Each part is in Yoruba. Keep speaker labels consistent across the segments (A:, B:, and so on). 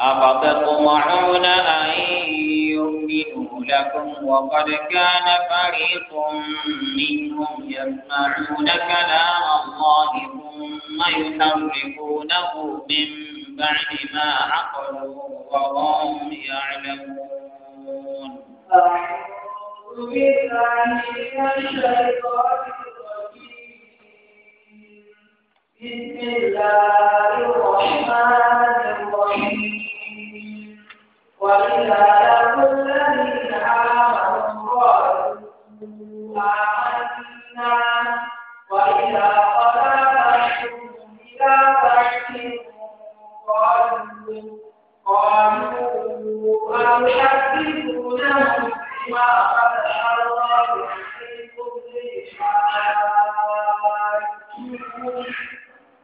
A: أفتطمعون أن يؤمنوا لكم وقد كان فريق منهم يسمعون كلام الله ثم يحرفونه من بعد ما عقلوا وهم يعلمون
B: أعوذ بالله من الشيطان بسم الله الرحمن الرحيم
A: وإذا لقوا الذين آمنوا قالوا آمنا وإذا خلا بعضهم إلى بعض قالوا
B: قالوا أتحدثونهم بما قد الله عليكم لحاجتكم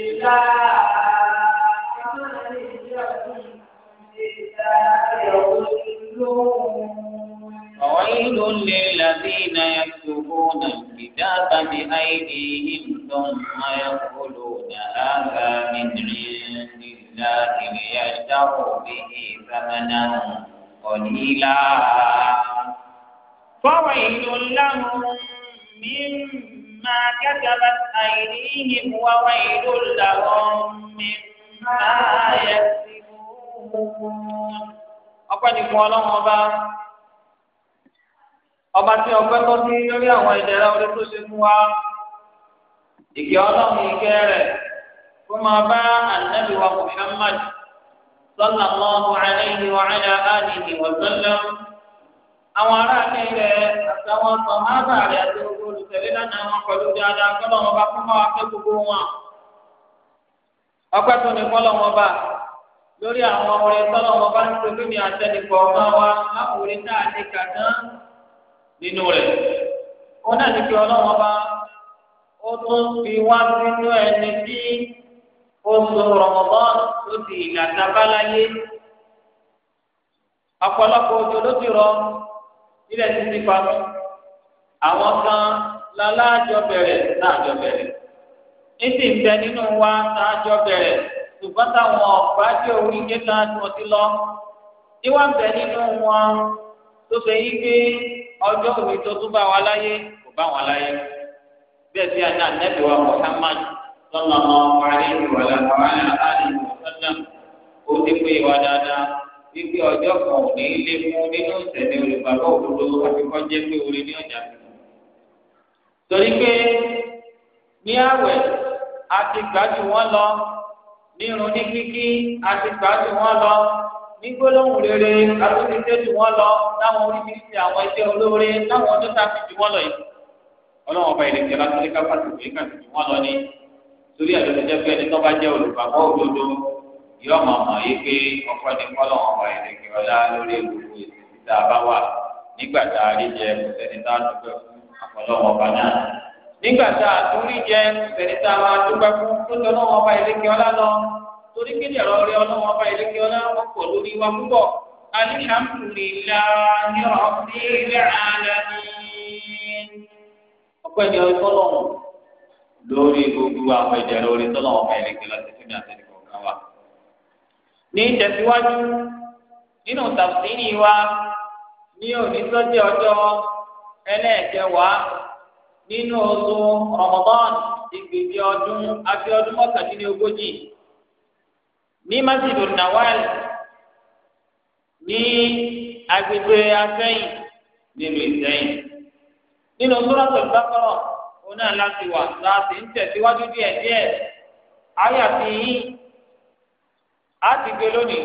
B: إلا أمن
A: يكن فويل للذين يكتبون الكتاب بأيديهم ثم يقولون هذا من عند الله ليشتروا به ثمنا قليلا فويل لهم مما ma كسبت أيديهم وويل لهم مما يكسبون ọpẹ́ ni fún Ọlọ́run ọba ọba tí ọpẹ́ tó ní lórí àwọn ìdẹ̀ra orí tó ṣe fún wa ìkẹ́ Ọlọ́run ìkẹ́ rẹ̀ kó máa bá ànábì wa Muhammad sallallahu alayhi wa ala alihi àwọn ará ilẹ̀ àtàwọn sọ̀hábà rẹ̀ àti gbogbo olùtẹ̀lé lánàá wọn pẹ̀lú dáadáa kọ́lọ́ wọn bá fún wa pé gbogbo wọn.
B: ọpẹ́ tó ní kọ́lọ́ wọn
A: bá lórí àwọn wọn bá ń ọmọ wa náà ní kàdán nínú rẹ̀. ó náà ní kí tí ó tó nílẹ̀ títí pamọ́ àwọn kan lálájọ bẹ̀rẹ̀ láàjọ bẹ̀rẹ̀ níṣì ń bẹ nínú wa láàjọ bẹ̀rẹ̀ ṣùgbọ́n táwọn ọ̀gbájọ oríṣi kan tó ti lọ níwọ̀n bẹ nínú wọn tó ṣe yí pé ọjọ́ òní tó tún bá wa láyé kò bá wọn láyé bẹ́ẹ̀ bí ajá nẹ́bí wa Muhammad sallallahu alaihi wa sallam ó ti pé ìwà dáadáa wípé ọjọ́ kan ò ní lé fún nínú ìṣẹ̀lẹ̀ olùgbàgbọ́ òdodo àti kọjá pé orí ní ọjà mi. torí pé ní àwẹ̀ a ti gbájú wọn lọ nírun ní kíkí a ti gbájú wọn lọ ní gbólóhùn rere a tó ti tẹ́jú wọn lọ láwọn oríṣiríṣi àwọn iṣẹ́ olóore láwọn ọdún tá a fi jù wọn lọ yìí ọlọ́wọ́n ọba ìrìnkè látọ́lé kápá ti wòye kàtìkì wọn lọ ní torí ẹ̀ jẹ́ pé ẹni tó bá jẹ́ olùgbàgbọ́ òdodo yọ ọmọ mọ yìí pé ọkọ ní kọlọ wọn wà ìrèké ọlá lórí gbogbo ètò títà bá wà nígbà tá a rí jẹ kòtẹ́ni tá a dúpẹ́ fún àpọ̀lọ́wọ́ ọba náà nígbà tá a torí jẹ kòtẹ́ni tá a máa dúpẹ́ fún tó tọ́nà wọn bá ìrèké ọlá lọ torí kí lè rọrí ọlọ́wọ́n bá ìrèké ọlá wọn pọ̀ lórí wa púpọ̀ alihamdulilayi rabbil alamin ọpẹ́ ni ọlọ́run lórí gbogbo àwọn ìjẹrẹ orí tọ́lọ́wọ́n bá ní ìtẹ̀síwájú nínú tàbísírì wa ní òní sọ́jẹ́ ọjọ́ ẹlẹ́ẹ̀kẹwàá nínú oṣù Ramadan ìgbèjì ọdún àti ọdún mọ́kàndínlógójì
B: ní masjidu nawal
A: ní agbègbè Afẹ́yìn nílùú Ìṣẹ́yìn nínú Suratul Baqara onáà láti wà láti ń tẹ̀síwájú díẹ̀díẹ̀ àyàfi yìí. Ati ti gbé lónìí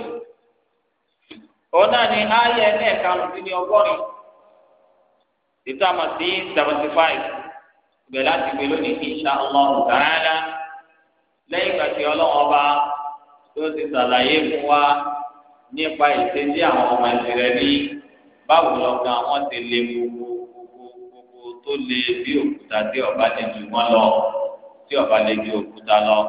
A: òun ni ayé ẹni ẹ̀ka ọ̀sìn ní ọgọ́rin títà mà sí seventy five ibẹ̀ láti gbé lónìí insha Allah ta'ala
B: lẹ́yìn ìgbà tí ọlọ́wọ́n ọba
A: tó ti sàlàyé fún wa nípa ìṣesí àwọn ọmọ Ísírẹ́lì báwo lọ́gàn wọ́n ti lè gbogbo gbogbo tó lè bí òkúta tí ọba lè ju wọn lọ tí ọba lè ju òkúta lọ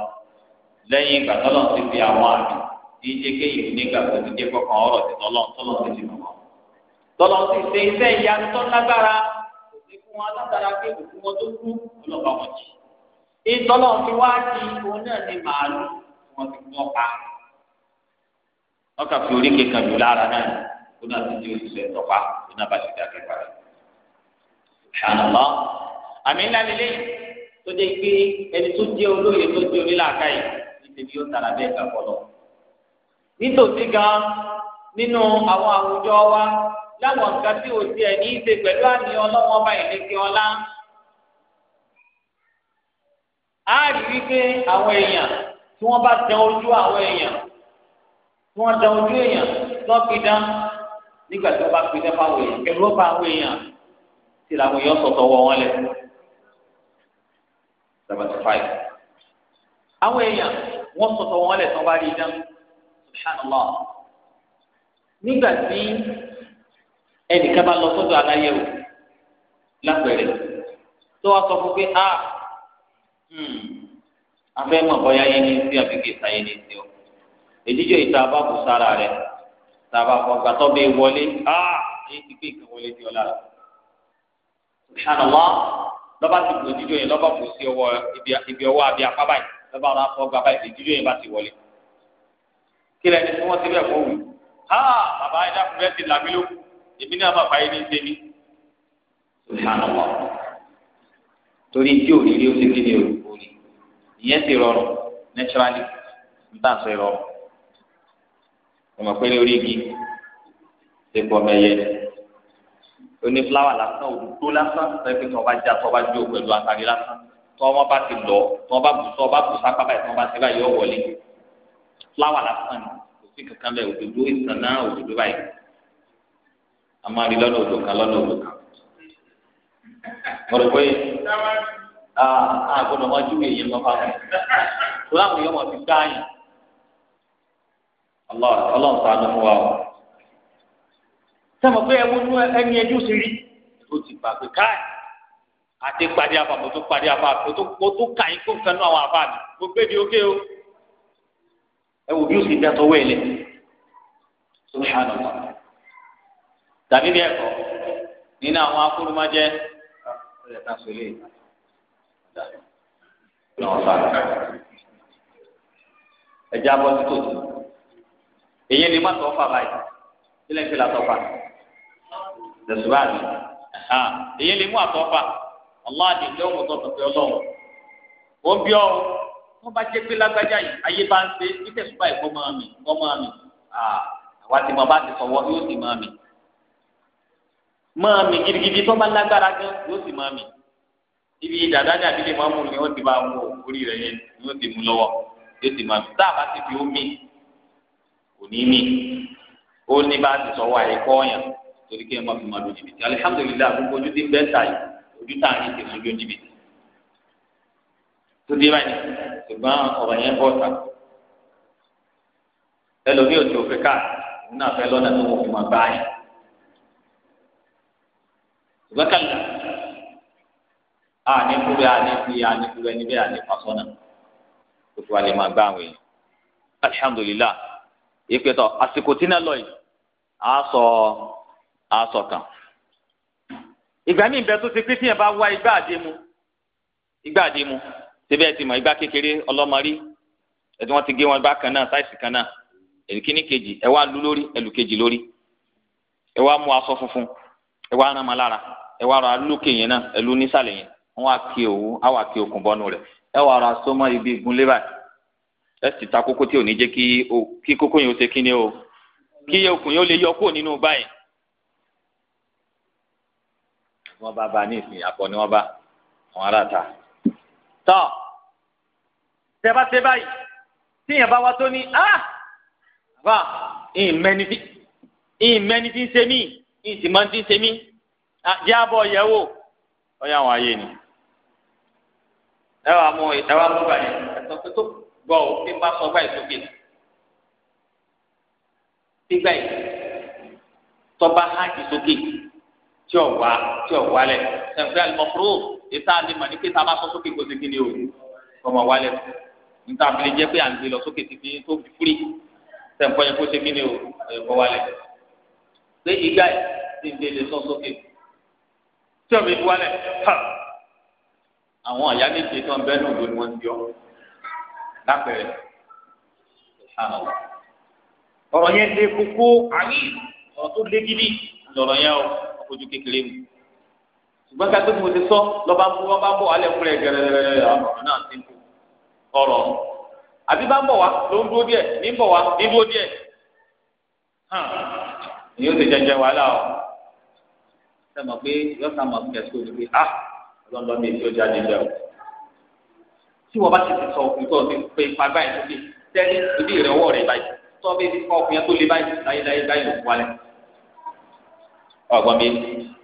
A: lẹ́yìn ìgbà tọ́lọ́ ti fi àwọn àmì kì í ṣe kéyìí nígbà tó ti jẹ́ kọ́kàn ọ̀rọ̀ ti tọ́lọ́ tọ́lọ́ ti ti mọ̀ tọ́lọ́ ti ṣe iṣẹ́ ìyanu tó lágbára kò sí fún wọn látara pé kò fún wọn tó kú ọlọ́pàá wọn jì ìtọ́lọ́ ti wá di òun náà ní màálù wọn ti gbọ́ pa ọkà fi orí kékan jù lára náà kó náà ti di òṣìṣẹ́ tọ́pa kó náà bá ti di akẹ́kọ̀ọ́ rẹ̀ ṣàlọ́ àmì ńlá lélẹ́yìn tó jẹ́ pé ẹni tó jẹ́ olóye tó jẹ́ onílàákàyè níbi yóò tara bẹ́ẹ̀ gbà fọlọ́ nítòsí gan nínú àwọn àwùjọ wa láwọn nǹkan tí o tiẹ̀ ní í ṣe pẹ̀lú àní ọlọ́wọ́n bá ìlẹ́kẹ̀ ọlá. a rí i pé àwọn èèyàn tí wọ́n bá dán ojú àwọn èèyàn tí wọ́n dán ojú èèyàn lọ́pìdán nígbà tí wọ́n bá pidán fáwọn èèyàn kẹrù ó bá àwọn èèyàn tí làwọn èèyàn sọ̀tọ̀ wọ wọn lẹ. seventy five àwọn èèyàn wọ́n sọ̀tọ̀ wọn lẹ̀ tí wọ́n bá rí i dán subhanallah nígbà tí ẹnìkan bá lọ sọ́dọ̀ aláyẹ̀wò lápẹẹrẹ tó wá sọ fún pé ah, hmm, a afẹ́ mọ̀ bọ́yá yẹn ní sí àbíkè sáyé ní sí ọ èdíjọ ìta bá kù sára rẹ tàbá fọgbà tó bẹ wọlé a ah, èyí ti pé ìkan wọlé di ọ lára subhanallah lọ́ba ti gbòdìjọ yẹn lọ́ba kù sí ibi ọwọ́ àbí apá báyìí lọ́ba ọ̀rọ̀ afọ gbà báyìí èdíjọ yẹn bá ti wọlé kí ni tí wọ́n ti bẹ̀ fọ́ wù ha bàbá ẹ̀dá fún bẹ́ẹ̀ ti là mí ló èmi náà má fà yín ní tèmi subhanallah torí tí ò ní rí ó ti kí ni o kò rí ìyẹn ti rọrùn naturally n tà sọ ìrọrùn ọmọ pé ní orí igi ṣe pọ̀ mẹ́yẹ oní fúláwà lásán òdòdó lásán sẹ́yìn tó ọba já tó ọba jó pẹ̀lú àtàrí lásán tó ọmọ bá ti lọ tó ọba bù tó ọba bù sápá báyìí tó ọba ti báyìí ọ̀ wọlé fúláwà lásán ni kò sí kankan bẹ́ẹ̀ òdòdó ìsàn náà òdòdó báyìí a máa rí lọ́nà òdò kan lọ́nà òdò kan. mo rò pé a gbọ́dọ̀ máa júwe èèyàn máa fáwọn tó láwọn èèyàn máa fi gbá àyàn ọlọ́run sànú fún wa o. sẹ́mo pé ẹ̀wọ́n ní ẹni ẹjú sí rí ó ti gbàgbé káì àti pàdé àfàmọ́tò pàdé àfàmọ́tò kàyín kó fẹ́nu àwọn àfàmì gbogbo èdè ókè o ẹ wò bí ó sì dá tọwọ́ ẹ lẹ subhana wa tàbí bí ẹ̀kọ́ nínú àwọn akólúmájẹ ọlẹ ká sọ eléyìí náà sọ àná ẹjẹ abọ títò tó èyí ni má tọ́ fà báyìí ilé ń fi là fà lẹsùbáàlì èyí ni mú àtọ́ fà ọlọ́àdì ìjọ́ òmùtọ́ tọ́tọ́ ọlọ́run ó ń bí ọ́ tó bá jẹ́ pé lágbájá yìí ayé bá ń ṣe títẹ̀ tó báyìí kọ́ máa mì kọ́ máa mì àwa ti mọ bá ti sọ̀wọ́ yóò sì máa mì máa mì gidigidi tó bá lágbára gan yóò sì máa mì ibi dàda dàbí lè máa ni wọ́n ti bá mú orí rẹ̀ yẹn ni wọ́n ti mú lọ́wọ́ yóò sì máa mì tá a bá ti fi ó mì kò ní mì ó ní bá ti sọ̀wọ́ àyè kọ́ ọ̀yàn torí kí ẹ má fi máa lo jìbìtì alihamudulilayi gbogbo ojú ti ń bẹ́ẹ̀ ta yìí ojú tá à ń rí tèmi ojú jìbìtì tó dé báyìí ṣùgbọ́n ọ̀rọ̀ yẹn bọ̀ ta ẹlòmíì òtún òfin ká nínú àfẹ́ lọ́nà tó wọ́n fi máa bá yẹn ṣùgbọ́n kàlà a ní kúrú a ní fi a ní kúrú ẹni bẹ́ẹ̀ a ní fasọ́nà tó máa gbá àwọn èèyàn alihamudulila ìpè àsìkò tí náà lọ yìí a sọ a sọ kan ìgbà míì bẹ tó ti pín tí yẹn bá wá igbá àdé mu igbá àdé mu síbẹ̀ ti mọ̀ igbá kékeré ọlọ́mọrí ẹ̀tí wọ́n ti gé wọn igbá kan náà sáìsì kan náà èlùkíní kejì ẹ wá lu lórí èlùkejì lórí ẹ wá mú aṣọ funfun ẹ wá rán ma ẹ wá ra lókè yẹn náà ẹ lu nísàlẹ̀ yẹn wọ́n á kí òwú á wà kí okùn bọ́nu rẹ̀ ẹ wà ra sọ́mọ ibi ìgúnlé báyìí ẹ sì ta kókó tí ò ní jẹ́ kí kókó yẹn ó ṣe kíni o kí okùn yẹn ó lè yọ kúrò nínú báyìí wọ́n bá ba ní ìsìn àpọ̀ ni wọ́n bá àwọn aráàta tọ́ tẹ́bá tẹ́ báyìí tíyẹn bá wá tó ní á bá ìmẹ́ni tí ìmẹ́ni tí ń ṣe mí ìtìmọ́ tí ń ṣe mí jábọ̀ yẹ̀wò ọ̀yà àwọn ayé ni ẹ wàá mú ẹ wàá mú báyìí ẹ̀sọ́ pé tó gbọ́ ò fi má sọ báyìí sókè gbígbà yìí tọ́ba hajj sókè tí ò wá tí ò wálẹ̀ ṣẹ̀fẹ̀ àlùmọ̀kúrò ètò àlèmọ̀ ní pé tá a bá sọ sókè kó segin ni o ọmọ wálẹ̀ níta àfẹlẹ jẹ́ pé à ń gbé lọ sókè títí tó fi fúri tẹ̀m̀pọ̀ yẹn kó segin ni o ọmọ wálẹ̀ pé ìgbà ti ń délé sọ sókè tí ọmọ ìlú wálẹ̀ ha àwọn àyà méje tó ń bẹ́ nù lónìí wọ́n ti yọ lápẹ̀rẹ̀ ọ̀rọ̀ yẹn lé kókó àyè ọ̀rọ̀ tó lé gidi lọ̀rọ̀ yẹn o ojú kékeré mi ṣùgbọ́n ká pé mo ti sọ lọ́ba bú wọ́n bá bọ̀ alẹ́ fúnra ẹ̀ gẹ̀rẹ́rẹ́rẹ́ ọ̀rọ̀ náà ti ń kú ọ̀rọ̀ àbí bá ń bọ̀ wá ló ń dúró díẹ̀ ní bọ̀ wá ní dúró díẹ̀ èyí ó ti jẹjẹ wàhálà o ṣe mọ̀ pé yọ̀ọ̀ta mọ̀ kẹ́sìkò ni pé ah ọlọ́lọ́ mi èso jáde bẹ́ẹ̀ o tí wọ́n bá ti sọ ìtọ́ ti pé ipa báyìí tó lé tẹ́lẹ̀ ìdí rẹ̀ ọwọ́ rẹ̀ báyìí tọ́ bẹ́ẹ̀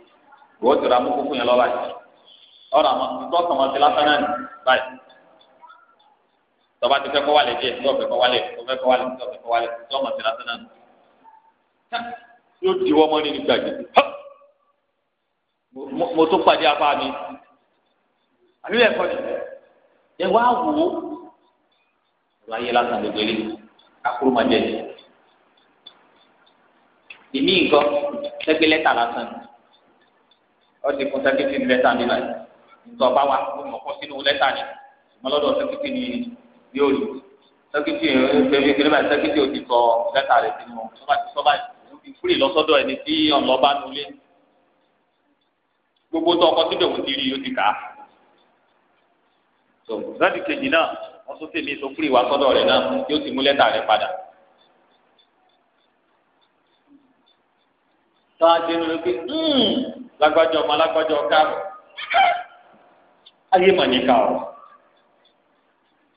A: wọ́n ti ra mú kúkú yẹn lọ́la yìí ọ̀rọ̀ àmọ́ nítorí ọ̀sán wọn ti lásán náà ní báyìí tọ́ba ti fẹ́ kọ́ wálé díẹ̀ tí ọ̀fẹ́ kọ́ wálé tí ọ̀fẹ́ kọ́ wálé tí ọ̀fẹ́ kọ́ wálé tí ọmọ ti lásán náà ní. yóò di wọ́n mọ́ nínú gbàgbé mo tó pàdé apá mi àbílẹ̀ ẹ̀kọ́ ni ẹ wá wò ó ọ̀rọ̀ ayé lásán ló gbélé akóròmọdé ẹ̀mí nǹkan ẹgbẹ́ lẹ́tà lásán ni ọtí fún sẹkítìrì lẹ́tà ní láì nítorí ọba wa ó mọ̀ kọ́ sínú lẹ́tà ní mọ́lọ́dọ̀ sẹkítìrì ní yóò lù sẹkítìrì bẹ́ẹ̀ bí kílímà sẹkítìrì ò ti kọ lẹ́tà rẹ̀ sínú sọ́ba ti sọ́ba ìfúrì lọ́sọ́dọ̀ ẹni tí ọ̀nlọ́ba nulẹ̀ gbogbo tó ọkọ síbẹ̀ wọ́n ti rí yóò ti kà á so láti kejì náà wọ́n tún tèmi tó fúri wá sọ́dọ̀ rẹ̀ náà yóò ti mú lẹ́tà rẹ̀ padà. tọ́wájú ló pé hmm, lágbájọ ọmọ lágbájọ káàbọ̀ ayé mà ní ká ọ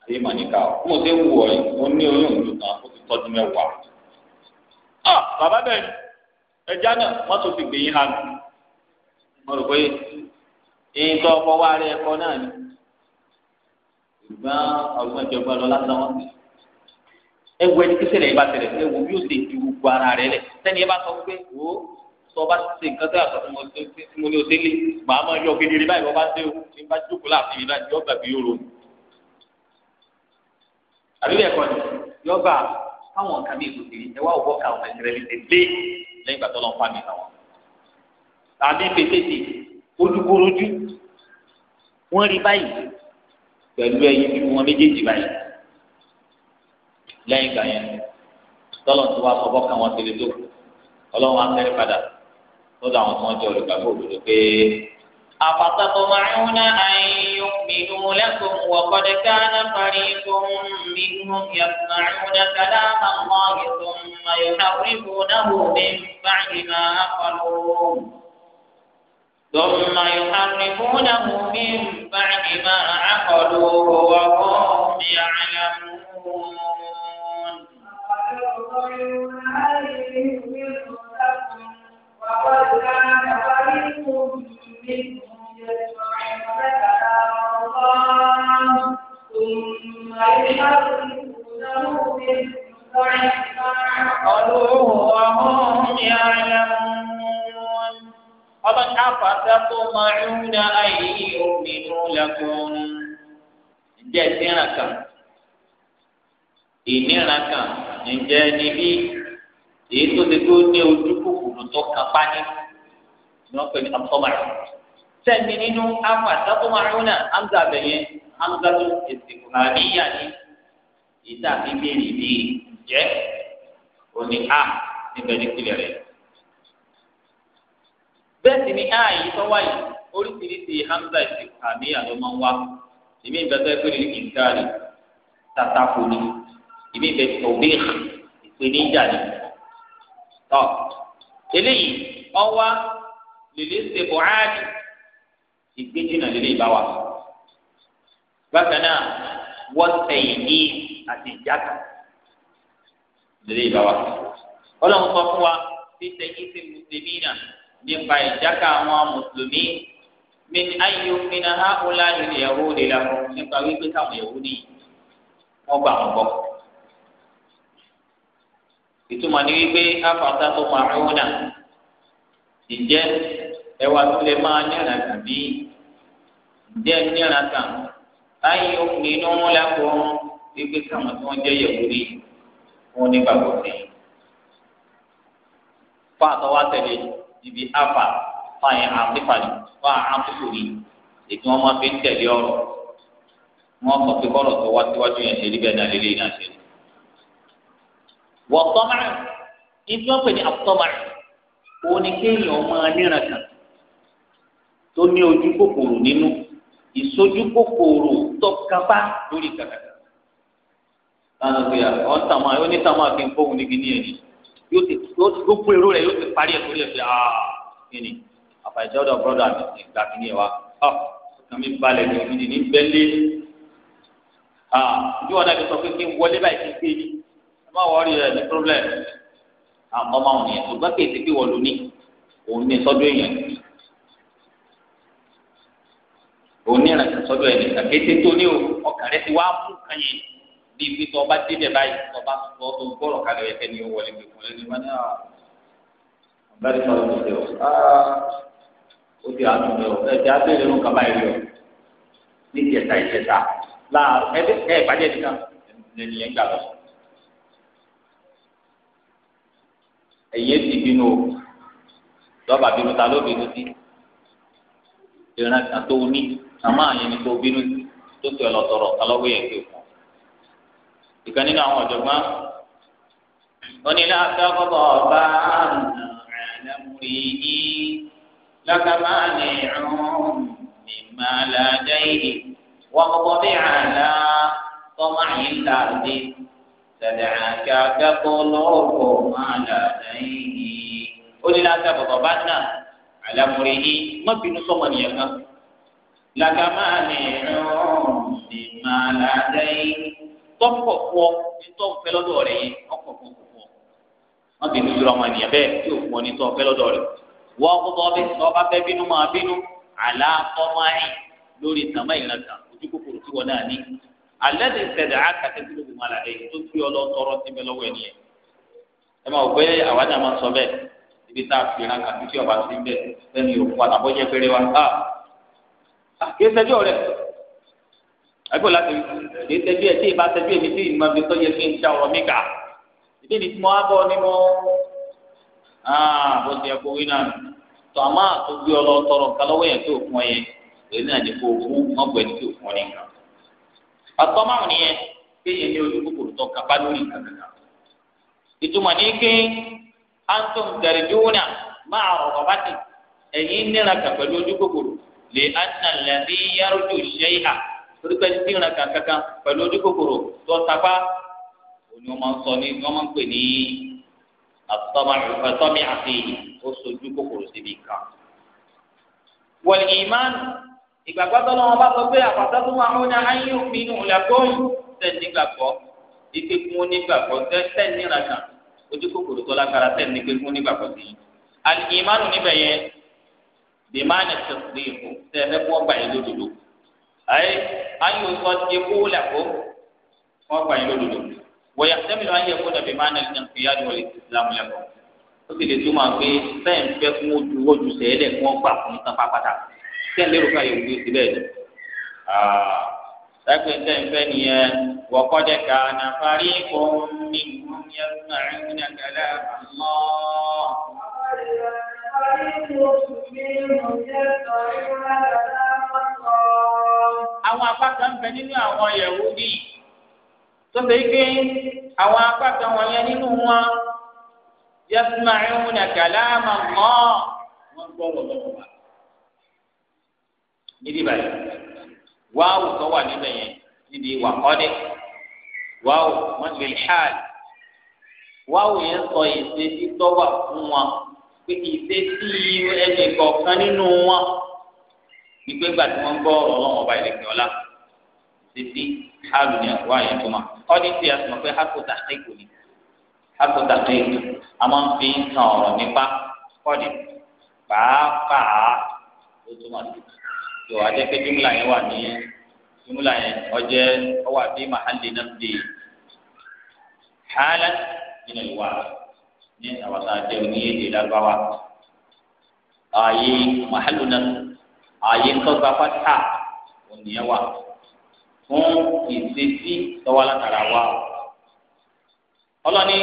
A: ayé mà ní ká ọ mo ṣe ń wù ọ yìí mo ní oyún ìlú kan ó ti tọ́jú mẹ́wàá ọ bàbá bẹ́ẹ̀ ẹja náà mọ́tò ti gbé yín hàn mo rò pé èyí tó ọkọ wá rí ẹ̀kọ́ náà ni ṣùgbọ́n ọgbọ́n jọgbọ́n lásán wọn ẹ ẹni kí ṣẹlẹ̀ yìí bá ṣẹlẹ̀ ẹ wo ṣe ju gbogbo ara rẹ̀ lẹ̀ sẹ́ni ẹ bá sọ pé wò ó tó o bá ti ṣe nǹkan tó yàtọ̀ tí mo ní o ṣe lé màá máa yọ kedere báyìí bọ́ bá ṣe o tí n bá jókòó láàfin yìí láti yọgbà bí yòrò ni. àbí bẹ́ẹ̀ kọ́ ni yọgbà káwọn nǹkan mi kò sí ẹ wá òwò káwọn ẹ̀sẹ̀rẹ̀ lè lé lẹ́yìn ìgbà tó lọ́n fa mi náà. tàbí pèsèsè ojúkorojú wọ́n rí báyìí pẹ̀lú ẹyin bí wọn méjèèjì báyìí lẹ́yìn ìgbà yẹn tọ́lọ̀ tó wá sọ bọ́ káwọn tẹ̀lé tó ọlọ́run á fẹ́rẹ́ padà lọ́dọ̀ àwọn tí wọ́n jẹ́ olùgbàgbọ́ òdodo pé. أفتطمعون أن يؤمنوا لكم وقد كان فريق منهم يسمعون كلام الله ثم يحرفونه من بعد ما أقلوه ثم يحرفونه من بعد ما عقلوه وهم يعلمون
B: لقد كان فريق منهم يسمعون كلام الله ثم
A: يحرفونه من بعد ما عقلوه وهم يعلمون ومن أفتطمعون أن يؤمنوا لكم جسيرا كم
B: إنيرا كم إن جانبي
A: èyí tó ti kó ní ojú kòkòrò tó kàn pani ni wọ́n pè ní absọ́màrì sẹ́ni nínú afa sábọ́màrì náà amza bẹ̀yẹ amza tó ìsìnkú àríyá ni ìta fi béèrè bí jẹ́ òní a níbẹ̀ ní kílẹ̀ rẹ̀ bẹ́ẹ̀ sì ni a yìí tó wáyé oríṣiríṣi hamza ìsìnkú àríyá ló máa ń wá ìmí ìbẹ́tọ́ ẹgbẹ́ ní ìdáàrí tatakuni ìmí ìbẹ́tọ́ bíi ìpèníjà ni tọ́ eléyìí ọwá lèlè ṣe buhari ìgbéjìnà lèlè ìbáwá bákan náà wọ́n tẹ̀yìn ní àti ìjáka lèlè ìbáwá ọlọ́run sọ fún wa títẹ̀ yìí ti mùsùlùmí náà nípa ìjáka àwọn mùsùlùmí min ayo mina ha ọlá ìrìn lè la nípa wípé káwọn ẹ̀hó nìyí wọ́n gbà wọ́n gbọ́ ìtumọ̀ ni wípé afata tó máa rún náà ǹjẹ́ ẹwà tó lè máa níran tàbí ǹjẹ́ níran kan láyé ọkùnrin inú wọn lápò wípé káwọn tí wọ́n jẹ́ yẹ̀wò rí wọn ní gbàgbọ́ sí i. fún àtọwá tẹ̀lé ibi afa fáyẹn àtìfàlì fún àtìfòrí ètò wọn máa fi ń tẹ̀lé ọ̀rọ̀ wọn sọ pé kọ́rọ̀ tó wá síwájú yẹn ṣe rí náà lélẹ́yìn náà ṣe rí wọ́tọ́mà ìdí wọn pè ní àtọ́mà òun ni kéèyàn máa níran kan tó ní ojú kòkòrò nínú ìsojú kòkòrò tọkaba lórí kàkàkà
B: lánàá pé àwọn tàmá ó ní tàmá
A: kí n fóun ní kíní ẹni yóò ti gbogbo èrò rẹ yóò ti parí ẹ lórí ẹ pé aa kíni àfàìsọdọ brọdà mi ti gbà kíní ẹ wa ọ kàmi balẹ̀ ní òbí ní bẹ́lẹ̀ ah ojú ọ̀nà mi sọ pé kí n wọlé báyìí kí n gbé yìí má wọrí ẹ ní problem àwọn ọmọ òun yẹn ṣùgbọ́n kì í ti pé wọ́n lò ní òun ní sọ́dọ̀ èèyàn òun ní ìrìnàjò sọ́dọ̀ ẹ̀yìn kàkété tó ní o ọkàn rẹ ti wá mú kàn yẹn bí ibi tó ọba débẹ̀ báyìí tó ọba tó tó gbọ́rọ̀ kalẹ̀ ẹ̀kẹ́ ni ó wọlé gbẹ̀kùn lẹ́nu wọn ní àwọn ọba tó tó tẹ̀ ọ́ ó ti àánú rẹ ọ ẹ̀jẹ̀ abẹ́rẹ́ ló ń kaba ẹ̀rí ọ ní ìjẹta ìjẹta láàárọ̀ ẹ̀ bàjẹ́ nìkan ẹ̀ ń gbà lọ́sọ̀ ẹ̀yẹ́ ti bínú o lọ́ba bínú ta ló bínú sí ìran kan tó ní àmọ́ àyẹn ni tó bínú tó ti ọlọ́tọ̀rọ̀ alọ́wọ́ yẹn pé fún un ìkan nínú àwọn ọ̀jọ̀gbọ́n onílà àtàkọ́bọ̀ ọba àlàmúrí ní lákàmáàlì ọ̀hún mímà yìí wọ́n kọ́kọ́ bí àlà tọ́mọ̀ àyíká àdé sàdàkà àgàkọ lọ́wọ́ máa là lẹ́yìn. ó ní láti àbọ̀bọ̀ bá nà àlàmúrí yìí má bínú sọ́mọ nìyẹn kan. làgàmà ni ọ̀ọ́nì máa là lẹ́yìn. tọ́pọ̀ pọ̀ nítọ́ fẹ́ lọ́dọ̀ rẹ̀ yẹn ọ̀pọ̀ pọ̀ pọ̀ má bínú sọ́rọ̀ ọmọ nìyẹn bẹ́ẹ̀ tí ò pọ̀ nítọ́ fẹ́ lọ́dọ̀ rẹ̀. wọ́n kọ́kọ́ bí ọba fẹ́ bínú máa bínú àlá kọ́máì lórí tàmá ìrànkà ojú tí wọ́n náà ní alẹ́ ti sẹ̀dá àkàtẹ́ tó gbogbo ara rẹ̀ tó fi ọ lọ tọrọ síbẹ̀ lọ́wọ́ ẹ̀ nìyẹn ẹ máa gbé àwa náà máa sọ bẹ́ẹ̀ ibi tá a fi ran kàbí tí ọba sí bẹ́ẹ̀ lẹ́nu yòókù àtàbọ̀jẹ́ péré wa a ah! ah! kì í sẹ́jọ́ rẹ̀ àgbẹ̀ láti kì í sẹ́jọ́ ẹ̀ tí ìbá sẹ́jọ́ èmi tí ìmọ̀ mi tó yẹ kí n ṣe ọ̀rọ̀ mi kà ìdí ni mo á bọ̀ ni mo ah! bó ti yẹ kó wí tó a máa tó gbé ọ tọrọ nǹkan yẹn tó fún ọ yẹn èyí náà àtọ́máwò nìyẹn kéèyàn ní ojú kòkòrò tó kápá lórí kankan. ìtumọ̀ ní pé antum tẹ̀rẹ̀dúnà máa rọ̀rọ̀ bá ti ẹ̀yìn níra kà pẹ̀lú ojú kòkòrò lè anna lẹ́bí yárújú ṣẹ́yà torí pé níra kà kankan pẹ̀lú ojú kòkòrò tó tapá òní wọn máa ń sọ ní wọn máa ń pè ní àtọ́mí àti oṣooju kòkòrò síbi kan. wọ́n ìmánu ìgbàgbọ́ tó lọ́wọ́ bá sọ pé àpàtà tó máa ń yan ayé òfin ní ìlàkóyún sẹ́ni gbàgbọ́ ike kún onígbàgbọ́ sẹ́ni ràkàn ojú kòkòrò tó lágbára sẹ́ni pé kún onígbàgbọ́ sí i. alìmánu níbẹ̀ yẹn bìmánì tẹ̀sí ìfò sẹ́fẹ́ fún ọgbà yìí lódodo. ayé ayé òsọ ti kú làkó fún ọgbà yìí lódodo. wọ̀yà sẹ́mìlì ayé kó dàbí mánà ìjànkìyàdì wọlé ìsìlámù lẹ́kọ̀ọ́. ó sì lè túmọ̀ pé sẹ́yìn fẹ́ fún ojú ojú sẹ́yìn lẹ̀ fún ọgbà tẹ́ lérò fún àyẹ̀wò yìí síbẹ̀ ni. sẹ́kùn tẹ́ ń fẹ́ nìyẹn wọ́kọ́dẹ̀ ká nàfàrí kún mi kún yẹn náà ń nàgàlà mọ́. Àwọn apá kan bẹ nínú àwọn Yẹ̀wúdì tó ṣe pé
B: àwọn apá kan wọ̀nyẹn nínú wọn
A: yẹ́sùmáìrún nàgàlà mọ́. Wọ́n gbọ́ wọ̀ lọ́wọ́ wa níbí báyìí wáwù tó wà níbẹ̀ yẹn níbi ìwà kọ́dé wáwù mọ́tìlẹ̀ ṣáàlì wáwù yẹn sọ ìṣe títọ́ wà fún wọn pé ìṣe tí ẹnì kọ̀ọ̀kan nínú wọn ìgbé gbà tí wọ́n gbọ́ ọ̀rọ̀ ọlọ́wọ́n ọba ìlẹ̀kẹ́ ọ̀la títí hálù ní àkùrọ̀ àyẹ̀ tó ma kọ́dé tí a sì mọ̀ pé hákòtà ẹ̀kọ́ ni hákòtà ẹ̀kọ́ a máa ń fi ń kan ọ̀rọ̀ nípa kọ́dé pàápàá ló túmọ̀ sí i tó adéke jumla yẹn wà ní jumla yẹn ọjẹ ọwà bí mahali náà di xaala nínú ìwà ní àwọn àjẹ òní èdè lágbáwá ààyè mahali náà ààyè ńtọ́gba pátá òní yẹn wà fún ìṣesí tọ́wálá tara wa
B: ọlọ́ni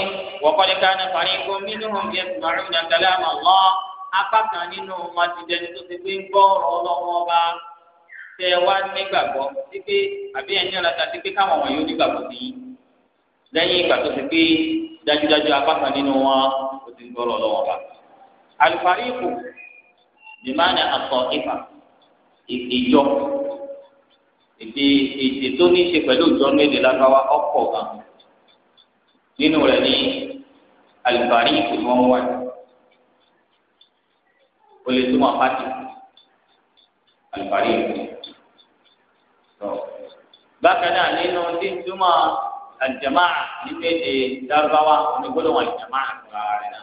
B: wọ́kọ́ni ká ní parí kó mímú
A: yẹn màrún ní kálá àmọ́ lọ́ọ́ apá kan nínú wọn ti dẹni tó ti gbé gbọ́ ọ̀rọ̀ ọlọ́wọ́ bá tẹ wá nígbàgbọ́ sí pé àbí ẹ̀yin ọ̀làta sí pé káwọn wọ̀nyí ó nígbàgbọ́ sí i lẹ́yìn ìgbà tó ti gbé dájúdájú apá kan nínú wọn ó ti gbọ́ ọ̀rọ̀ ọlọ́wọ́ bá. àlùfáàrí ìkù bìmánà àtọ̀ ìfà ìjọ èdè èdè tó ní í ṣe pẹ̀lú ìjọ́nú èdè lágbáwá ọkọ̀ gan nínú rẹ̀ ní àlùfáàrí ìkù ni wọ́n wáyé o lè túmọ̀ pàtì àlùfáàrí ìlú. bákan náà nínú tí ń túmọ̀ àjàmáà nínú èdè dárúbáwá onígbọ́dọ̀ wọn àjàmáà fúnra rẹ̀ náà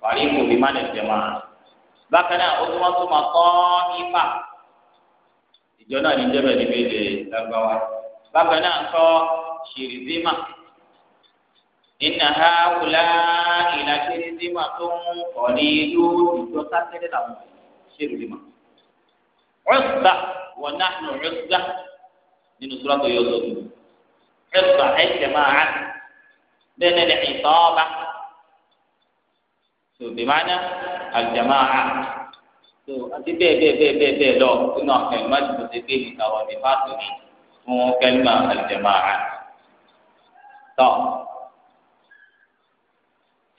A: fàrí ìlú bí má lè jàmáà. bákan náà ó túmọ̀ túmọ̀ kọ́ ipa ìjọ náà ní jẹ́bẹ̀ẹ́ níbi èdè dárúbáwá. bákan náà sọ ṣìrìzímà
B: iná ha wùlá ìlà
A: kiri tí ma tó ń kọ́ ní ìlú ìjọ sátẹ́lẹ̀ làwọn ṣèlú lè ma. Ọ̀sà wọn náà nù ọ̀sà nínú sọ́lọ́tò yóò tó dùn. Ọ̀sà ẹ̀jẹ̀ máa rà bẹ́ẹ̀ ni ìtọ́ ọba. Tó bìmánà àjàmá rà tó àti bẹ́ẹ̀ bẹ́ẹ̀ bẹ́ẹ̀ bẹ́ẹ̀ bẹ́ẹ̀ lọ nínú àkànní má ti tètè pé nìkan wọn ní fásitì fún kẹ́lí máa àjàmá rà. Tọ́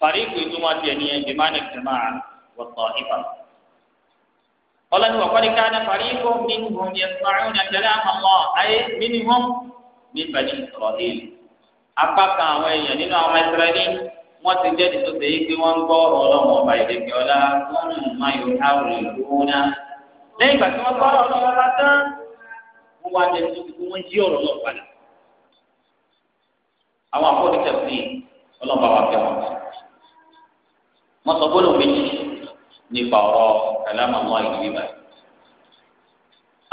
A: fàríkù ìtumọ̀ tiẹ̀ ní ẹ̀ bí máa ní ìtumọ̀ wọ̀tọ̀ ìfà.
B: ọlọ́ni wà kọ́ni káná fàríkù nínú
A: ní ẹ̀sùmáàrún nàìjíríà àmọ́ ayé mínímọ́ ní bani Israel. apá kan àwọn èèyàn nínú àwọn Israẹli wọ́n ti jẹ́ nítorí pé pé wọ́n ń gbọ́ ọ̀rọ̀ ọlọ́run ọba ìdẹ́gbẹ́ ọlá tó ń máa yọ káwé lóná. lẹ́yìn ìgbà tí wọ́n gbọ́ ọ̀rọ̀ ọlọ́run ọba tán wọ́n wá jẹ́ nítorí pé wọn sọ gbólóhùn méjì nípa ọ̀rọ̀ kàlámà mọ ìlú báyìí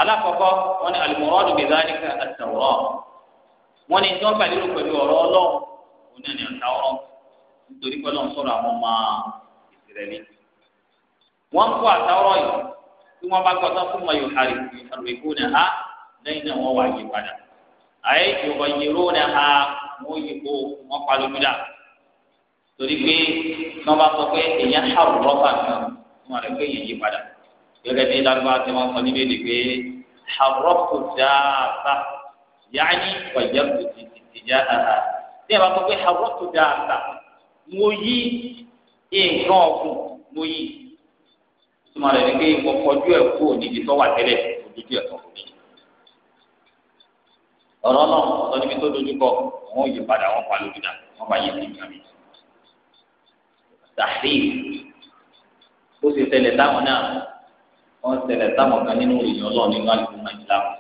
B: alakọkọ wọn ni alimọrọdù bíi zálíkà àtàwọrọ
A: wọn ni tí wọn pàdé pẹ̀lú ọ̀rọ̀ Ọlọ́run òun náà ni àtàwọrọ nítorí pé Ọlọ́run sọ̀rọ̀ àwọn ọmọ ìsirẹlẹ wọn kó àtàwọrọ yìí tí wọn bá gbọ́dọ̀ fún wọn yóò hàrì ìfàrùwẹkù ní ha lẹ́yìn náà wọn wà yí padà àyè yóò yí ró ní ha wọn yí kó wọn pa lómi torí pé wọn bá sọ pé èèyàn ṣàrò rọ́bà kan wọn rẹ pé èèyàn yí padà gẹ́gẹ́ bí lárúbá tí wọ́n sọ níbẹ̀ ni pé ṣàrọ́pù dáàbà yáàní wàjẹ́ kò ti tìjà àhà tí wọn bá sọ pé ṣàrọ́pù dáàbà mo yí nǹkan ọ̀gùn mo yí ìtumọ̀ rẹ̀ ni pé mo kọjú ẹ̀ kú níbi tó wà tẹ́lẹ̀ ojútùú ẹ̀ kọ̀ọ̀kan mi ọ̀rọ̀ náà sọ níbi tó dojú kọ wọn yí padà wọn pa lójú dà wọn bá yí sí ìgbà mi tahrif ó sì tẹ̀lé táwọn náà wọ́n tẹ̀lé táwọn kan nínú ìyẹn ọlọ́run nínú àlùkò ìsìlámù.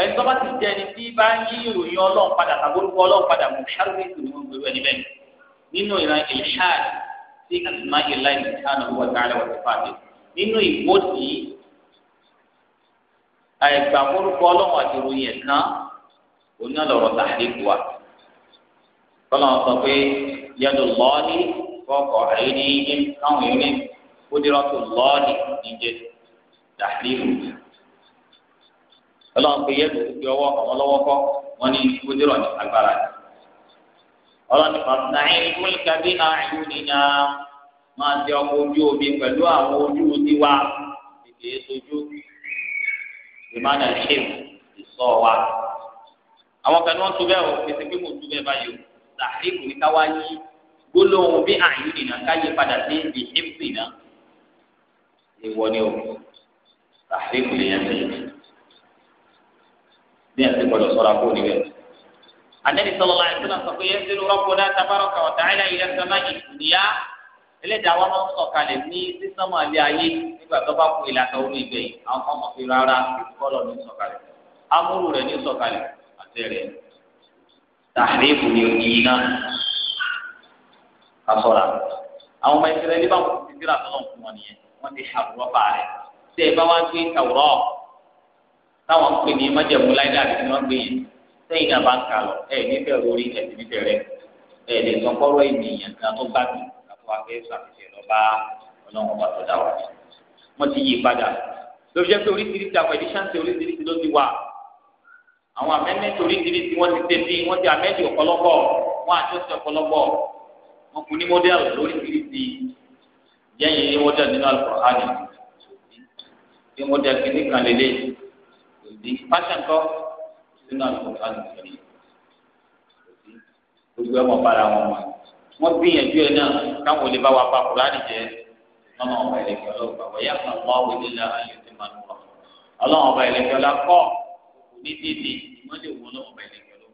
A: ẹni tó bá ti jẹ́ ẹni tí bá ń yí ìròyìn ọlọ́run padà tàbórúkọ ọlọ́run padà mú ṣáré tó ní wọ́n gbèrú ẹni bẹ́ẹ̀ nínú ìran ìlhad sí àtìmá ìlà ìlhad ọwọ́ tààrà wọ́n ti fàdé nínú ìwọ́dì àìgbàmórúkọ ọlọ́run àti ìròyìn ẹ̀kan onílọ̀rọ̀ tàhálẹ́ wa. kọ́lọ́n sọ pé yadu lọ́ọ̀lì fọ́kọ̀ àyíní yín káwọn yóò kwụdịrị ọtụtụ lọ́ọ̀lì níjẹ́ dàhírù. ọlọ́run pé yẹ́dù ti fi ọwọ́ àwọn lọ́wọ́ kọ́ wọ́n ní kúdírọ̀ ní agbára ni. ọlọ́run ní ti ojú omi ojú sojú ìsọ wa àwọn bẹ́ẹ̀ o bẹ́ẹ̀ báyìí o tàhíkù ní káwá gbólóhùn bí àyù nìyà káyé padà sí ibi ìpì náà ìwọ ni o tàbí kò lè yẹn ti bí ẹ ti gbọ́dọ̀ ṣọ́ra kó níbẹ̀. anabi sallallahu alaihi wasallam sọ pé yẹn ti rọpò náà tabaraka wa ta'ala ila sama'i dunya ẹlẹ́dàá wa máa ń sọ̀kalẹ̀ ní sísánmọ alẹ ayé nígbà tó bá kú ìlànà orí ibẹ̀ yìí àwọn kan mọ̀ pé rárá bọlọ ní sọ̀kalẹ̀ amúrú rẹ ní sọ̀kalẹ̀ àti rẹ tàbí kò ní òyìn náà kásọ̀ra àwọn ọmọ ìṣẹ̀lẹ̀ ní báwọn ti dira tọ́lọ̀ fún wọn nìyẹn wọ́n ti ṣàwùrọ̀ fà rẹ̀ tẹ́ ẹ bá wá gbé ṣàwùrọ̀ táwọn pè ní májẹ̀mú láìdá àti wọ́n gbé yẹn sẹ́yìn náà bá ń kà lọ ẹ̀ nífẹ̀ẹ́ orí ẹ̀ ti nífẹ̀ẹ́ rẹ̀ ẹ̀ lè sọ kọ́rọ̀ ènìyàn kan tó bá mi àti wàá fẹ́ ṣàfihàn lọ bá ọlọ́run ọba tó dá wa wọ́n ti yí padà lórí jẹ́ pé oríṣiríṣi àwọn ẹ̀díṣàǹsì oríṣiríṣi ló ti wà àwọn amẹ́mẹ́tì wọn kún ní mọdẹl lóríṣiríṣi jẹyìn ní mọdẹl nínú alukọhánì ní mọdẹl kìíní kan lélẹ̀ òbí pásẹńtọ nínú alukọhánì kìíní òbí wọn mọ bára wọn mọ wọn gbìyànjú ẹ náà káwọn olè bá wa pa kúránì jẹ ọmọ ọba ìlẹ̀kẹ̀ ọlọpàá wọn yà kàn wọn wọlé nílẹ̀ ayé tó máa nù wọn Ọlọ́run ọba ìlẹ̀kẹ̀ ọlá kọ ní dídì ìmọ́lẹ̀ òun Ọlọ́run ọba ìlẹ̀kẹ̀ ọlọpàá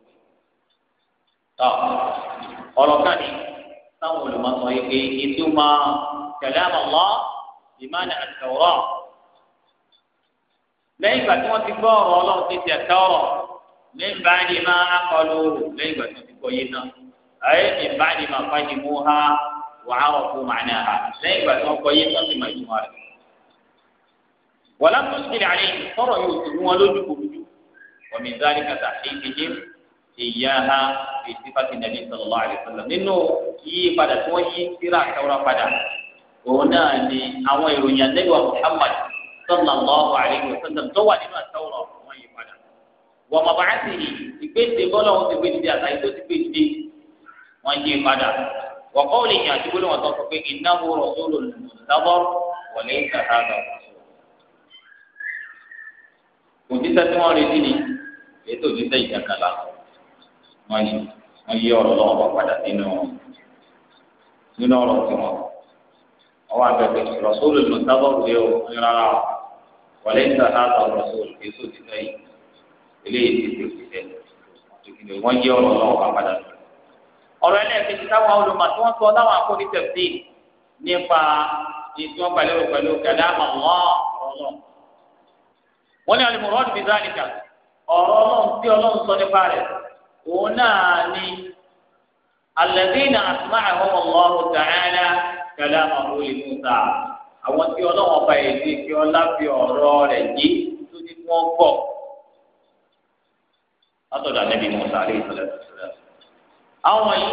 A: tọ ọlọkàní táwọn olùmọ̀sán yìí pé ìtumọ̀ kalam Allah ìmánà àtẹ̀wọ́rọ̀ lẹ́yìn ìgbà tí wọ́n ti gbọ́ ọ̀rọ̀ ọlọ́run ti tẹ̀ tọ́rọ̀ lẹ́yìn bá ní máa akọlù lẹ́yìn ìgbà tí wọ́n ti gbọ́ yìí náà ayé ní bá ní máa fáyì mú ha wàá rọ̀ fún màánà ha lẹ́yìn ìgbà tí wọ́n gbọ́ yìí náà sì máa yìí wọ́n rẹ̀. wọ́n lápò sílẹ̀ àlẹ́ ìtọ́rọ̀ yóò ti mú wọn lójú kòkòjú wọ́n mi dá ìyáha ìsífàtì nàbí sallallahu alaihi wasallam nínú yí padà tí wọn yí síra àtàwọn padà òun náà ni àwọn ìròyìn anẹwà Muhammad sallallahu alaihi wasallam tó wà nínú àtàwọn wọn yí padà wọn mọ bàá sì yí ìgbésẹ bọlọ wọn ti gbé dìde àtàyè tó ti gbé dìde wọn yí padà wọn kọ́ lè yàn àdúgbò wọn tó sọ pé innahu rasulun muntazar wa laysa hadha òjíṣẹ́ tí wọ́n retí ni ètò òjíṣẹ́ ìjàkálà wọn yí ọ̀rọ̀ lọ́wọ́ bá padà nínú nínú ọ̀rọ̀ tiwọn ọwọ́ abẹbẹ rọsúlù ló sábà wù yẹ o ní rárá o wọlé ń tà náà tọ rọsúlù kí èso ti fẹ yìí eléyìí ti fi òkè tẹ òkèlè wọn yí ọ̀rọ̀ lọ́wọ́ bá padà nínú. ọ̀rọ̀ ẹlẹ́ẹ̀kejì táwọn olùmọ̀ tí wọ́n sọ láwọn akóni tẹ̀sí nípa ìtú wọn pẹ̀lú pẹ̀lú kẹlẹ́ àmọ̀ wọn wọ́n ní alimọ̀rọ̀ ọ̀dùnmí òun náà ni alladhina asma'ahum Allahu ta'ala kalama li Musa àwọn tí ọlọ́wọ́n bá yìí kí ọlá fi ọ̀rọ̀ rẹ̀ yí tó ní wọ́n gbọ́ látọ̀dọ̀ ànábì Musa alayhi salatu wassalam. àwọn yìí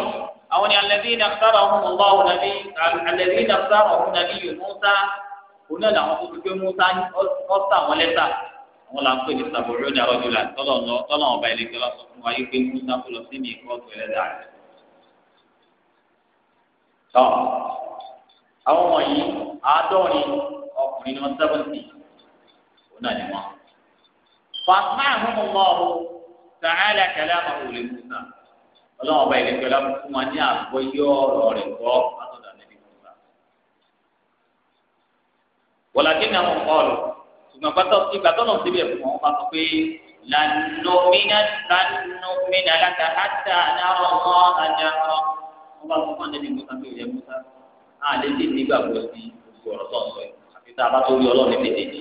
A: àwọn ni alladhina ikhtarahum Allahu nàbí alladhina ikhtarahum nàbí Musa òun náà làwọn tó ti gbé Musa ọ̀sà wọn lẹ́tà wọn là ń pè ní sàbòrò ní arọ́jú là tọ́lọ̀ lọ tọ́lọ̀ ọba ìlẹ́kẹ́ lọ sọ fún wa yí pé musa kó lọ sí mi kóòtù ẹlẹ́dà rẹ̀. tọ́ àwọn wọ̀nyí àádọ́rin ọkùnrin ní wọn sẹ́wọ̀ntì ó náà ní wọn. fàtúmá àhùnmọ̀ mọ́ ọ sàáàlà kẹlẹ́ lè musa ọlọ́wọ́n ọba ìlẹ́kẹ́ lọ fún wa ní àgbọ̀ yọ ọ̀rọ̀ rẹ̀ gbọ́ látọ̀dọ̀ àlẹ́ ṣùgbọ́n pátá ìgbà tó lọ síbẹ̀ fún wọn bá sọ pé lànàmínà lànàmínà láta àtà náà ọmọ àjà wọn bá sọ fún ẹni musa tó yẹ musa náà lè dé nígbàgbọ́ sí ojú ọ̀rọ̀ tó ń sọ yìí àti tá a bá tó rí ọlọ́run méjèèjì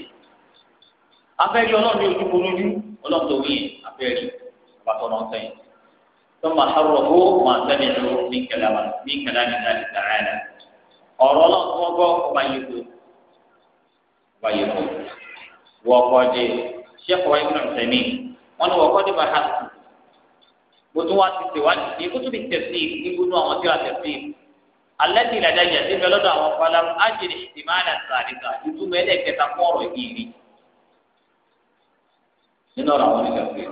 A: afẹ́rí ọlọ́run ní ojú korojú ọlọ́run tó wí afẹ́rí bàbá tó lọ́n sẹ́yìn tọ́mà sọ̀rọ̀fó máa sẹ́ni ló ní kẹlẹ́wà ní kẹlẹ́ ní láti tààrà ọ̀rọ̀ ọlọ́run tó wọ́n gbọ́ ọ wọ́kọ́dé sẹ́kọ̀ọ́ ibùdó sẹ́mi wọ́n ní wọ́kọ́dé bá hàn bó tún wá ti tẹ̀wájú sí kó tún bí tẹ̀sí ibùdó àwọn tí wà tẹ̀sí alẹ́ ti ìlàjà yẹn ti bẹ lọ́dọ̀ àwọn falam ájèrè ìmáàlà sàríkà ìtumọ̀ ẹlẹ́kẹta kọ́ọ̀rọ̀ ìrì nínú ọ̀rọ̀ àwọn oníkàfẹ́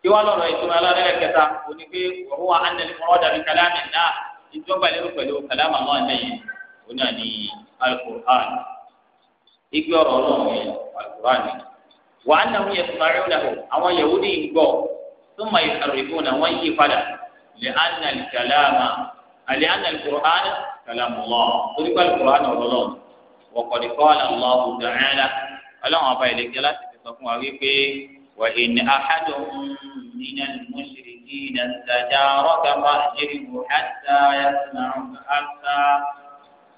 A: kí wọ́n lọ́rọ̀ ìtumọ̀ ẹlẹ́kẹta òní pé wọ́n wá ánẹ́lẹ́ mọ́rọ́ dàbí kálámì náà ìjọba lérò pẹ̀lú kálámà náà lẹ́yìn oní àní alukur'an igbe ọ̀rọ̀ Ọlọ́run yẹn alukurani wà á nàwọn yẹn tuma ẹwọn lẹhùn àwọn yahudi ń gbọ́ súnmọ ìkàrìbù náà wọn yí padà lè ànà kàlámà àlè ànà alukuran kàlámùlọ torí pé alukuran ọlọlọ wọkọdì kọlà lọhùn dàrẹ́lá Ọlọ́run ọba ìlẹ́jẹ́ láti fi sọ fún wa wípé wà ìní àhádọ́ nínú mùsùlùmí nà ń tajà rọ́gàmà àjẹrìbù hàtà yàtúnà àmì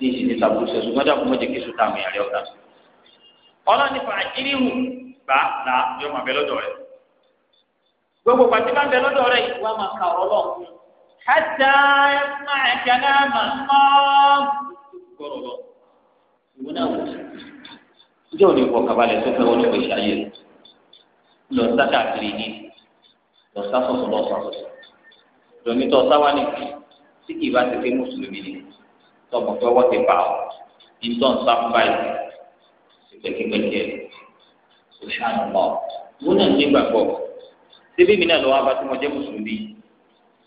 A: ní ìṣẹ̀lẹ̀ ìṣàkóso ṣùgbọ́n dàpọ̀ mọ́jẹ kí sùn táwọn èèyàn rẹ̀ ọ̀dà sí. ọlọ́ni fàájìrì hù bá la yọ máa bẹ lọ́dọ̀ rẹ̀. gbogbo pàtí máa bẹ lọ́dọ̀ rẹ̀ ìwà máa ka ọ̀rọ̀ lọ. hàtà máa kẹlẹ́ máa mọ́ gbọ́rọ̀ lọ. ìwọ náà wò ó. ìjọ ò ní wọ kabalẹ̀ tó fẹ́ wọlé pèsè ayé rẹ̀. lọ sáká kiri ní lọ sásọ̀sọ̀ lọ sásọ̀sọ̀ lọ tọmọ fẹ wọ́n ti bá ọ nítorí sáfù báyìí sí pẹ́kípẹ́kí ẹ̀ sùhánù lọ. wọn náà ní gbàgbọ́ síbí mi náà lọ́wọ́ bá tí mo jẹ́ mùsùlùmí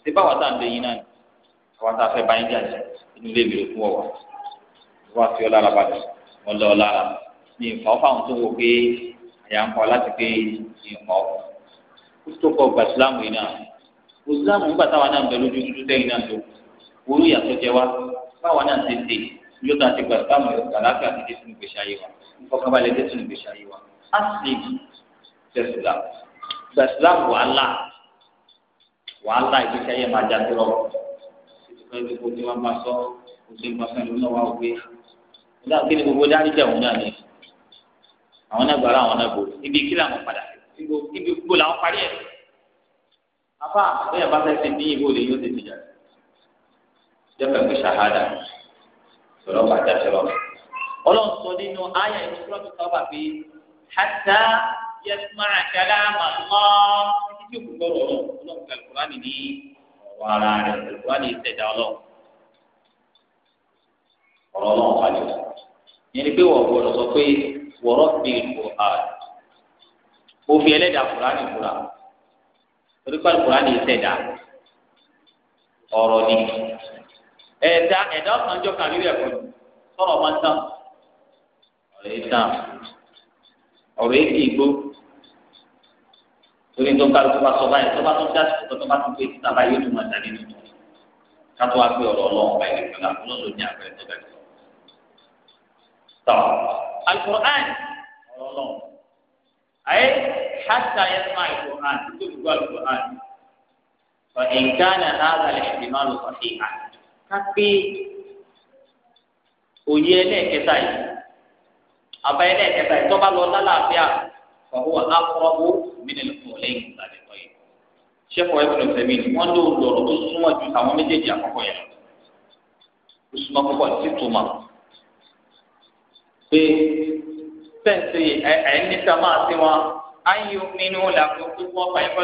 A: ṣé báwa tá à ń lẹ́yìn náà ni àwa tá a fẹ́ báyìí jáde inú ilé mi ló fún ọ̀wà wọ́n á fi ọ lára balẹ̀ wọ́n lọ lára ní ìfọ̀ fáwọn tó wọ pé àyà ń kọ́ láti pé ìfọ̀ ó tó kọ gbà sílámù yìí náà òsílámù nígbà táwa náà ń bẹ lójú dúdú tẹ́yìn náà tó wọ́n yàtọ̀ jẹ wá báwọn náà ti dè yóò tó àti gbà báwọn yóò gbà láti àti dé sínú gbèsè ayé wa ìfọkànbalẹ̀ dé sínú gbèsè ayé wa á sì gbẹ̀sìlá gbẹ̀sìlá wàhálà wàhálà ìgbésí ayé máa já tó lọ gbogbo tí wọ́n bá sọ oṣù ìgbọ̀nsẹ̀ ló náà wá wọlé nígbà kí ni gbogbo dárí jẹ òun náà ni àwọn náà gbàrà àwọn náà bò ibi kí làwọn padà ibi gbogbo làwọn parí ẹ̀ afá bẹ́ẹ̀ bá fẹ́ jẹ́pẹ̀ pé ṣahada sọ̀rọ̀ bàjá sọ̀rọ̀. ọlọ́run sọ nínú ayé ìlú sọ́ọ̀tù sọ́ọ̀bà pé hàtà yasmaa kalama Allah títí kò gbọ́dọ̀ ọlọ́run ọlọ́run kà lùkùránì ní ọ̀rọ̀ ara rẹ̀ lùkùránì ìṣẹ̀dá ọlọ́run ọ̀rọ̀ ọlọ́run pàdé wọn. yẹn ni pé wọ́n ìṣẹ̀dá ọ̀rọ̀ ni ẹ̀dá ẹ̀dá ọ̀sánjọ́ kan rírẹ̀ kọ́ sọ̀rọ̀ máa ń tàn ọ̀rọ̀ yìí tàn ọ̀rọ̀ yìí kì í gbó torí tó ń kálukú bá sọ báyìí tó bá tó ń dásìkò tó tó bá tó pé títà báyìí yóò máa dání nínú kátó wá pé ọ̀rọ̀ ọlọ́run báyìí lè fẹ́ra lọ́dọ̀ ní àpẹẹrẹ tó bẹ̀rẹ̀ sọ. tọ́ alukur'an ọ̀rọ̀ ọlọ́run ayé hasa yẹn fún alukur'an tó gbogbo alukur'an kápé òye ẹlẹ́ẹ̀kẹta yìí àbá ẹlẹ́ẹ̀kẹta yìí tọ́ba lọ lálàáfíà fọwọ́ akọ́rọ́bù mílíọ̀nù fún lẹ́yìn ìgbàlẹ̀ kọ́ yìí sẹ́fọ̀ ẹ̀fọn ọ̀sẹ̀ mi ni wọ́n lò lọ́rọ̀ tó súnmọ́ ju àwọn méjèèjì àkọ́kọ́ yẹn lọ tó súnmọ́ púpọ̀ sí tòmà pé fẹ́ǹsì ẹ̀ ẹ̀ ní sábà sí wọn ayé mi ni wọ́n làkúkú wọ́n fà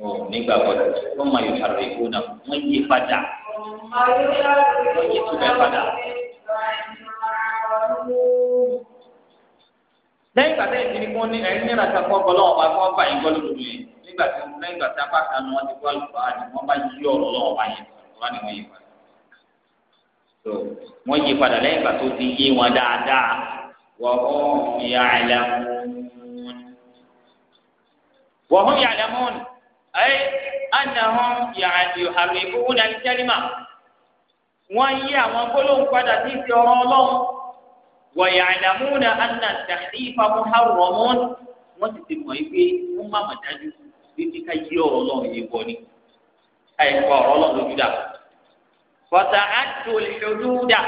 A: wọn ò nígbàgbọ́ wọn máa yọ sàrò ìkó náà wọn yí padà
B: wọn yí túbẹ̀ padà.
A: lẹ́yìn ìgbà tẹ́yìn tí ni kí wọ́n ní ẹ̀yìn nígbà tí a kọ́ ọlọ́wọ́ bá kí wọ́n bá yín gbọ́ lódodo yẹn nígbà tí lẹ́yìn ìgbà tí a bá kanu wọn ti gbọ́ àlùfáà àti wọ́n bá yí ọ̀rọ̀ lọ́wọ́ bá yẹn wọ́n ni wọ́n yí padà. tó yí padà lẹ́yìn ìgbà tó ti yé wọn dáadáa wọ́n hùn yàlẹ́mún wọ́n hùn yàlẹ́mún ayé anahun yàrá yòhàrò ìkówó náà ní kẹ́límà wọ́n yí àwọn gbólóhùn padà sí ìfi ọ̀rọ̀ ọlọ́run wọ̀yà àdàmúnà anna tàbí ìfapò harọ̀mọ́n wọ́n ti ti mọ̀ yí pé wọ́n má mà dájú títí ká yí ọ̀rọ̀ ọlọ́run yìí wọ ni àìkọ ọ̀rọ̀ ọlọ́run lójú dà bọ́tà àti olùṣojú dà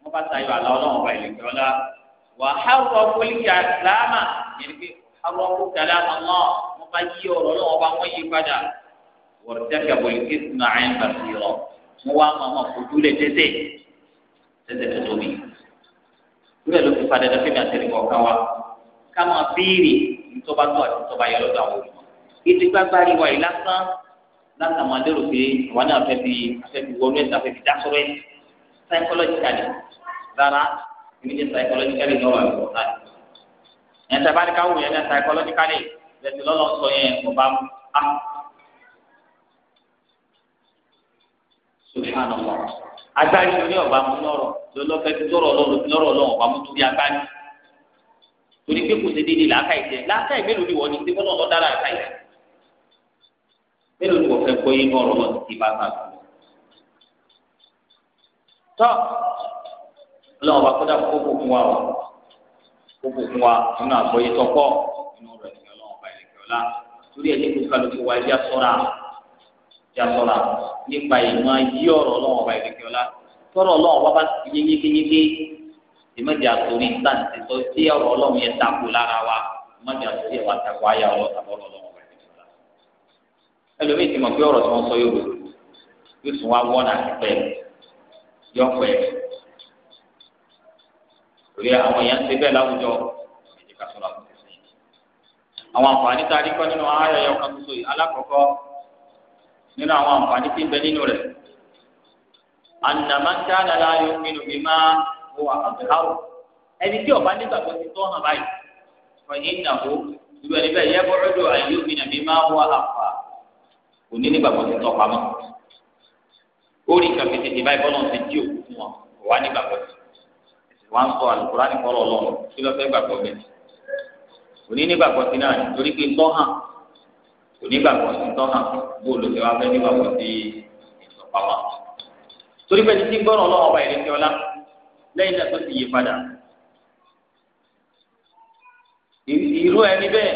A: wọ́n bá tayọ àlọ́ ọlọ́run ọba ìlẹ̀kẹ́ ọlá wà harọ̀mọ́ kálá ká yí ọ̀rọ̀ náà ọba wọn yí padà wọ̀rọ̀dẹ́kẹ̀ wọ̀lùkí sùnà àyìn bàtì rọ̀ mo wá máa ma fojú lé tẹ́tẹ́ tẹ́tẹ́ tó tóbi lórí ló fi padà lọ́fẹ́ mi àtẹ̀lé kọ̀ọ̀kan wa ká máa béèrè ìtọ́ba tó àti ìtọ́ba yẹ lọ́dọ̀ àwọn olùmọ̀ ètò ìgbàgbárí wa yìí lásán lásán máa lérò pé àwa náà fẹ́ fi afẹ́ fi wọnú ẹ̀sán afẹ́ fi dá sọ́rọ́ ẹ̀ psychologically rárá èmi ní psychologically lọ́wọ́ àgbọ̀ náà ẹ̀ ń tẹ́ bá ní ká yẹn ní psychologically lẹ́sìn lọ́lọ́ sọ yẹn kò bá mu á. subhana allah agbárí lórí ọba mu lọ́rọ̀ lọlọfẹ tó lọ́rọ̀ lọ́rọ̀ lọ́rọ̀ lọ́rọ̀ ọba mu tó bí agbárí torí pé kò sí dídì làákà ìjẹ làákà ìmélòó ni wọ́n ní tí wọ́n lọ dára àká ìjẹ mélòó ni wọ́n fẹ́ gbọ́ yín lọ́rọ̀ lọ́rọ̀ ti bá bá tó. tọ́ ọlọ́run ọba kọ́dà kókò fún wa kókò fún wa nínú àgbọ̀yé tọ́pọ̀ nínú rẹ̀ islam torí ẹ̀ ní kó kálukú wa ẹja sọ́ra ẹja sọ́ra nípa ìmọ̀ yí ọ̀rọ̀ ọlọ́wọ́ ọba ìdíkẹ́ ọlá tọ́rọ̀ ọlọ́wọ́ ọba bá ti yé yékéyéké ìmọ̀jì àtòrí ìtàǹtì sọ sí ọ̀rọ̀ ọlọ́wọ́ yẹn takò lára wa ìmọ̀jì àtòrí ẹ̀ wá takò ayé ọlọ́wọ́ ọba ìdíkẹ́ ọlá ẹlòmíì ti mọ̀ pé ọ̀rọ̀ tí wọ́n sọ yóò yóò tún wá wọ́n àtìpẹ́ yọ̀pẹ́ torí àwọn èèyàn ti bẹ́ẹ̀ láwùjọ àwọn àǹfààní tá a rí kọ́ nínú ayẹyẹ ọ̀kan tuntun yìí alákọ̀ọ́kọ́ nínú àwọn àǹfààní tí ń bẹ nínú rẹ̀ ànàmá dáná láàyò nínú mi máa wọ àbẹ̀háwò ẹni tí ọba nígbàgbọ́ ti tọ́ hàn báyìí fọyín ìnáwó ìlú ẹni bẹ́ẹ̀ yẹ bọ́rọ̀ lò àyè òmìnira mi máa wọ àfà òní nígbàgbọ́ ti tọ́ pamọ́ ó rí nǹkan fèsì báyìí bọ́lá ti dí òkú wọn kò wá nígbàgbọ́ ti wọ́n sọ àlùkò onígbàgbọ́ sí náà torí pé tọ́ hàn onígbàgbọ́ sí tọ́ hàn bó ló fẹ́ wá fẹ́ nígbàgbọ́ sí ìsọ̀pamọ́ torí pé títí gbọ́rọ̀ ọlọ́wọ́ ọba ìrètí ọlá lẹ́yìn náà tó ti yí padà irú ẹni bẹ́ẹ̀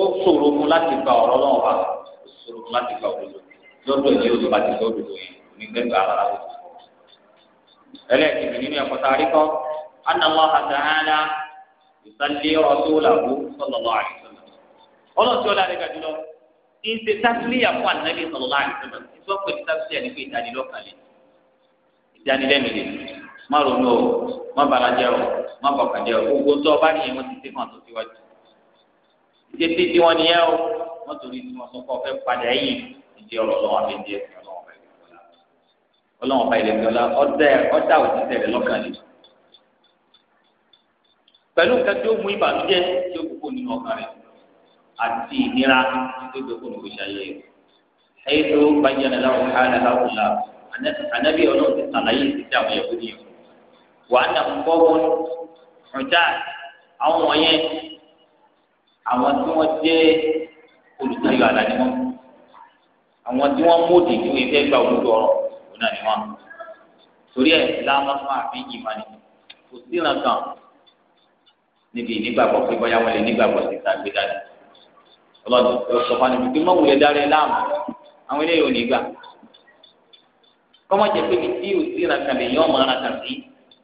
A: ó ṣòro fún láti gba ọ̀rọ̀ náà wá ó ṣòro fún láti gba òdodo lọ́dọ̀ ìdí òdodo àti ìdí òdodo yẹn onígbẹ́gbẹ́ alára ló ti sọ ẹlẹ́ẹ̀kejì nínú ẹ̀kọ́ rí kọ́. أن الله تعالى يصلي رسوله صلى الله عليه وسلم ọlọ́run tí ó lára ga jùlọ kí n ṣe tasiliya fún anabi sallallahu alaihi wasallam kí n sọ pé tasiliya ni pé ìdánilọ́kàlẹ̀ ìdánilẹ́mìlẹ̀ má ronú o má balajẹ́ o má bọ̀kàjẹ́ o gbogbo tó ọba nìyẹn wọ́n ti ṣe fún àtúntíwájú ìṣètì tí wọ́n nìyẹn o wọ́n torí tí wọ́n sọ pé ọ̀fẹ́ padà yìí ìdí ọ̀rọ̀ lọ́wọ́ àbẹ̀dẹ̀ ọlọ́wọ́ ọba ìlẹ̀kẹ́ pẹ̀lú nǹkan tí ó mú ìbànújẹ́ tí ó kókó nínú ọkàn rẹ̀ àti ìnira tí ó kókó nínú ìṣayẹ rẹ̀. ẹ̀yìn tó bàjẹ́ ní aláwọ̀ káàdà láwùlá ànábì ọlọ́run ti sàlàyé ìdíjà àwọn ẹ̀kọ́ ni wàá nà fọ́wọ́ ọjà àwọn wọ̀nyẹn àwọn tí wọ́n jẹ́ olùtayọ̀ àlá ni wọ́n àwọn tí wọ́n mú òdì fún ẹgbẹ́ gba olùdó ọ̀rọ̀ òun náà ni níbi ìnígbàgbọ́ pé bóyá wọn lè nígbàgbọ́ sí ìtàgbé dájú ọlọ́dún ọ̀sọ̀fà níbi tí mọ́wù lè darí láàmú àwọn eléyìí ò ní gbà kọ́mọ jẹ pé tí o sí ìrànkà lè yọ ọmọ ìrànkà sí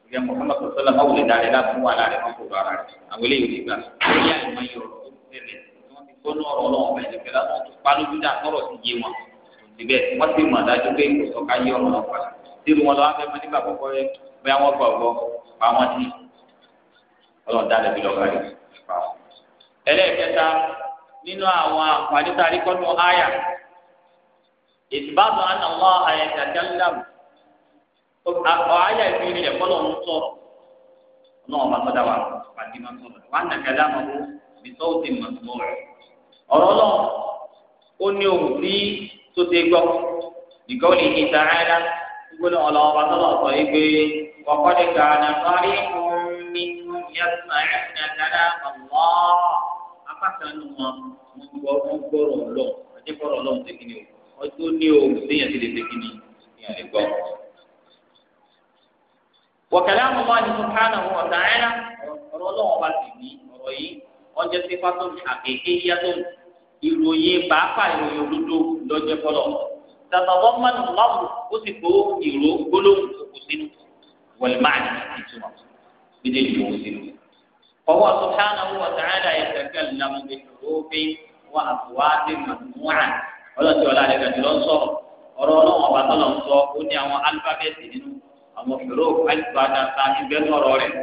A: ìrẹ́ Muhammad sọ́lá mọ́wù lè darí láàmú wà láàrin wọn kò lọ ara rẹ̀ àwọn eléyìí ò ní gbà bóyá ìmọ̀ yọ ọ̀rọ̀ tó tẹ̀lẹ̀ wọ́n ti kọ́ náà ọ̀rọ̀ ọ̀bẹ̀ ìdẹ̀fẹ̀ látọ̀ tó palójú dà kọ́rọ̀ ti yé wọn síbẹ̀ wọ́n ti mọ̀ dájú pé kò sọ̀ka yé ọ̀rọ̀ náà pa ọlọ́run dáadáa bí lọ́ka rẹ̀ nípa. ẹlẹ́ẹ̀kẹta nínú àwọn àǹfààní tá a rí kọ́nù àyà ìtìbátan àná wọn àyà ìdàdánlámù àyà ìbírin rẹ̀ kọ́nù ń sọ ọlọ́run ọba tọ́da wa pàdé máa sọ̀rọ̀ wà á nàkàdá máa wọ bìtọ́ òsì máa sọ rẹ̀ ọ̀rọ̀ náà ó ní ohun tí tó ti gbọ́ nìkan ó lè ní ìta rẹ̀ lá gbogbo náà ọlọ́run ọba tọ́lọ̀ sọ yasma'una kalam Allah apákanu wọn wọn gbọ́ wọn gbọ́rọ̀ lọ ọjọ́ gbọ́rọ̀ lọ ṣe kìíní o ọjọ́ ní o ṣéyàn ti lè ṣe Allah subhanahu wa ta'ala ọ̀rọ̀ ọlọ́wọ́n bá sì ní ọ̀rọ̀ yìí ọjọ́ sí pátọ́n àkèké yàtọ̀ ìròyìn pàápàá ìròyìn òdodo lọ́jọ́ kọlọ̀ tàbàbọ́ mọ́nù lọ́wọ́ ó sì kó ìró gbólóhùn kò sínú wọ̀lmáàdì ìtumọ̀ méjèèjì wọn sí lò. ọwọ́ subhanahu wa ta'ala yatakallamu bi hurufin wa aswatin majmu'a ọlọ́tí ọ̀la rẹ̀ gàdú lọ sọ̀rọ̀ ọ̀rọ̀ ọlọ́run ọba tó lọ sọ ó ní àwọn alifábẹ́ẹ̀tì nínú àwọn huruf alifábẹ́ẹ̀tì àti àmì sọ̀rọ̀ rẹ̀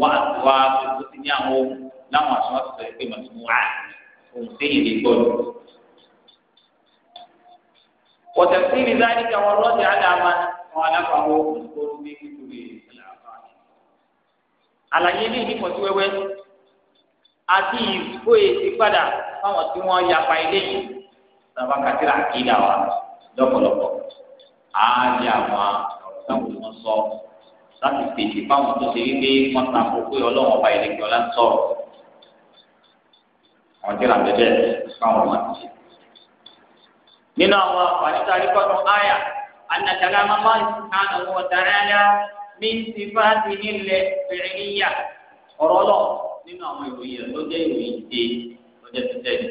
A: wà wá tó ti ní àwọn ohun láwọn àṣọ àṣọ ìpè majmu'a ohun téyìn lè gbọ́dọ̀. وتفسير ذلك والرد على من خالفه مذكور به àlàyé ní ìdíkọ̀tí wẹ́wẹ́ àti ìfó èsì padà fáwọn tí wọ́n yapa ilé yìí sábà kàtìrà àkìdá wa lọ́pọ̀lọpọ̀ á di àwọn ọ̀rọ̀ táwọn wọn sọ láti pèsè fáwọn tó ṣe wípé wọ́n ta kó pé ọlọ́wọ́n ọba ìlẹ́gbẹ̀ẹ́ ọlá ń sọ̀rọ̀ àwọn tí ra bẹ́ẹ̀ fáwọn wọn ti ṣe. nínú àwọn àǹfààní tá a rí kọ́nu áyà anàkàlámà máa ń sàn àwọn ọ̀daràn ní sífà ti nílẹ̀ fìrìyà ọ̀rọ̀ lọ nínú àwọn ìròyìn rẹ̀ ló jẹ́ ìròyìn dé lọ́jọ́ títẹ̀ ní.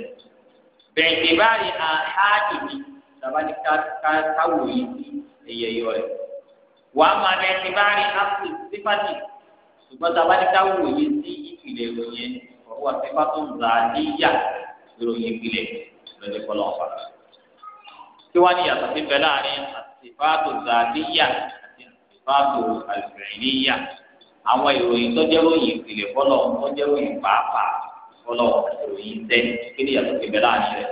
A: bẹ̀rẹ̀ ní báyìí àhájì mi sábà ní káwò yìí sí ẹ̀yẹ yọ rẹ̀. wàá máa bẹ̀rẹ̀ ní báyìí ápù sífà ti ṣùgbọ́n sábà ní káwò yìí sí ìpìlẹ̀ ìròyìn ọ̀rọ̀ sífà tó ń zà ní ìròyìn ìpìlẹ̀ lọ́jọ́ kọ́ lọ́wọ́ kí wàá ní yàtọ̀ sí bẹ́ẹ̀ láàrin àtìfáàtò zàdíyà sífàtò àlùfẹ̀ẹ́nìyà àwọn ìròyìn tó jẹ́ ròyìn ìpìlẹ̀ fọlọ́ tó jẹ́ ròyìn pàápàá fọlọ́ ròyìn tẹ́lẹ̀ kí ni yàtọ̀ kébẹ̀ láàrin rẹ̀.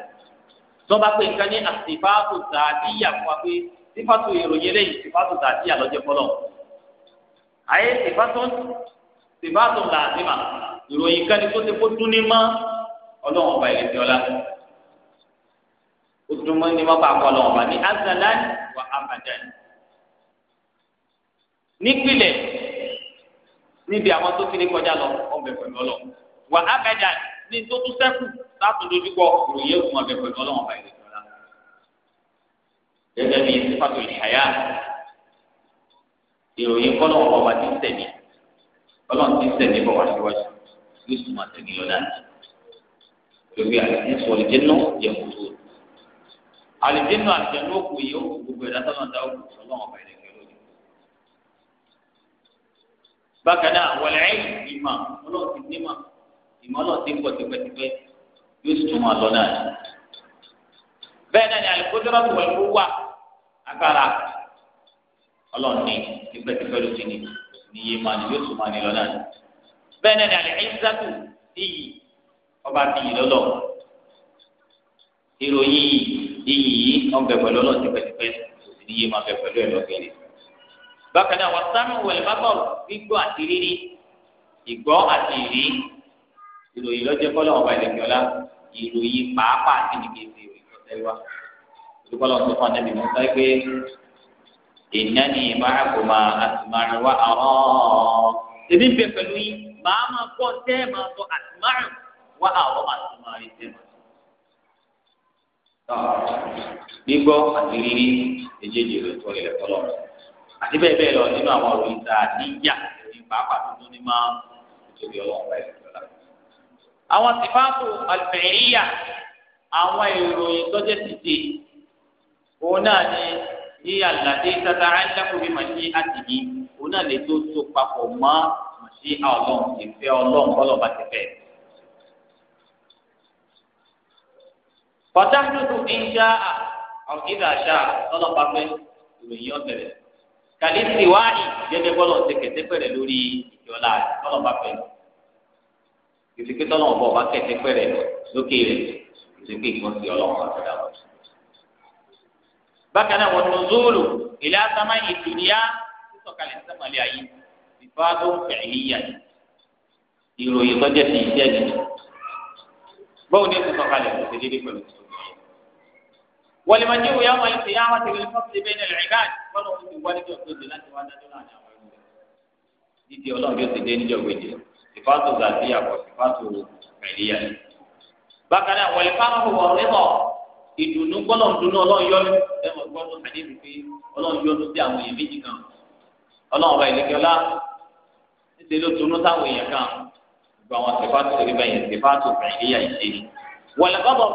A: tọ́ba pé nǹkan ní àsìfàtò tàdíyà fún wa pé sífàtò ìròyìn lẹ́yìn sífàtò tàdíyà lọ́jẹ́ fọlọ́. àyè sífàtò sífàtò làzìmà ìròyìn kan ní tó ti kó dún ní mọ́ ọlọ́run ọba ìrètí ọlá ó dún mọ́ ní mọ́ bá kọ́ ọlọ́run ọba ní nípìnlẹ̀ níbi àwọn tó kiri kọjá lọ ọbẹ̀ pẹ̀lú ọlọ́run wà ábẹ́dà ní tó tún sẹ́kù látún dojúkọ òròyé òkun ọbẹ̀ pẹ̀lú ọlọ́run ọba ìlú ìjọba gẹ́gẹ́ bí sípàtò ìṣàyà ìròyìn kọ́nà ọ̀pọ̀ wa ti ń tẹ̀lé ọlọ́run ti ń tẹ̀lé bọ̀ wá síwájú yóò sì máa tẹ̀lé ọ̀dà lórí àìsí ọ̀lẹ́dẹ́nà yẹ kó tó àlẹ́dẹ́nà àjẹnú òkú yìí ó gbogbo ẹ̀dá tọ́lọ́ bákan náà wọlé ẹ̀yìn ìmọ̀ ọlọ́ọ̀tì nímọ̀ ìmọ̀ ọlọ́ọ̀tì ń bọ̀ tipẹ́tipẹ́ yóò sì tún máa lọ náà ni. bẹ́ẹ̀ náà ni àlùkòdúrà tó wọlé wá agbára ọlọ́ọ̀ni tipẹ́tipẹ́ ló ti ní ní iye máa ni yóò tún máa ní lọ náà ni. bẹ́ẹ̀ náà ni àlẹ́ iyì ọba ti yìí lọ́lọ́ ìròyìn iyì yìí ọ̀bẹ̀ pẹ̀lú ọlọ́ọ̀tì tipẹ́tipẹ́ kò ní iye máa bẹ̀ pẹ̀lú ẹ̀ lọ́gẹ̀rẹ̀ bákan náà wọ́n sámi wọlé bábọ̀rù gbígbọ́ àti rírí ìgbọ́ àti ìrí ìròyìn lọ́jọ́ kọ́lọ́ ọba ìlẹ̀kẹ́ọ́lá ìròyìn pàápàá àti nìkejì ìròyìn tọ́tẹ́ wa olùkọ́lọ́ tó fún anábì mọ́tà pé ìnáni ìmáàkùmá àtìmáàrún wa àwọn èmi bẹ pẹ̀lú yín màá máa gbọ́ tẹ́ máa sọ àtìmáàrún wa àwọn àtìmáàrún tẹ́ máa sọ. gbígbọ́ àti rírí èjèèjì rẹ̀ tó ilẹ̀ kọ́lọ́ àti bẹ́ẹ̀ bẹ́ẹ̀ lọ nínú àwọn ọ̀rọ̀ ìta níyà ní pàápàá tuntun ní máa nítorí ọlọ́run bá ìlú lọ́la. àwọn tìfáàtò àlùfẹ̀ẹ́yà àwọn ìròyìn tọ́jẹ́ ti dé òun náà ni yíyà làdé tata alákòwé màṣí àtìyí òun náà lè tó tó papọ̀ mọ́ màṣí ọlọ́run ìfẹ́ ọlọ́run ọlọ́run bá ti fẹ́. fọ̀tàkùnrin ìjà àwọn ìdàṣà ọlọ́pàá fẹ́ ìròyìn ọ̀tẹ̀lẹ̀ kàlísì wáyì gẹ́gẹ́ bọ́lọ̀ ṣe kẹ̀tẹ́ pẹ̀rẹ̀ lórí ìjọla tọ́lọ̀ bá fẹ́ ìsìnkú tọ́lọ̀ bọ̀ bá kẹ̀tẹ́ pẹ̀rẹ̀ lókè rẹ̀ ìsìnkú ìgbọ́n sí ọlọ́run àtọ́dá lọ. bákan náà wọn nùzúlù ilé asámá ìdùnnìyá sísọkalẹ̀ sẹ́mọ̀lẹ́ ayé ìfọ́dún fẹ̀yìyà ìròyìn tọ́jẹ́ ti iṣẹ́ nìyẹn bọ́ọ̀ ní sísọkalẹ̀ kò والمجيء يوم القيامة بالفصل بين العباد ولو في والد يقول لنا وانا دون ان dídí ọlọ́run yóò ti dé níjọ́ gbèdé ìfàtò gàdíyà kọ ìfàtò mẹ̀líyà. bákan náà wọlé fáwọn ọmọ rírọ ìdùnnú gbọ́dọ̀ dùnnú ọlọ́run yọ́nú ẹ̀rọ gbọ́dọ̀ àdébí pé ọlọ́run yọ́nú sí àwọn èèyàn méjì kan ọlọ́run ọba ìlẹ́kẹ́ ọlá níṣẹ́ ló dunú táwọn èèyàn kan gbọ́ àwọn ìfàtò ìrìbẹ̀yìn ìfàtò mẹ̀líyà ìṣe. wọlé fáwọn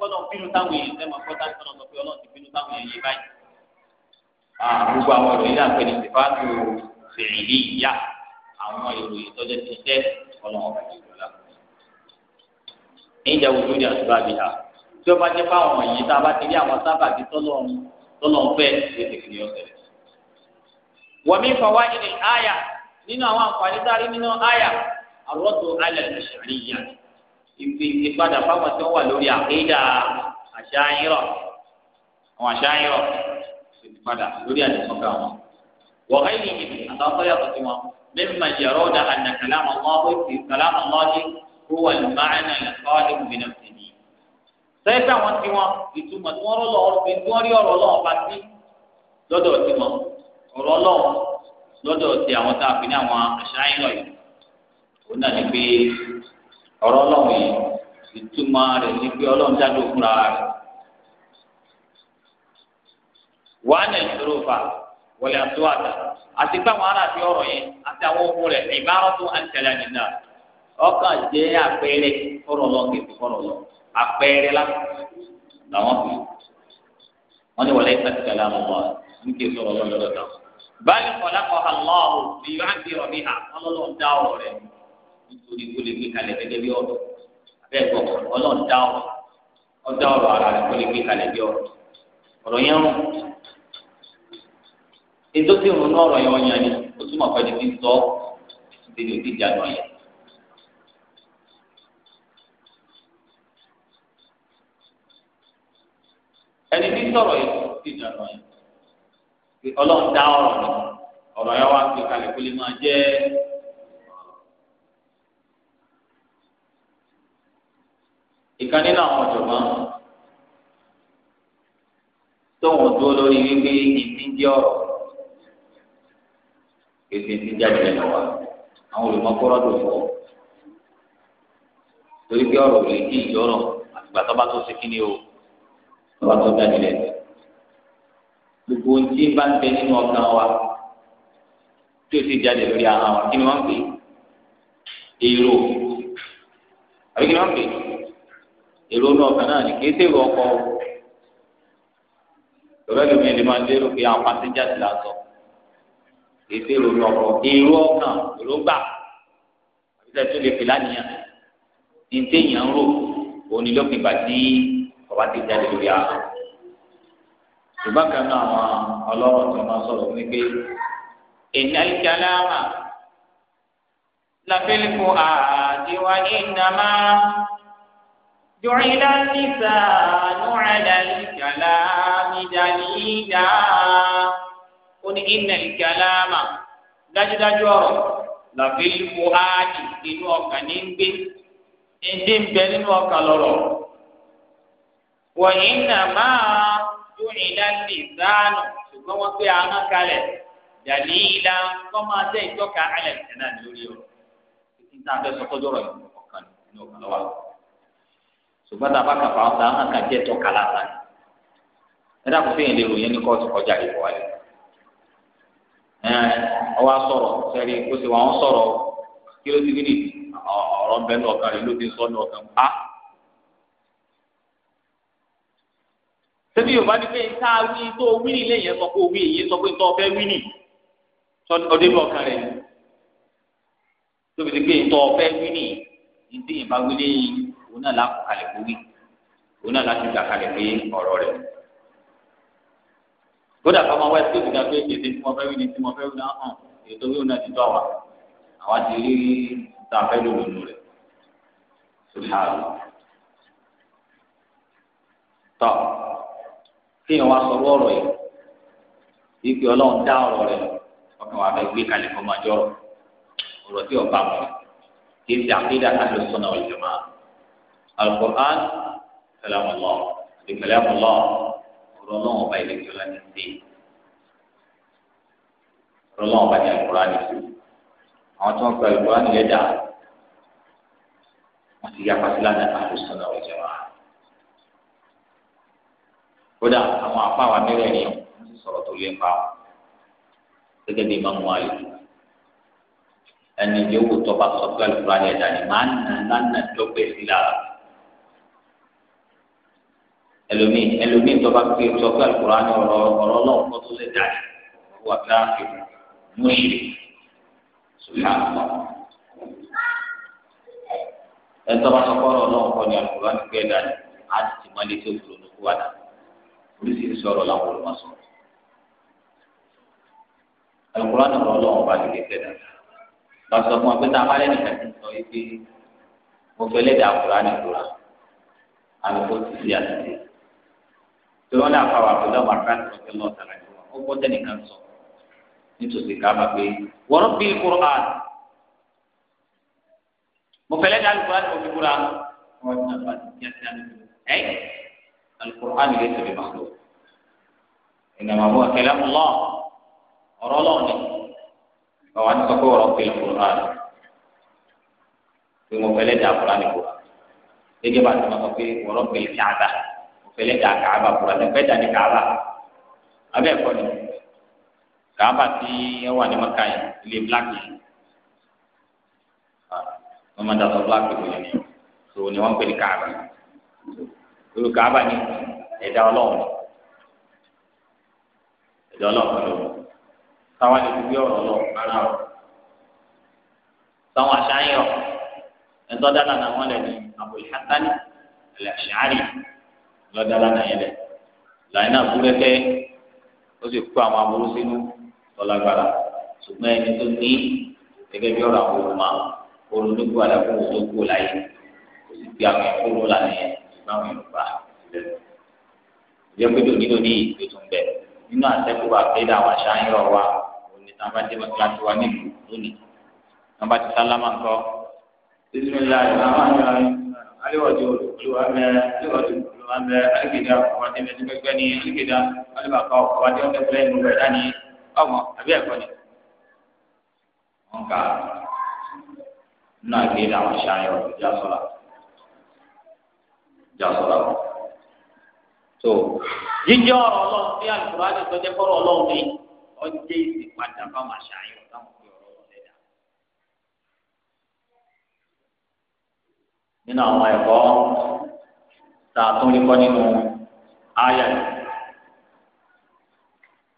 A: kọ́nà bínú táwọn èèyàn ẹ̀ máa kọ́ta kọ́nà sọ pé ọlọ́run ti bínú táwọn èèyàn yìí báyìí. gbogbo àwọn ìròyìn náà pẹ̀lú ìsèpáàtì fèrè ní ìyá àwọn ìròyìn tọ́jú ti jẹ́ ọlọ́run ọ̀gbìn ìgbòlá. ní ìjà ojú ni àtúbà bí ha tí ó bá jẹ́ fáwọn yìí tá a bá ti rí àwọn sábàbí tọ́lọ́run fẹ́ ìrètí wọ̀mí a rí nínú àyà àrọ́tò alẹ́ ìṣẹ̀lẹ̀ ìpadà fáwọn tí wọ́n wà lórí àkéjà àṣàyìnrọ̀ àwọn àṣàyìnrọ̀ ìpadà lórí àdìsọ́kà wọn. wọ́n ká ìyìn yìí àtàwọn tó yàtọ̀ sí wọn mímọ ìyàrá ọ̀dà àna kàlámà lọ́wọ́ ti kàlámà lọ́dí kó wà ní máàna ìlàkọ́ọ̀dì mìíràn tẹ̀lé. sẹ́yìn táwọn tí wọn ìtumọ̀ tí wọ́n lọ́wọ́ fi tí wọ́n rí ọ̀rọ̀ ọlọ́wọ́ bá sí lọ́dọ̀ tí wọn ọ̀rọ̀ ọlọ́wọ́ lọ́dọ̀ tí àwọn tá a fi ní àwọn àṣàyìnrọ̀ yìí òun náà ní pé ọ̀rọ̀ ọlọ́run yìí ìtumọ̀ rẹ̀ ní pé ọlọ́run jáde fúnra rẹ̀. wàá nà ìṣòro fà wọlé àtúwàtà àti pé àwọn ará àti ọ̀rọ̀ yẹn àti àwọn ohun rẹ̀ ìbára tó ọkàn jẹ́ àpẹẹrẹ àpẹẹrẹ la làwọn fi wọn ni wọlé ní báyìí nítorí kó lè gbé kalẹ̀ gẹ́gẹ́ bí ọ̀rọ̀ abẹ́ gbọ́ ọlọ́run da ọ̀rọ̀ ọ̀dá ọ̀rọ̀ ara rẹ̀ kó lè gbé kalẹ̀ bí ọ̀rọ̀ ọ̀rọ̀ yẹn rún ètò tí òun náà ọ̀rọ̀ yẹn wọ́n yẹn ni ó túmọ̀ pẹ́ni tí ń sọ ìdílé òdìjà náà yẹn. ẹni tí sọ̀rọ̀ yẹn ti dà yẹn ọlọ́run ọ̀rọ̀ ni ọ̀rọ̀ yẹn wá gbé kalẹ̀ kó lè máa jẹ́ ìkan nínú àwọn ọ̀jọ̀gbọ́n tó wọn dúró lórí wípé ìdíje ọ̀rọ̀ ètò ìdíje àjẹlẹ̀ wa àwọn olùmọ̀kọ́rọ́ tó fọ́ torí pé ọ̀rọ̀ lè di ìjọ́rọ̀ àtìgbà tó bá tó ṣe kíni o tó bá tó dájúlẹ̀ gbogbo ohun tí bá ń bẹ nínú ọkàn wa tí o sì jáde lórí ahọ́n wa kí ni wọ́n ń pè é èrò àbí kí ni wọ́n ń pè é ìrònú ọkàn náà ní kété ìwọ ọkọ o ìrọ ẹlòmíín lè máa lérò pé àwọn pàṣẹjà ti là sọ kété ìrònú ọkọ èrò ọkàn èròǹgbà àbíṣe tó lè fi lánìyàn ní téèyàn ń rò òní lópin ìgbà tí ọba ti jáde lórí ara ṣùgbọ́n kan náà àwọn ọlọ́run tó máa sọ̀rọ̀ wípé ìnáyí kálámà làbẹ́lẹ́kọ̀ọ́ àdìwá ìnàmá. جعل اللسان على الكلام دليلا قل إن الكلام dájúdájú ọ̀rọ̀ làbí ipò áàdì inú ọkàn ní gbé ẹdí ń bẹ nínú ọkàn lọ́rọ̀ wọ̀nyí nà máa dún ìdálẹ ìsáànù ṣùgbọ́n wọ́n pé àwọn kalẹ̀ dàlí ìlà kọ́ máa jẹ́ ìtọ́ka alẹ̀ ṣẹlẹ̀ lórí ọ̀rọ̀ títí tá a fẹ́ sọ kọjọ́rọ̀ ọkàn nínú ọkàn lọ́wọ́ ṣùgbọ́n tá a bá kàfà ọ̀tá hàn ká jẹ́ tọ́ka lásán ẹ dàpọ̀ fẹ́yìn lè ròyìn ní kóòtù kọjá ìbò wa yìí ẹ ọwọ́ sọ̀rọ̀ sẹ́rí ó sì wọ́n sọ̀rọ̀ kí ló ti rí nìyí ọ̀rọ̀ ń bẹ ní ọkàn rẹ̀ ló ti sọ ní ọkàn pa. Ah! ṣebí yorùbá ní pé tá a wí tó wí nílé yẹn sọ pé òwe yẹn sọ pé tó wí nì ọdún bí ọkàn rẹ̀ tóbi wí nì ìdí ìbáwí òun náà láàkó kalẹ̀ kó wí òun náà láti gbà kalẹ̀ pé ọ̀rọ̀ rẹ̀ kódà kọ́ máa wá sí òkúta pé èdè tí mo fẹ́ wí ni tí mo fẹ́ wí náà hàn ètò wíwò náà ti tọ́ wa àwa ti rí ta fẹ́ lò lónìí rẹ̀ sùhàlù tọ́ kí ni wàá sọ wọ́ọ̀rọ̀ yìí ibi ọlọ́run dá ọ̀rọ̀ rẹ̀ ọkàn wa fẹ́ gbé kalẹ̀ kọ́ máa ọ̀rọ̀ tí ọba mọ̀ kí n ti àkéde àtàlù sọ̀nà ọ̀jọ̀ máa alukur'an kalamullah àti kalamullah ọ̀rọ̀ náà ọba ìlẹ̀kẹ́ ọ̀la ní sí ọ̀rọ̀ náà ọba ní alukur'an ní sí àwọn tí wọ́n gba alukur'an ní lẹ́dà wọ́n ti yapa sí lánàá àlùsùn náà ọ̀jọ̀ wa kódà àwọn apá wa mẹ́rẹ̀ẹ̀rin wọ́n ti sọ̀rọ̀ tó lé pa gẹ́gẹ́ bí Imam Malik ẹlòmíì ẹlòmíì tó bá pè sọ pé alukurani ọ̀rọ̀ ọ̀rọ̀ Ọlọ́run kó tó lè dà ní wà káfí mùsùlùmí sùlùmí. ẹtọ́ bá sọkọ́ ọ̀rọ̀ Ọlọ́run kọ́ ni alukurani pé dà ní á ti máa lé tó kúrò ní kúwàdà oríṣiríṣi ọ̀rọ̀ làwọn olùmọ̀ sọ. alukurani ọ̀rọ̀ Ọlọ́run bá lè pé dà lọ́sọ̀ fún ọgbẹ́
B: tọ́lọ́ náà fà wà pẹ̀lú àwọn
A: àkáǹtì ọ̀kẹ́ lọ́ọ̀ tààrà ní wọn ó gbọ́dọ̀ nìkan sọ nítòsí káàmà pé wọ́n bí kúrán mo fẹ́lẹ́ dá alukóran ní omi kúrán wọ́n ti nàbà ní kíákí alukó ẹ́ alukóran lè tẹ̀lé màlúù ìnáwó àwọn akẹ́lẹ́ ọlọ́ ọ̀rọ̀ ọlọ́ọ̀ni báwa ní sọ́kọ́ ọ̀rọ̀ pé kúrán pé mo fẹ́lẹ́ dá alukóran ní kúrán pẹ̀lẹ́ da kaaba kura lẹ pẹ da ni kaaba abẹ kọ ni kaaba ti ẹwà ni maka yẹ ilé black yẹ ah,
B: wọn ma da sọ black
A: wọlé ni so ni wọn pè ní kaaba olú kaaba ni ẹ̀dá Ọlọ́run ẹ̀dá Ọlọ́run ló táwọn lè gbé ọ̀rọ̀ lọ ara ọ táwọn aṣááyọ ẹ̀tọ́ dáná náà wọn lẹ ní Abul Hasan al-Ash'ari lọ́dá lánàá yẹn lẹ̀ làyìn náà kú lẹ́kẹ́ ó sì kó àwọn aburú sínú ọ̀làgbára ṣùgbọ́n ẹni tó ní gẹ́gẹ́ bí ọ̀rọ̀ àwọn olùmọ̀ olùdókòwò àdàkùn òdòkòwò láyé kò sì fi àwọn ẹ̀kọ́ ló lànà yẹn ṣùgbọ́n àwọn yorùbá lẹ́nu ìyẹ́pẹ̀dọ̀ nílò ní ìgbésùn bẹ́ẹ̀ nínú àtẹ́kùn àpẹ́dà àwọn aṣááyọ̀ wa òní tábàdé mọ́tíláṣí wa nílùú lónìí tábàtí sálámà ńkọ́ bísí mi láàyè láwọn àjọ aliwaju olùwàmẹ aliwaju olùwàmẹ aligida ọkọwadé mẹ nígbàgbẹ ni aligida alibaka ọkọwadé ọdẹ fẹlẹ ìlú rẹ dání ọmọ àbí ẹkọ ni. wọn kà náà gbé làwọn aṣáájú ìjà sọlá ìjà sọlá wọn. tó jíjẹ́ ọ̀rọ̀ ọlọ́run bí alùpùpù adé sọjẹ́ fọ́rọ̀ ọlọ́run ni ọjẹ́ ìsìn padà bá nínú àwọn ẹ̀kọ́ tá a tún rí kọ́ nínú àyà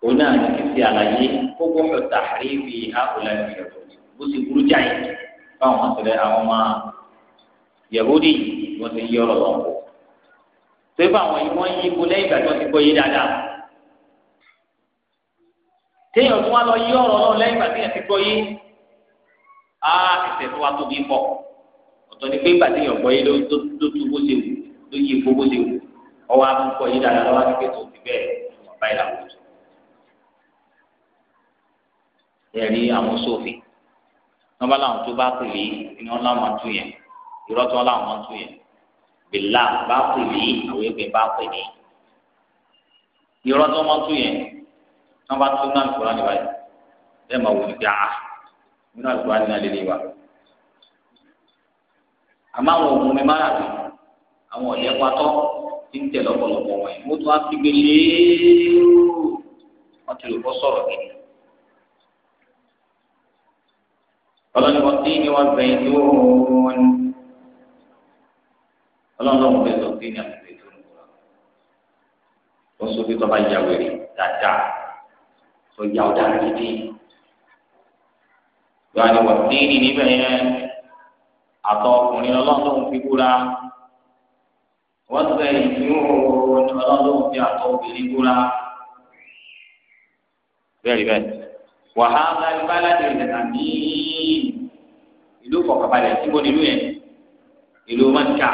A: òun náà ní kí ti àlàyé kókó ọ̀tà àríwí àkùlà ìyẹ̀wò bó ti burú jáì fáwọn ọ̀sẹ̀rẹ̀ àwọn ọmọ yẹ̀wòdì wọ́n ti yí ọ̀rọ̀ lọ́wọ́ kó. tó bá àwọn yìí wọ́n yí ipò lẹ́yìn ìgbà tó ti kọ́ yé dáadáa. téèyàn tó wá lọ yí ọ̀rọ̀ náà lẹ́yìn ìgbà téèyàn ti kọ́ yé á ẹ̀sẹ̀ tó wá tóbi pọ̀ ọ̀tọ̀ ni pé ìgbàdí yàn gbọ́ yé ló tó tu bó ṣe wù ló yí ìfó bó ṣe wù ọwọ́ akókò yí dára lọ́wọ́ ní kẹtù òbí bẹ́ẹ̀ ọ̀bá ìlà wòjú. ẹ̀rí àwọn sófin wọn bá láwọn tó bá pèlè iná láwọn tún yẹn irọ́ tó láwọn tún yẹn bìlà bá pèlè àwọn ẹgbẹ́ bá pèlè irọ́ tó wọn tún yẹn wọn bá náà kúrò níbàyẹn ẹ máa wò ní pé ah nínú àgbà ní alẹ́ ní wa àmọ́ àwọn òògùn mi máa rà àwọn ọ̀lẹ́ patọ́ ti ń tẹ̀lé ọ̀pọ̀lọpọ̀ wọn yìí mo tún á fi gbé léèrú wọn ti lò bọ́ sọ̀rọ̀ gidi. ọlọ́ni tí ni wọ́n gbẹ̀yìn tó wọ́n ọlọ́run lọ́wọ́ bẹ́ẹ̀ sọ pé ní àgbègbè tó ń bọ̀ wọ́n sọ pé tọ́ba ya wèrè dáadáa tó ya ọ̀dà gidi. ìwà ni wọ́n tí ni níbẹ̀ yẹn àtọ ọkùnrin ọlọ́dún fi búra wọ́n sẹ ìdúró ọlọ́dún fi àtọ obìnrin búra bẹ́ẹ̀ bẹ́ẹ̀ wàhálà ìbálàdé ìdàgbàmí ìlú kọ̀kọ̀balẹ̀ síbò nílùú yẹn ìlú mọ́tíkà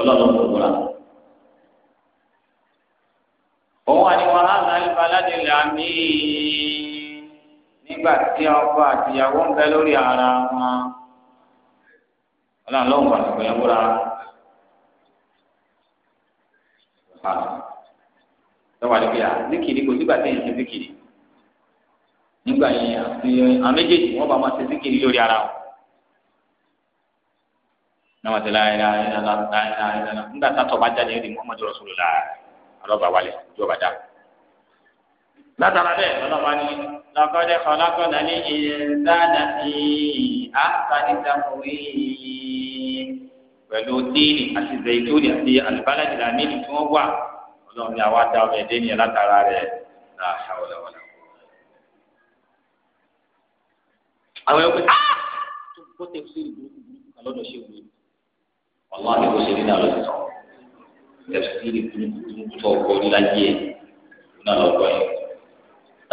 A: ọlọ́dún fi búra. òun wà ní wàhálà ìbálàdé ìdàgbàmí nígbà tí ọkọ àtìyàwó ń bẹ lórí ara wọn ọlọ́run lọ́wọ́ àsìkò yẹn wúra ọ̀hánà lọ́wọ́ àdìgbò yà zikiri kò sígbà tẹ̀yìn ṣe zikiri nígbà yẹn àti àwọn méjèèjì wọ́n bá máa ṣe zikiri lórí ara wọn náà ti láyé láyé láyé láyé láyé nígbà tá a tọ́ bá jáde ní Muhammadu Rasulullah alọ́ba wálé ìjọba dáa látara bẹ́ẹ̀ ọlọ́wà ni lọ́kọ́dẹ́ kọlákọ́nà ní ìdáná sí àkàdísàkùnrin pẹ̀lú tíìlì àti zaitúni àti alùpàlàjì làmìlì tí wọ́n wà ọlọ́run ni àwa dá ọmọ ẹ̀dẹ́ ni látara rẹ̀ náà ṣàwọlọ́wọ́lọ́. àwọn ẹgbẹ́ ah! tó gbọ́ tẹ̀sí ìlú kan lọ́dọ̀ ṣe wù ọlọ́run ni kò ṣe nínú àlọ́ sọ tẹ̀sí ìlú tó gbọ́ níláyé náà lọ́gbọ́ yẹn.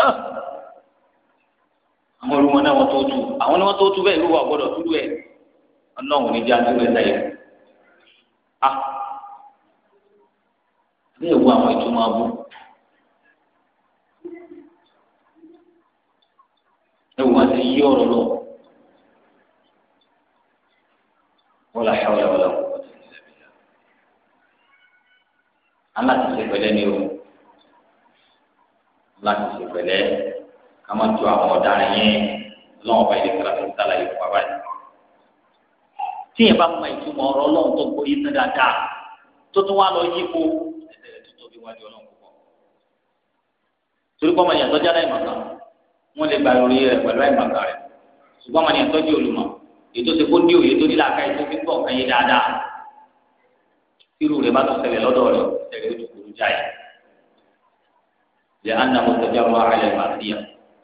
A: Ah.
B: àwọn olùwọ́n náà wọ́n tó tu àwọn ni
A: wọ́n tó tu bẹ́ẹ̀ ló wà gbọ́dọ̀ tú bẹ́ẹ̀ a bẹ́ẹ̀ wo àwọn ìtumọ̀ abú ẹ wò ti yí ọ̀rọ̀ lọ láti ṣe pẹ̀lẹ́ ká má tu àwọn ọ̀daràn yẹn lọ́wọ́ bá ilé kíra tó ń sálàyé fún abáyé. tí yẹn bá mọ ìtumọ̀ ọ̀rọ̀ ọlọ́run tó gbóyè tán dáadáa tó tún wá lọ yípo ẹsẹ̀ rẹ̀ tó tóbi wájú ọlọ́run púpọ̀. torí pọ́ mọ̀nyàn tọ́jú aláìmọ̀ká wọ́n lè gba ìròyìn rẹ̀ pẹ̀lú àìmọ̀ká rẹ̀ ṣùgbọ́n mọ̀nyàn tọ́jú olùmọ̀ ètò ṣe kó ní òye tó ní làákàyè tó fi lẹ́hánà mọ̀tọ́jà wà àlẹ́ màsíyà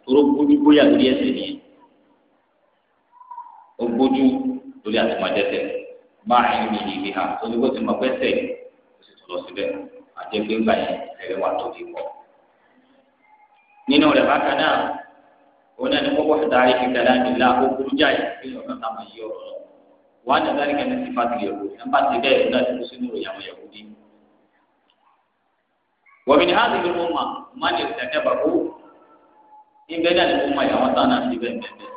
A: tóró gbójú bóyá lórí ẹsẹ̀ nìyẹn ó gbójú lórí àtìmọ̀jẹsẹ̀ máa ń mi ìlú ha torí bó ti mọ̀ pẹ́sẹ̀ ó sì tún lọ síbẹ̀ àti ẹgbẹ́ ńgbà yẹn ẹ̀rẹ́ wà tó ti pọ̀. nínú rẹ̀ bákan náà ó náà ní kókó fìdarí kíkẹ́lá nílá ó burú jáì kí ni ọ̀gá táwọn yí ọ̀rọ̀ lọ. wàá ní ọ̀gá wọ́n ní hàn ní mọ́mà má ní ìdájọ́ bàbá wò níbẹ̀ náà ní mọ́mà yà wọ́n tán náà sí bẹ́ẹ̀ bẹ́ẹ̀ bẹ́ẹ̀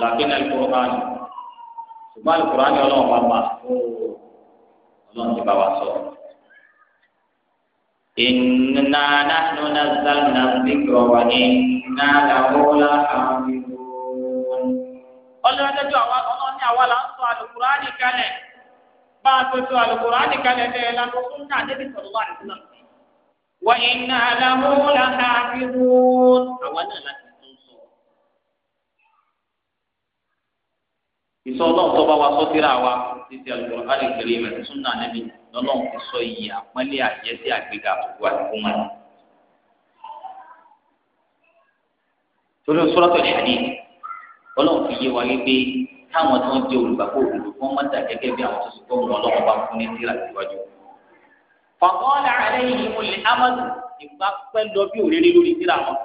A: làákín náà lùkúrọ̀ hàn ṣùgbọ́n lùkúrọ̀ hàn ní ọlọ́run bá bá ọlọ́run ti bá wa sọ. إنا نحن نزلنا الذكر وإنا له لحافظون. ọlọ́run ní àwa la ń sọ àlùkùránì kalẹ̀ bá a tó tó Al-Qur'ani kalẹ̀ tẹ̀ lánàá tó ń ká débi sọ̀rọ̀ wà nínú náà. wà inna lahu lahafizun àwa
B: náà láti tún sọ.
A: ìsọ náà tó bá wa sọ síra wa títí Al-Qur'ani Karim mẹ́rin tún náà níbi lọ́nà ti sọ iye àpọ́nlé àjẹsí àgbéga àtúgbò àti fúnmọ́ ẹ̀. torí Suratul Hadid ọlọ́run fi yé wa wípé káwọn tí wọ́n jẹ́ olùgbàgbọ́ òdodo kí wọ́n má dà gẹ́gẹ́ bí àwọn tó ti gbọ́ wọn lọ́wọ́ bá fún ní tíra síwájú. fàkọ́ọ̀lá àlẹ́ yìí mo lè amadu ìgbà pẹ́ lọ bí òrèrè lórí tíra wọn.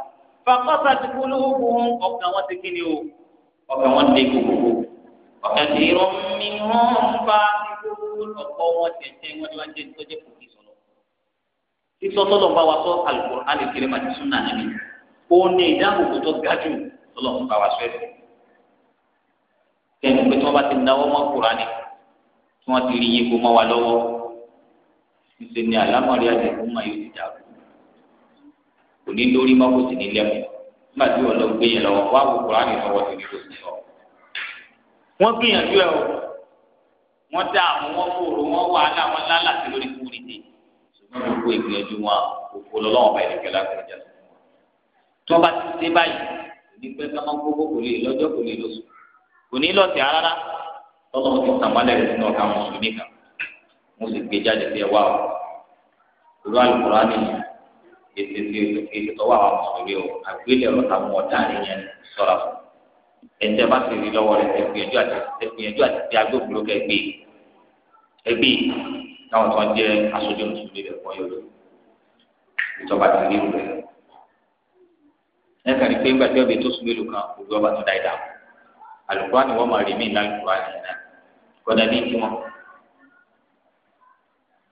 A: fàkọ́sà ti kú lóhùn ọkàn wọn ti kíni o ọkàn wọn lè gbogbo. ọ̀kẹ́ ti rọ mi wọ́n ń bá ọkọ̀ wọn tẹ̀tẹ̀ wọn ni wọ́n jẹ́ tó kò kí sọ̀rọ̀. sísọ tọ́lọ̀ bá wa sọ Al-Qur'an al-Karim ní sẹ́nu pé tí wọ́n bá ti náwó mọ́ Kùránì tí wọ́n ti rí yípo mọ́ wa lọ́wọ́ ṣíṣe ni àlámọ̀rí àdìgún máa yóò ti dà kú kò ní lórí mọ́ kò sì ní lẹ́mú nígbà tí wọ́n lọ gbé yẹn lọ́wọ́ wá wo Kùránì lọ́wọ́ tó ní kò sí lọ. wọ́n gbìyànjú ẹ̀ o wọ́n dá àwọn wọn fòrò wọn wà á láwọn lálà sí lórí kúrì dé ṣùgbọ́n gbogbo ìgbìyànjú wọn òfò lọ́wọ́ báyìí kẹlá kẹlá kò ní lọ́sùn kò ní lọ́sẹ̀ rárá tọ́lọ́mù ti tàn wálẹ̀ rẹ̀ sínú ọ̀ka mùsùlùmí kan mo sì gbé jáde bí ẹ wá o ìlú alukurani ètò ètò tọ́wọ́ àwọn mùsùlùmí o àgbélé ọ̀rọ̀ táwọn ọ̀dà rẹ̀ yẹn sọ̀rọ̀ fún ẹ̀ńtẹ́ bá ti rí lọ́wọ́ rẹ̀ ẹ̀gbìyànjú àti ẹ̀gbìyànjú àti ti agbófinró kẹgbẹ́ ẹgbẹ́ táwọn tó ń jẹ́ aṣojú mùsùlùmí rẹ̀ fọ́ yọ̀ọ́ ìjọba ti rí rẹ̀ ẹ̀ka ni pé ńgbàjọ́ bíi tó sùn mélòó kan òjò ọba tó dá ìdáhùn alukurani wọn máa rí mí náà alukurani náà kọ́dà bíi tiwọn.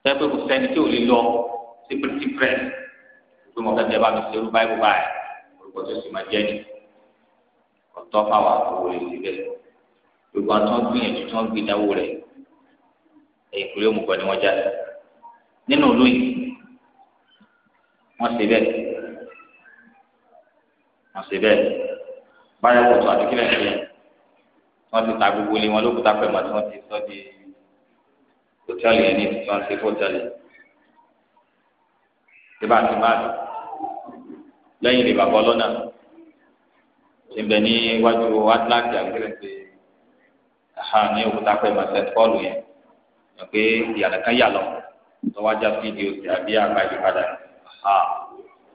A: sẹ́pẹ́ kò sẹ́ni tí ò lè lọ sí pírítì pírẹ́sì pé mo kẹ́kẹ́ bá mi ṣe irú báyìí báyìí orúkọ tó sì máa jẹ́ ni ọ̀tọ́ fáwọn àkọ́wò lè ti bẹ̀. gbogbo àwọn tó ń gbìyànjú tó ń gbìn náwó rẹ̀ ẹ̀yìn kúrẹ́ òmùkọ́ ni wọ́n já sí. nínú ìlú yìí wọ́n ṣe bẹ́ẹ̀ wọ́n ṣe bẹ́ẹ̀ báyọ̀ pọ̀ tó àdúgbò ẹ̀ wọ́n ti ta gbogbo ilé wọn lókùúta pẹ̀lú àti wọ́n ti sọ di hòtẹ́ẹ̀lì yẹn ní ìtìtì wọn ti hòtẹ́ẹ̀lì ìbá àti máàlì lẹ́yìn lè bàbá ọlọ́nà ti bẹ̀ ní iwájú Atlantic àgbẹ̀rẹ̀gbẹ̀ àhà ní òkúta pẹ̀lú àti St Paul yẹn yàn pé ìyàrá kan yà lọ tọ́wájà fídíò ti àbí àgbà ìyípadà àhà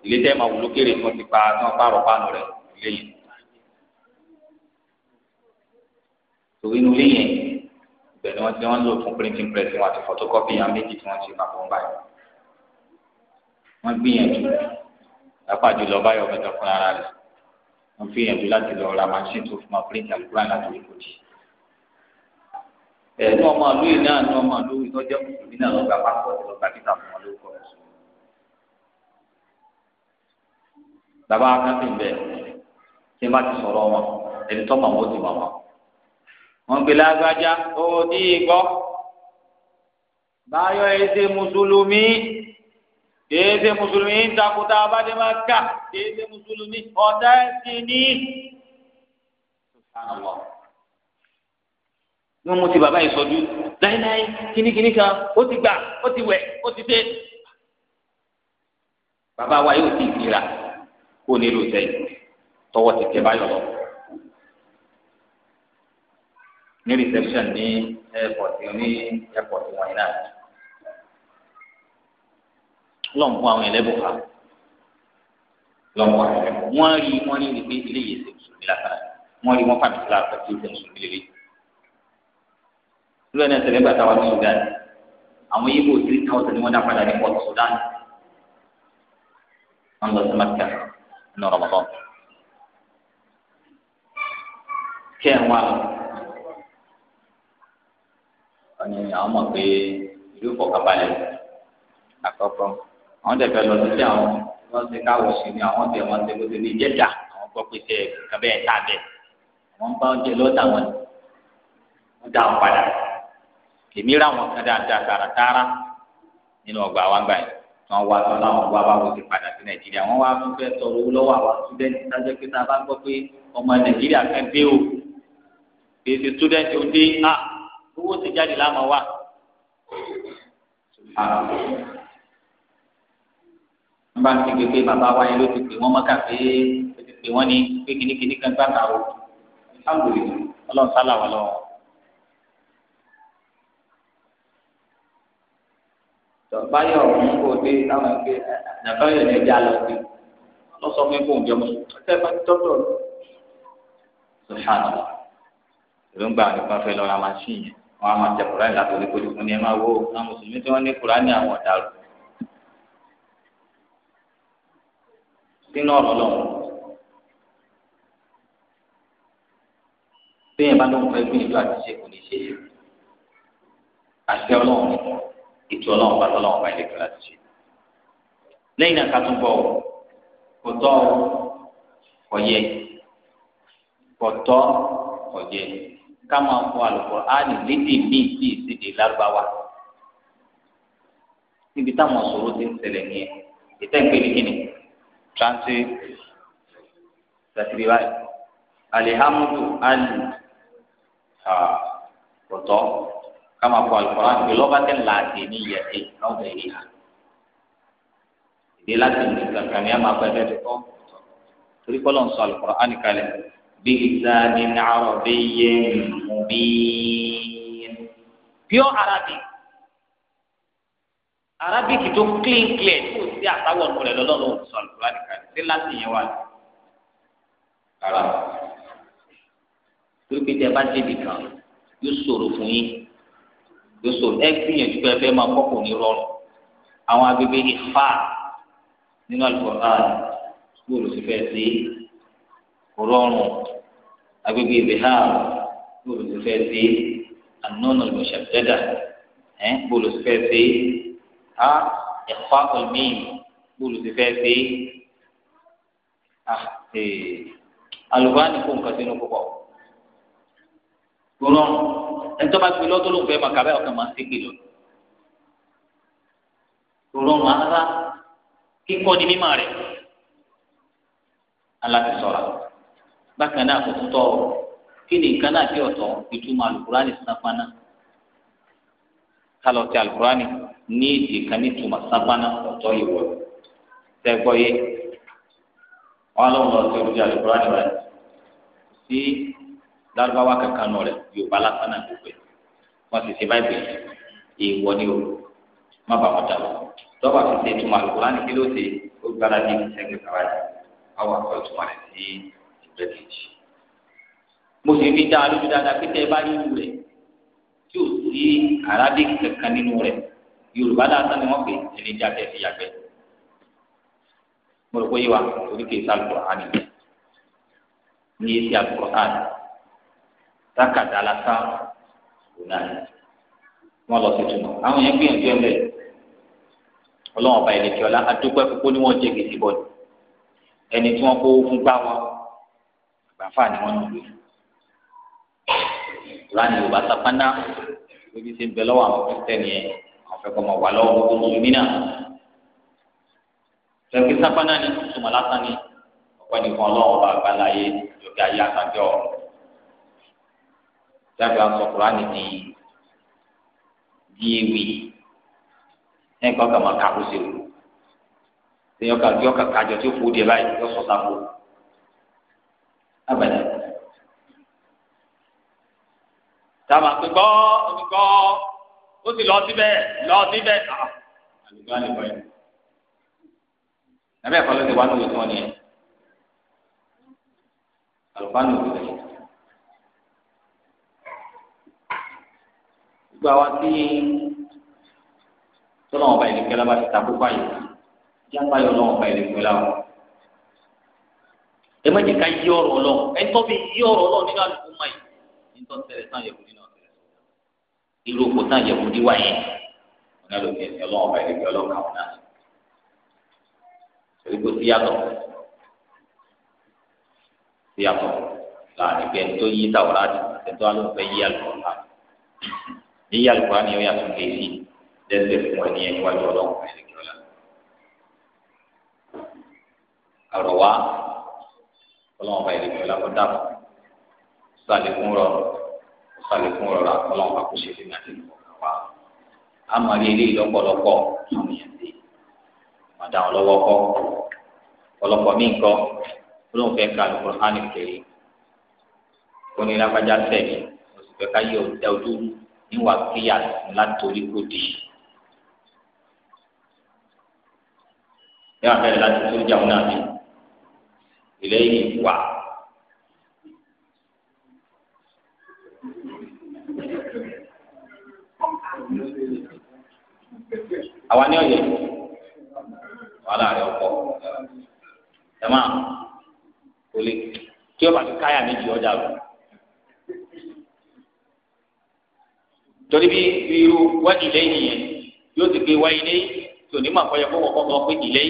A: ilé tẹ́ máa wù lókèrè tí wọ́n ti pa tí wọ́n pààrọ̀ páànù rẹ̀ lẹ́yìn. torí inú ilé yẹn ibẹ̀ ni wọ́n ti wọ́n lò fún printing press wọn àti photocopy yẹn méjì tí wọ́n ti papọ̀ ń báyìí wọ́n gbìyànjú lápá jùlọ báyọ̀ bẹ́tọ̀ fún ara rẹ̀ wọ́n gbìyànjú láti lọ ra machine tó fún wọn print alukuran láti lè kojú ẹnu ọmọ ìlú yìí náà ní ọmọ ìlú ìtọ́jẹ́ mùsùlùmí náà lọ́gbà pásítọ̀tì lọ́gbà títà fún wọn lórúkọ mùsùlùmí. bàbá akáńtì ń ṣé má ti sọ̀rọ̀ wọn ẹni tọ́ màmú ó ti mọ̀ wọn wọn gbé lágbájá ó ní ìgbọ́ báyọ̀ ẹsẹ mùsùlùmí ẹsẹ mùsùlùmí ń takuta abájẹmáka ẹsẹ mùsùlùmí ọ̀tá ẹ̀sìn ní. wọn mú ti bàbá yìí sọdú láíláí kíníkíní kan ó ti gbà ó ti wẹ̀ ó ti dé. bàbá wa yóò ti ìlera kó nílò sẹ́yìn tọwọ́ ti tẹ báyọ̀ lọ. ní reception ní airport ní airport wọ̀nyí náà lọ́n fún àwọn ẹlẹ́bùn kan lọ́n fún àwọn ẹlẹ́bùn wọ́n rí wọ́n rí pé ilé yìí ṣe mùsùlùmí lásán wọ́n rí wọ́n fàmì sílá àti ṣe mùsùlùmí lélẹ̀ lóyún náà ṣẹlẹ̀ gbàtà wà ní Sudan àwọn yìí bò three thousand ni wọ́n dá padà ní Port Sudan wọ́n lọ sí Maka ní Ramadan kẹ́ ẹ̀ wá lọ wọn ni àwọn mọ̀ pé ìlú ìfọ̀kànbalẹ̀ àkọ́kọ́ àwọn tẹ̀fẹ́ lọ sí àwọn wọn ti káwọ̀ sí ni àwọn tẹ̀ wọn ti kó ti ní jẹ́jà àwọn gbọ́ pé tẹ kàbẹ́ ẹ̀ tà bẹ́ẹ̀ àwọn bá ń jẹ lọ́tà wọn ni wọ́n dá wọn padà èmi rà wọn kan dáadáa tààràtààrà nínú ọgbà wa gbà yìí wọn wá tọ láwọn wá báwo ti padà sí nàìjíríà wọn wá fẹ́ tọrọ owó lọ́wọ́ àwọn student tájọ pé tá a bá gbọ́ pé ọmọ nàìjíríà kan dé o gbèsè student ó dé a ah! owó ti jáde láàmú wa. n bá ti gbé pé bàbá wa yẹn ló ti pè wọ́n mọ́kà pé ó ti pè wọ́n ní pé kìnnìkìnnì kan gbàgbà o alhamdulilayi ọlọ́run sálà wà lọ́wọ́. tọ́báyọ̀ ń kó dé táwọn ẹgbẹ́ nàbáyọ̀ ní ẹja lọ sí lọ́sọ̀ fún ẹgbẹ́ òǹjọ́ ẹgbẹ́ bá tọ́jú ọ̀rọ̀ sọ̀hánà ló ń gbà nípa fẹ́ lọ́ra máa ṣì yẹn wọn a máa jẹ kúránì látòrí kojú fún ni ẹ máa wo àwọn mùsùlùmí tí wọn ní kúránì àwọn ọ̀daràn sínú ọ̀rọ̀ lọ́wọ́ bẹ́ẹ̀ bá ló ń fẹ́ gbìyànjú àti ṣe kò ní ṣe é àṣẹ ọlọ́run ètò ọlọ́run bá lọ́lọ́run bá ilé kíláàsì ṣe lẹ́yìn náà ká tún bọ̀ kò tọ́ ọ̀yẹ kò tọ́ ọ̀yẹ ká máa fọ àlùkùránì lédè míì sí ìsédè lárúbáwá níbi táwọn sọ̀rọ̀ ti ń ṣẹlẹ̀ nìyẹn ìtẹ́ ń pè ní kíni transi tẹ̀síbí báyìí alihamudu ali pọ̀tọ́ ká máa fọ àlùkùránì pé lọ́ba tẹ̀ láti ní ìyẹ̀tẹ̀ lọ́dọ̀ èyí hà ìdí láti ní kankan ní a máa fẹ́ fẹ́ tó kọ́ torí kọ́ ló ń sọ àlùkùránì kalẹ̀. بلسان عربي مبين pure Arabic Arabic tó clean clear tó sí àtàwọn ọmọ rẹ lọlọrun sọ àlùkò àdìkà sí láti yẹn wá ara tó gbé tẹ bá débi kan yóò ṣòro fún yín yóò ṣòro ẹ gbìyànjú pé ẹ fẹ́ máa kọ́kọ́ ní rọrùn àwọn agbègbè ìfà nínú àlùkò àdìkà bóòlù sì fẹ́ sí kò rọrùn agbègbè ìbíhàm bóòlù ti fẹ́ sí anọ́nà lọ́sàbẹ́dà ẹ̀ bóòlù ti fẹ́ sí a ẹ̀fọ́ ọ̀mí bóòlù ti fẹ́ sí a alùbáàní kó nǹkan sínú púpọ̀ kò rọrùn ẹ̀ńtọ́ bá gbé lọ́tọ́ ló ń fẹ́ màkà bẹ́ẹ̀ ọ̀kan máa ń ségbè lọ rọrùn ara kíkọ́ ni mímọ́ rẹ̀ aláti sọ̀rọ̀ bákan náà kò tún tọ ọ kí ni nǹkan náà tí ọ̀tọ̀ ìtumọ̀ alukurani sápáná kálọ̀ tí alukurani ní èdè kan ní ìtumọ̀ sápáná ọ̀tọ̀ ìwọ̀ tẹ́gbọ́ yé wọn lọ́wọ́ lọ sí ojú alukurani rẹ sí lárúbáwá kankan nù rẹ yorùbá lásán náà gbogbo ẹ wọn sì ṣe báyìí èèwọ̀ ni o má bàa wọn dà wọn tọ́wọ́ àti ṣe ìtumọ̀ alukurani kí ló ṣe ó gbára ní ìṣẹ́gun kàwáyé àwọn àkọ́ ìtumọ̀ rẹ sí i lẹ́kẹ̀jì mo sì fi dá lójú dáadáa pé tẹ́ ẹ bá rí irú rẹ̀ tí ò sí arabic kankan nínú rẹ̀ yorùbá lásán ni wọ́n pè ẹni jáde fi yàgbẹ́ mo rò pé yíwa torí kì í sálùkọ̀ àná ní èsì àlùkọ̀ àná tákàdá lásán ọ̀nà wọn lọ sí túmọ̀ àwọn yẹn gbìyànjú ẹ̀ bẹ́ẹ̀ ọlọ́wọ́n ọba ìlẹ̀kẹ́ ọlá adúpẹ́ púpọ̀ ni wọ́n jẹ́ gidi bọ́ọ̀lù ẹni tí wọ́n kó fún gbá wọn àfa ni wọ́n ń lò kúránì yorùbá sápáná bíbí ṣe ń bẹ lọ́wọ́ àwọn kìrìtẹ́nì yẹn àwọn fẹ́ kọ́ ọmọ wà lọ́wọ́ gbogbo mùsùlùmí náà tẹ̀kí sápáná ni túmọ̀ lásán ni ọ̀pọ̀ nìkan ọlọ́wọ́ bá gbà láyé lókè ayé àtàjọ ọ̀rọ̀ jáde aṣọ kúránì ní díèwì ẹ̀kọ́ kàmá kàkó ṣe wò ṣe yọkà yọkà kájọ tí fò dé báyìí yọ sọ sáfò abẹ́lẹ̀. Táwọn àpè gbọ́ omi gbọ́ ó sì lọ síbẹ̀ lọ síbẹ̀. Àlùkò ah, àlùkò yẹn. Ẹ̀bẹ̀ ẹ̀kọ́ ló ti wá lóye tí wọ́n ní ẹ̀. Àlùkò àlùkò yẹn. Gbogbo àwa tí tọ́lọ́mọba ìlú kẹlẹ́ bá ti ta púpọ̀ yìí, ìjà ń bá yọ lọ́wọ́ ọba ìlú kẹlẹ́ ẹ má jẹ́ ká yí ọ̀rọ̀ lọ ẹ tọ́ bí yí ọ̀rọ̀ lọ nínú àlùkò máa yìí nítorí tẹ̀lé sáà yẹ̀wò nínú ọ̀tẹ̀lẹ̀ irú oko sáà yẹ̀wò ní wáyé ọ̀nà ló fi ẹ̀sìn ọlọ́wọ́ bá ẹ̀rẹ́gbẹ̀ ọlọ́ọ̀ká wọn náà torí kò sí yàtọ̀ sí yàtọ̀ láàrin pé ẹni tó yí tàwọn láti ẹni tó alóòfẹ́ yí àlùkò láti yíyí àlùkò ni ó yàtọ̀ kéésì fún ẹni ọlọ́wọ́n bá ilé ìfọlá kó dàbọ̀ sàlékún rọrùn sàlékún rọrùn ọlọ́wọ́n bá kó ṣe fi máa ti lọ wá. àmàlí ilé ìlọ́pọ̀lọpọ̀ àwọn èèyàn dé màdà wọn lọ́wọ́ kọ́ ọ̀pọ̀lọpọ̀ mí nǹkan olóhùn fẹ́ ka lóko hánì kiri onílágbájá sẹ́yìn oṣù fẹ́ ká yẹ ọ̀dà ojú níwà kíyà látòrí kò dé. yàrá fẹ́ láti tó jáwé náà إليه وعد àwa ni ọyẹ wàhálà rẹ ọkọ ẹmọ kò lè tí ọba ti káyà méjì ọjà lọ torí bí irú wá ilé yìnyẹn yóò ti gbé wá ilé tòní mà kọyọ kó wọkọ pé ilé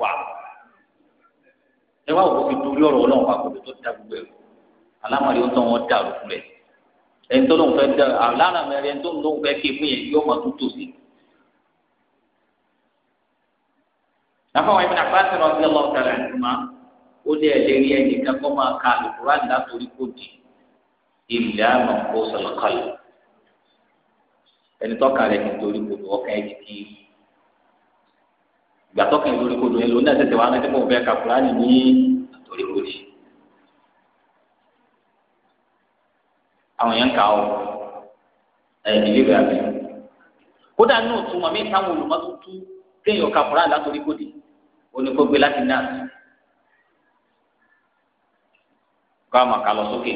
A: wà ẹ wá òkú fi torí ọ̀rọ̀ ọlọ́run àkókò tó da gbogbo ẹ̀rọ alámọ̀lẹ́ ó tán wọn dàrú fún rẹ̀ ẹni tó lóun fẹ́ da àlára mẹ́rin ẹni tó lóun fẹ́ ké fún yẹn yóò máa tún tòsí. láfọwọ́n ibùdó àpáṣẹ náà sílẹ̀ lọ́wọ́ tẹ̀lé àdúmá ó lé ẹ̀ lérí ẹ̀ nìkan kó máa ka àlùkùrá nítorí kò dì ìlà àmọ̀ kó sọ̀lọ́kọ̀lù ẹni tó kà rẹ̀ nítorí kò dùn ẹ̀ gbàtọ́ kẹ́ lórí kodò yẹn ló ní àtẹ̀tẹ̀ wọn àti mọ̀ bẹ́ẹ̀ ka kúránì ní àtòrí kodì. àwọn yẹn ń kà ó ẹ̀ ìdílé rẹ̀ àbí. kódà nínú òtún wọn mẹ́ta wọn olùmọ́tò tú kéèyàn ka kúránì látòrí kodì onígbógbé láti náà kó àwọn kà lọ sókè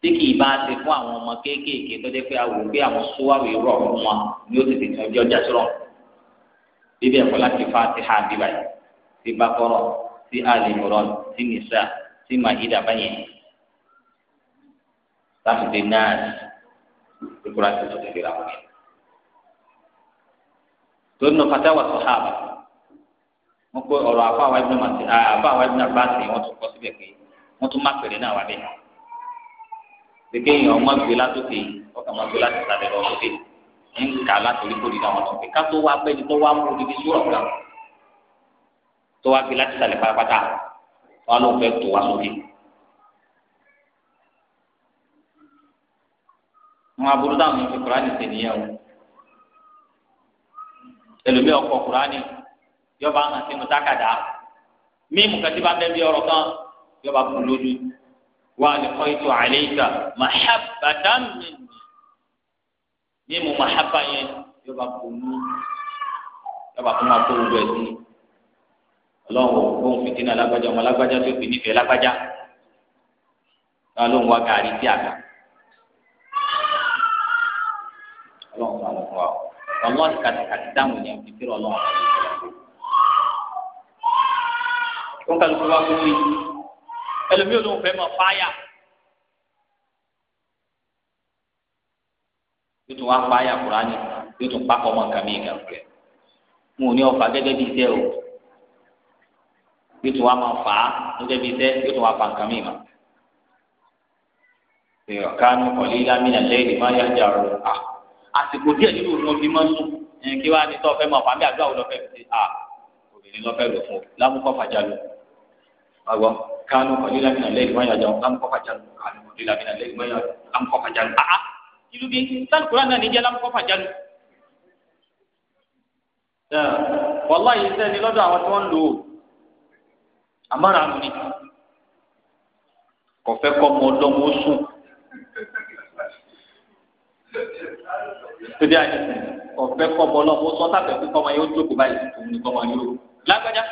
A: tí kì í bá ti fún àwọn ọmọ kéékèèké tó jẹ́ pé àwọn òbí àwọn sówáwé rọ̀ fún wọn ni ó tètè tún ọjọ́ jásọ̀rọ̀ bíbí ẹ̀kọ́ láti fatiha bíbá yìí sí bakọ́rọ̀ sí alimọ̀rọ̀ sí nisa sí mahida báyẹn láti dé náà ìkúra ti sọ tẹ̀lé ra wọn. torí nù fatawa sọ̀hábà wọn kó ọ̀rọ̀ àfa àwọn ẹgbẹ́ màtí àfa àwọn ẹgbẹ́ náà bá sí wọn tún kọ́ síbẹ̀ pé wọn tún má pèrè náà wà bẹ́ẹ̀. pé kéèyàn ọmọ gbé látòkè ọkàn má gbé láti sàlẹ̀ lọ́wọ́ ń kà látòrí kò dídá wọn sọfẹ ká tó wá pé ní tó wá mú níbi sùúrọ̀ kan tó wá gbé láti sàlẹ̀ pátápátá wọn ló fẹ́ tó wá sókè. wọn aburú táwọn fi kúránì sí nìyẹn o ẹlòmíì ọkọ kúránì yọba hàn sínú tákàdá mímu kẹsí bá bẹ́ẹ̀ bí ọ̀rọ̀ kan yọba kú lójú wọn àlè kọ́ ètò àlè ìgbà màhábàdàn ní mo máa hábà yẹn yóò bá kó mú yóò bá kó máa kó gbogbo ẹ̀ sí ọlọ́run òun fìtínà lágbájá ọmọ lágbájá tó fi nífẹ̀ẹ́ lágbájá náà ló ń wá gàrí sí àga ọlọ́run máa lọ fún wa ọlọ́run kàtàkàtà dáhùn yẹn fi kírọ̀ ọlọ́run kó kálukú wá fún mi ẹlòmíràn ló ń fẹ́ mọ fáyà. yóò tún wá pa àyà kúránì yóò tún pa kọ́ mọ́ nǹkan mí ìgbà rẹ̀ n ò ní ọ̀fà gẹ́gẹ́ bí iṣẹ́ o yóò tún wá máa fà á gẹ́gẹ́ bí iṣẹ́ yóò tún wá pa nǹkan mí ma. kánú kọ̀lí lámìnà lẹ́yìn má yá jà rò à àsìkò díẹ̀ nínú òun ni máa ń sùn kí wàá ní tọ́ fẹ́ mọ̀ fàmí àdúrà wò lọ́fẹ́ fi à obìnrin lọ́fẹ́ lò fún o lámúkọ́ fàjà lò àgbọ̀ kánú kọ̀lí lámìnà lẹ́yìn má yá jà rò lámúkọ́ fàjà lò kánú kọ̀lí lámìnà lẹ́yìn má yá jà rò lámúkọ́ lò àá ìlú bí sálùkúrà náà níjẹ́ lámùkọ́ fàjálù. wàlá yìí sẹ́ni lọ́dọ̀ àwọn tí wọ́n ń lò ó àmọ́ra mi kò fẹ́ kọ́ ọmọ ọlọ́mọ sùn. tóbi àti kò fẹ́ kọ́ ọmọ ọlọ́mọ sùn ọ́tàfẹ́ fún kọ́mọ yóò jókòó báyìí òun ni kọ́mọ yóò lágbájá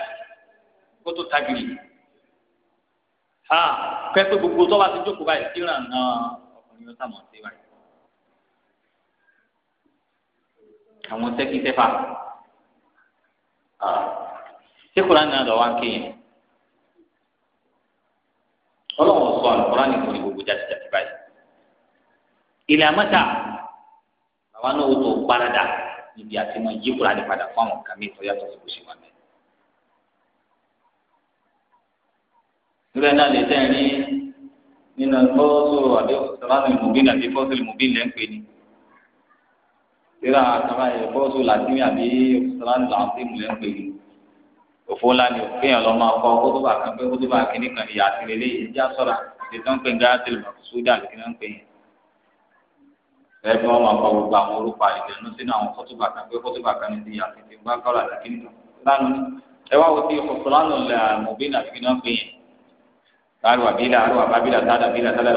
A: kó tó tagiri ha kẹ́pẹ́ gbogbo tó bá ti jókòó báyìí síra yóò sàmọ̀ sí báyìí. àwọn sẹ́kítẹ́fà ah, ṣé kúránì náà lọ́wọ́ akéyìn ọlọ́wọ́ sọ àlùkùránì kò ní gbogbo jáde jáde báyìí ilẹ̀ amẹ́ta àwọn náà ó tó gbáradà níbi àti wọn yí kúránì padà fún àwọn kàmí ìtọ́yàtọ̀ sí bó ṣe wà mẹ́rin. ìrẹ́ náà lè tẹ́ ẹ ní nínú fọ́ọ̀sù àbí ọ̀sán láti mùbí nàbí fọ́ọ̀sù mùbí lẹ́ ń tíra àtàwọn ẹ̀ bọ́ọ̀sù làtìmí àbí ọ̀sán làtìmí lẹ́ ń pè é òfò ńlá ni òkéèyàn lọ́ọ́ máa kọ́ kótóbà kan pé kótóbà kìíní kan ìyá àti lélẹ́ yìí já sọ́ra ìdètò ń pè ní gáàtì lè mọ̀tò sódà kí wọ́n ń pè yẹn. bẹ́ẹ̀ bí wọ́n máa kọ́ gbogbo àwọn orúkọ àlìjẹ̀nu sínú àwọn kótóbà kan pé kótóbà kan ní ti àti ti bá kọ́ra àti kìíní kan. lánàá ni ẹ wá wo ti fọlánù lẹ àmọ̀bínà àti kìíní pè yẹn. láàrúwà bílà àrúwà bábílà tádà bílà tádà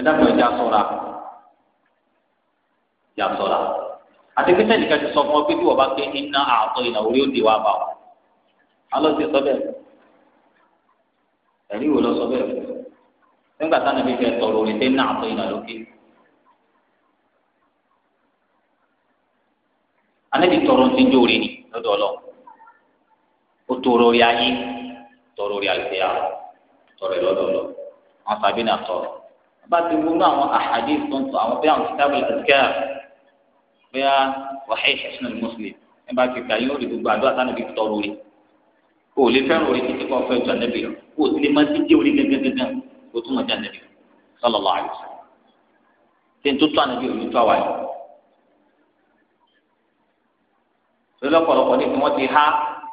A: ẹ̀dá kan ẹja ṣọ́ra ẹja ṣọ́ra àti pé sẹ́ni kan ti sọ fún ọ pé bí wọ́n bá gbé iná àtọ́ ìnà orí òde wa bá wọn alọ́ ti sọ bẹ́ẹ̀ ẹ̀rí wo lọ sọ nígbà táwọn ẹbí fẹ́ tọrọ orí tẹ́ iná àtọ́ ìnà lókè anẹ́bí tọrọ ti ń jó orí ni lọ́dọ̀ ọlọ́ o tọrọ orí ayé tọrọ orí àlùfẹ́ yà tọrọ ìlọ́dọ̀ ọlọ́ wọn tàbí nà tọrọ bá ti wọnú àwọn àhàdí tuntun àwọn bí àwọn kìtàbù àdìgá bí a wàhálà ìṣẹ̀sìn mùsùlùmí ẹ bá ti kà yóò rí gbogbo àdúrà sánà bí tọrọ rí kò lè fẹ́ràn orí títí kọ́ fẹ́ jọ ànábì lọ kò sì lè má ti dé orí gángan kò tún mọ̀ jẹ́ ànábì lọ sọlọ́lá àyùsọ ṣe ń tó tó ànábì òní tó àwáyé lọ́pọ̀lọpọ̀ ní kí wọ́n ti há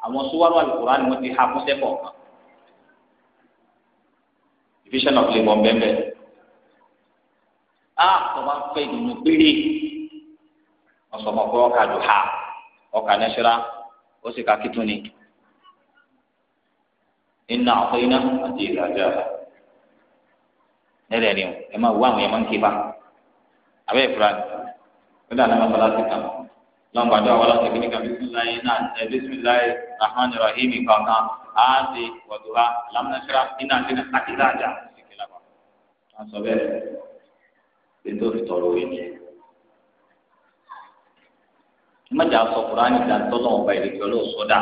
A: àwọn sùwárò àlùkùrá ni wọ́n ti há fún sẹ́kọ̀ọ̀kan division of labour bẹ́ẹ̀ Ah, á tọ́ba fẹ́ ìdùnnú péré ọ̀sọ̀mọ̀kọ́ ọkà lù ha ọkà nẹ́sẹ̀rá ó sì ka kíntún ni iná ọ̀pọ̀ iná àti ìdájọ́ nílẹ̀ ni ẹ máa wá àwọn máa ń ìfura ni ó dà lọ́wọ́ sọlá ti kàn lọ́n gbàdúrà wọlé ọ̀sẹ̀ kìíní bisimilayi náà ẹ bisimilayi rahman rahim kankan wàdúrà ètò ìtọrọ ìní ẹ mọjà sọ kúránì dantọ náà ọba ìdíjọ ló sọdá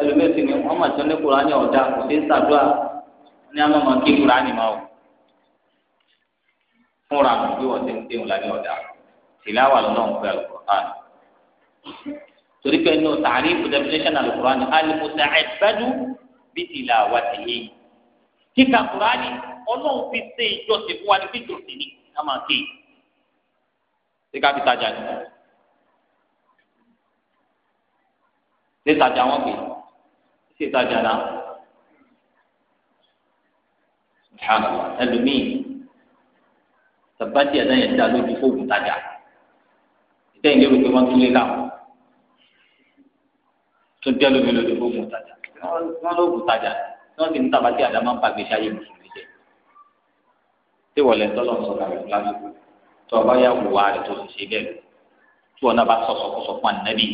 A: ẹlòmẹsì ni wọn máa tún ní kúránì ọdá kò sí sàdúrà ní amọ̀mọ̀ kí kúránì máa wò fúnra mi bí wọn ti ń déhùn lálẹ́ ọdá tìláwà lọ́nà ń pẹ́ alukur'an torí pé ní o tààrífù definition alukur'an alimusa'ibadu bi tilawatihi kíkà kúránì ọlọ́run fi ṣe ìjọsìn fún wa ní fíjọsìn ni ká máa ké ṣé ká fi tajà ni ṣé tajà wọn pè ṣé tajà náà ẹlòmíì tàbátì ẹ̀dá yẹn dá lójú fóògùn tajà ìtẹ́yìn lérò pé wọ́n tún lé láwọn tún dẹ́ lómi lójú fóògùn tajà wọ́n lóògùn tajà wọ́n sì ń tàbátì àdá máa ń pàgbéṣá yé mi tí wọlé tọ́lọ̀ ń sọ̀rọ̀ àrùn lásìkò tó ọba yà wù wá rẹ̀ tó sì ṣe bẹ́ẹ̀ tí wọn náà bá sọ̀sọ̀ kó sọ pa nàbí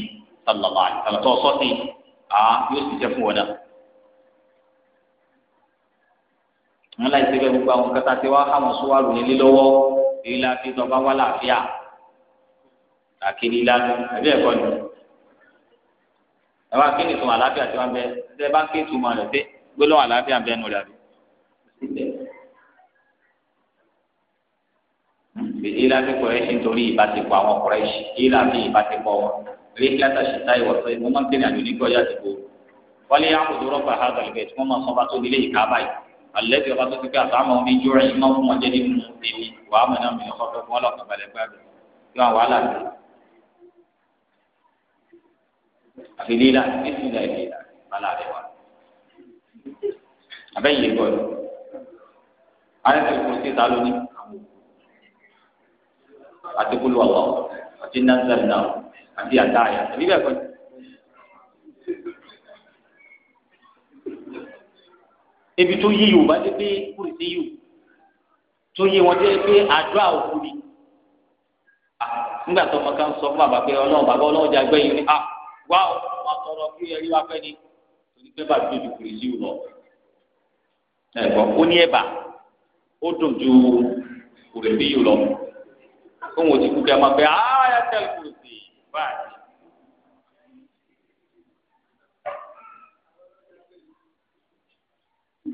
A: sàlọ̀lá àlùfàlà tó sọ́ sí à yóò sì jẹ́ fún wọn náà. wọn láì ṣe bẹ́ẹ̀ gbogbo àwọn kẹta tí wọ́n hàn sọ wà lónìí lọ́wọ́ èyí la fi tọ́ba wá láàfíà àkiri lánàá àbí ẹ̀kọ́ ni ẹ wá kí ni ìtumọ̀ àlàáfíà tí wọ́n bẹ ẹ bá kí ìtumọ̀ rẹ̀ pé gbólóhùn àlàáfíà bẹ́ẹ̀ nù rẹ̀ àbí. ìlà fi kọ̀rẹ́sì nítorí ìbáṣepọ̀ àwọn kọ̀rẹ́sì ìlà fi ìbáṣepọ̀ wọn ríkìlátà ṣìṣá ìwọ̀sọ ìmọ̀ máa ń tẹ̀lé àjò nígbà ọjà àdìgbò wọlé àkùdù rọ́pà hàgà ìbẹ̀ tí wọ́n máa sọ bá tó nílé ìkábà yìí alẹ́ tí ọba tó ti pé àtàwọn ọmọ ìjọ rẹ̀ máa fún wọn jẹ́ nínú èmi wàá mọ̀ náà mi ò kọ́ fún ọlọ́kàn balẹ̀ gbàgbé kí wọ́n wàhálà sí. àfi lílà nísìnyí láì lílà bàlá rẹ̀ wà. abẹ́yẹ̀ gbọ́dọ̀ alẹ́ tó kù sí ìta lónìí àti kúlù ọ̀lọ́ àti nanzan náà àti àtàyà àbí bẹ́ẹ̀ kọ́. ebi tó yé yorùbá dé pé kúrì sí yù tó yé wọn dé pé àdúrà òkú ni
B: nígbà tó ọmọ kan sọ fún bàbá pé ọlọ́run bàbá ọlọ́run jẹ agbẹ́yìn ni ah
A: wá ọ wá tọrọ kí ẹrí wá fẹ́ ni torí pé bàbá tó ju kùrì sí yù lọ ẹ̀gbọ́n ó ní ẹ̀bà ó dùn ju kùrì sí yù lọ òun ò ti kú kẹ ẹ máa pẹ ààyè tẹlifù sí báyìí.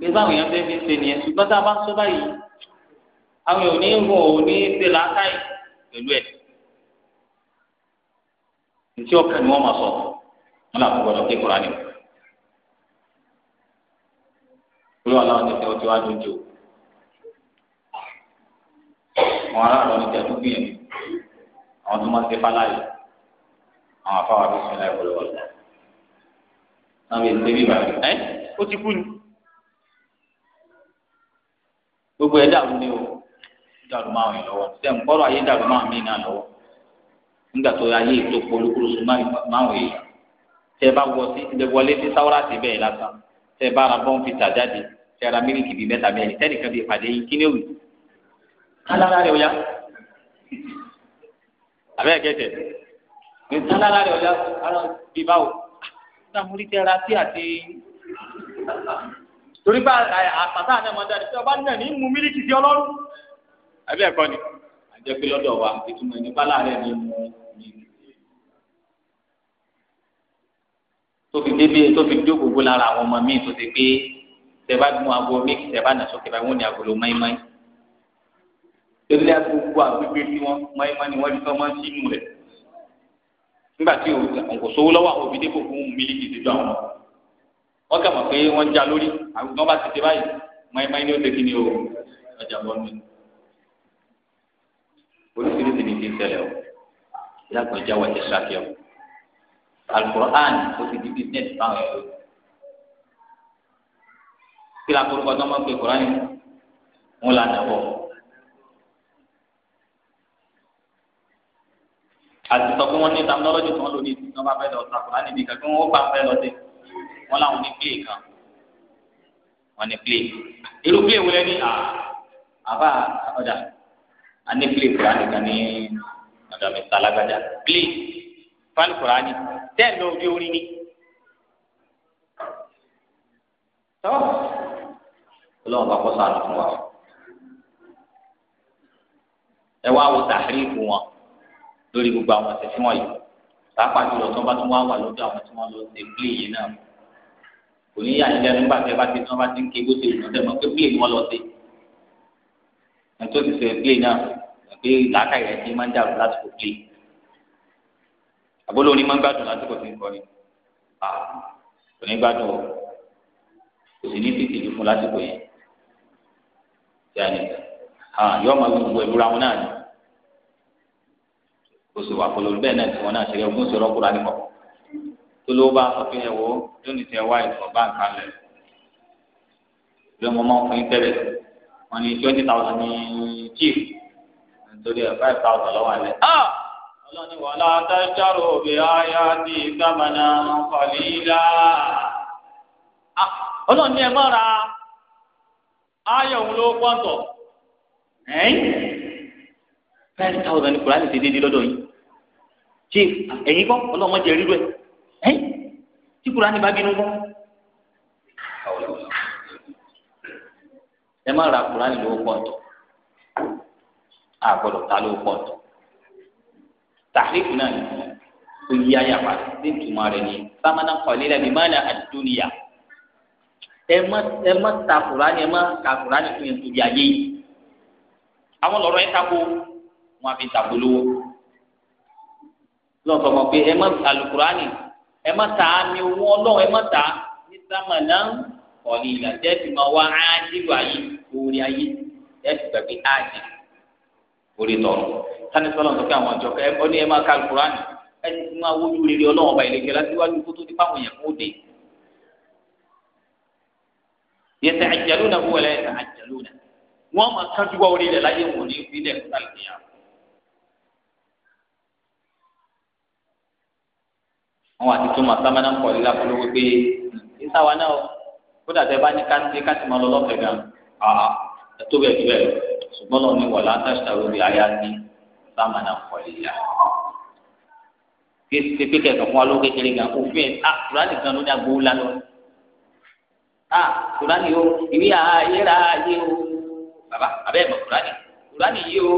A: pé báwọn èèyàn fẹ́ẹ́ fi ṣe nìyẹn ṣùgbọ́n tá a bá sọ báyìí àwọn èèyàn ò ní ń hùn ò ní ṣe làákàyè pẹ̀lú ẹ̀ ntí ọkàn ni wọ́n máa sọ
B: wọn là fún gbọdọ̀ kékeré ni o.
A: olúwa náà ti ọtí wá dùn o àwọn aráàlú ní kẹtù gbìyànjú àwọn tó máa ń tẹpá láàyè àwọn afáwà bí sinmi láì wọlé náà bí ẹsẹ bí bàbá ẹ ó ti kú ni gbogbo ẹ dàrú ni o dàrú máa wọ̀nyí lọ́wọ́ ṣe ń kọ́rọ̀ ayé dàrú máa mí náà lọ́wọ́ nígbà tó ayé ètò polúkúrúsù máa wọ̀nyí tẹ bá wọ sí ilé wọlé sí sáwọ́rà sí bẹ́ẹ̀ lásán tẹ bá ara bọ́ǹfìtà jáde tẹ ara mílíkì bíi mẹ́ta bẹ́ẹ̀ ní tẹ́nìkan bíi ìpàdé yìí kí ni ó wù yìí alára rẹ̀ ọ̀yá abẹ́ gẹ̀ẹ́tẹ̀ nǹkan alára rẹ̀ ọ̀yá ara bíi báwo sáàmù rí tẹ́ra sí àti torí bá àpàtà náà máa dára sí ọba náà ní mú mílíkì sí ọlọ́run abẹ́ ẹ̀kọ́ ni àjẹ́ pé lọ́dọ̀ wa ìtumọ̀ ní bá láàárẹ̀ ní mú mi. tó fi débi tó fi dó gbogbo lára àwọn ọmọ míì tó ti gbé tẹ bá mú agolo mix tẹ bá nà sókè báyìí wọn ní agolo máìmáì ebi ya gbogbo agbègbè tí wọn mọ́ẹ́mọ́ ni wọ́n di sọ́mọ́ sínú rẹ̀ nígbà tí òkò sówó lọ́wọ́ àwọn òbí dẹ́kọ̀ fún mílíkì ti dùn àwọn wọn kà mọ̀ pé wọ́n já lórí àgùntàn bá ti ṣe báyìí mọ́ẹ́mọ́ ni ó ṣe kí ni o ọjà bọ́ mi oríṣiríṣi ni ti ń ṣẹlẹ̀ o ìyàgbọ́n ìjà wà ní sàkíọ́ alukur'an o ti di business báwọn ẹ̀rọ kí la tó máa ń pe kur'an wọn là náwó.
B: àti sọ pé wọ́n ní tamilọ́lọ́jì tí wọ́n
A: lò ní ìsìn náà bá fẹ́ lọ sàkóra níbi kan pé wọ́n gbà fẹ́ lọ sí wọ́n làwọn ní play kan wọ́n ní play irú play wo lẹ́ni àbá ọ̀dà a ní play kura nìkan ní ọ̀dà mr alágbájá play fan kura ni tẹ́ẹ̀ lọ bí orin ni. tọ́ ọlọ́run bá kọ́ sọ àná fún wa ẹ wá wo tàhírí fún wọn lórí gbogbo àwọn ọ̀sẹ̀ tí wọ́n yìí pàápàá jùlọ tí wọ́n bá tún wá wà lọ́dọ̀ àwọn tí wọ́n lọ ṣe pílé yìí náà kò ní yà nílẹ̀ nígbà tí ẹ bá ti tí wọ́n bá ti ń ké bó ṣe lù lọ́dẹ̀ mọ́ pé pílé wọn lọ sí ẹni tó ti ṣe pílé náà pé làákà yẹn ti máa ń dàrú lásìkò pílé àbólò ní máa ń gbádùn lásìkò tí ń kọ́ ni kò ní gbádùn o kò sì ní tètè fún lásìkò yẹn yóò máa gbogbo ìlú wọn náà ni kó sì wà pẹ̀lú bẹ́ẹ̀ náà tí wọ́n náà ṣẹlẹ̀ ogún ṣẹlẹ̀ ọkùnrin àdìpọ̀ tó ló bá sọ pé ẹ wo lónìí tẹ wá ìtàn báńkì alẹ̀ lọ́mọ máa ń fún yín tẹ́lẹ̀ wọ́n twenty thousand ní chief nítorí ẹ̀ five thousand lọ́wọ́ alẹ́ ọlọ́ni wàlá tájáró bí aya ti sábànà kọ̀lílà. ọlọ́ni ẹ mọ́ra ayọ̀ òun ló pọ̀ tọ̀ ẹ̀yìn five thousand kùránì ti dédé lọ́dọ̀ yìí chief ẹ̀yin kọ́ ọlọ́mọdé rírọ ẹ̀ tí kùránì bá bínú kọ́. ẹ má ra kùránì lówó pọ̀ntọ̀ àgbọ̀dọ̀ ta lówó pọ̀ntọ̀ tàríkù náà ni ó yí ayàpá ní ìtumọ̀ rẹ̀ ni bámanà kọ̀lélẹ̀ bí má na àdúnyà ẹ má ẹ má ta kùránì ẹ má ka kùránì fún yẹn torí ayé yìí àwọn lọ́rọ̀ ẹ ta ko wọn fi tàbólówó lọ́sọ̀ mọ̀ pé ẹ má alukurani ẹ má ta àmì owó ọlọ́run ẹ má ta ní sàmànà ọ̀nì ìlà jẹ́ ti máa wá ájílù ayé orí ayé jẹ́ ti gbàgbé ájì orí tọ̀rọ̀ sani sọlọ́n sọ pé àwọn àjọ kẹ ọ ní ẹ má ka alukurani ẹ ti fi máa wójú rere ọlọ́run ọba ìlẹ̀kẹ́ láti kó tó di fáwọn èèyàn kó dé yẹtẹ àjálù náà wọlé yẹtẹ àjálù náà wọn máa kájú wá orí rẹ láyé wọn ní ìpínlẹ̀ kúta lè àwọn àti tó máa sábà hmm, náà ń kọ̀lé lápolówó pé ìsáwa náà kódà tẹ bá ní káńtì káńtì máa lọ lọ́fẹ̀ẹ́ gan àá ẹtó bẹ́ẹ̀ tó bẹ́ẹ̀ ṣùgbọ́n náà ní wàhálà táṣà lórí aya ní sábà náà kọ̀lé yá. kéṣe pé kẹ̀kẹ́ fún wa ló kékeré gan òfin ẹ̀ ah kúránì gan ló ní agbowó lánàá ah kúránì o ìwé ayéra ayé o bàbá abẹ́ mọ̀ kúránì kúránì yìí o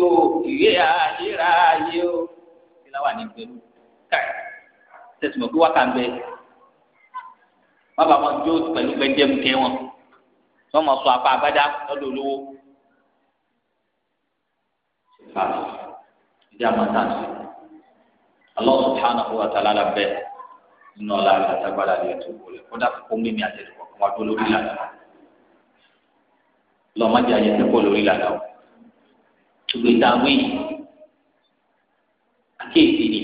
A: ìwé ayéra ayé o tẹsí mọ̀ pé wákà ń bẹ
B: wọn bá wọn jó pẹ̀lú gbẹdẹmukẹ wọn
A: wọn mọ̀ sọ apá abájá lọ́dọ̀ olówó. ìdí àmọ́tàǹsì Allah subhanahu wa ta'ala bẹ́ẹ̀ nínú ọ̀la àtàgbára rẹ̀ tó wọlé kódà kó mímí àtẹ̀lẹ́kọ̀ọ́ kan wá dó lórí ìlànà lọ́mọdé ayẹyẹ lórí ìlànà o. gbogbo ìtàwé yìí akéèké ni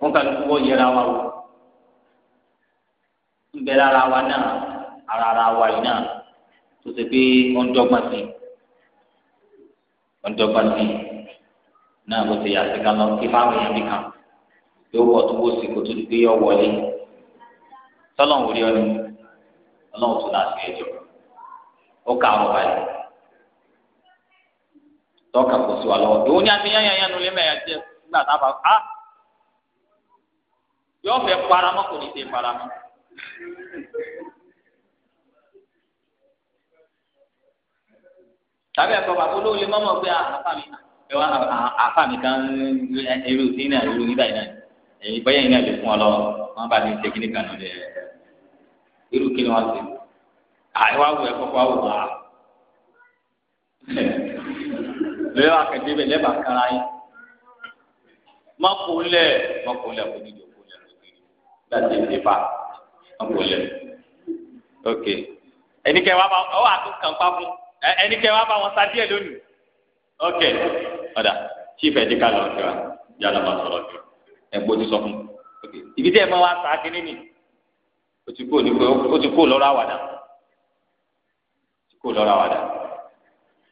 A: wọn kà lóko wọ́n yẹra wa wò ń bẹ lára wa náà ara ara wa yìí náà tó ṣe pé wọ́n dọ́gba sí wọ́n dọ́gba sí náà kò sì yàtí kan lọ kí fáwọn èèyàn nìkan yóò wọ̀ tó wọ́ sí kó tó di pé yọ wọlé sọlọ́n wò rí ọ ni ọlọ́run tó láti ẹjọ́ ó kà ọ́ báyìí tọ́ka kò sí wa lọ́wọ́ ìwọ ni a ti yán yán yán nulẹ̀ mẹ́rin nígbà tá a bá a. Ah! yóò fẹ́ paramọ́ kò ní í ṣe paramọ́. tàbí ẹ̀kọ́ bàbá olówó lè mọ́mọ́ pé ah, àfa mi kan irú sí náà irú nígbà yìí náà èyí bọ́yá yìí náà lè fún ọ lọ wọ́n bá mi ṣe kíní kan lọ́dẹ irú kí ni wọ́n ṣe àìwá wù ẹ̀kọ́ kọ́ wù wá lẹ́yìn akẹ́kẹ́ bẹ́ẹ̀ lẹ́bàá kan ayé mọ́kùnlẹ̀ mọ́kùnlẹ̀ kò níjọ láti ìdìbà ọ̀pọ̀lẹ̀. ok ẹnikẹ́ wa bá ọ wà tó kàn pa fún ẹnikẹ́ wa bá wọn sa díẹ̀ lónìí. ok ọ̀dà chief ẹ̀díkà lọ sí wa yálà máa sọ̀rọ̀ jù ẹ̀gbọ́n ti sọ fún mi. ibi tí ẹ máa wá sa kínní nì o ti kó o ti kó lọ́rọ̀ àwàdà o ti kó lọ́rọ̀ àwàdà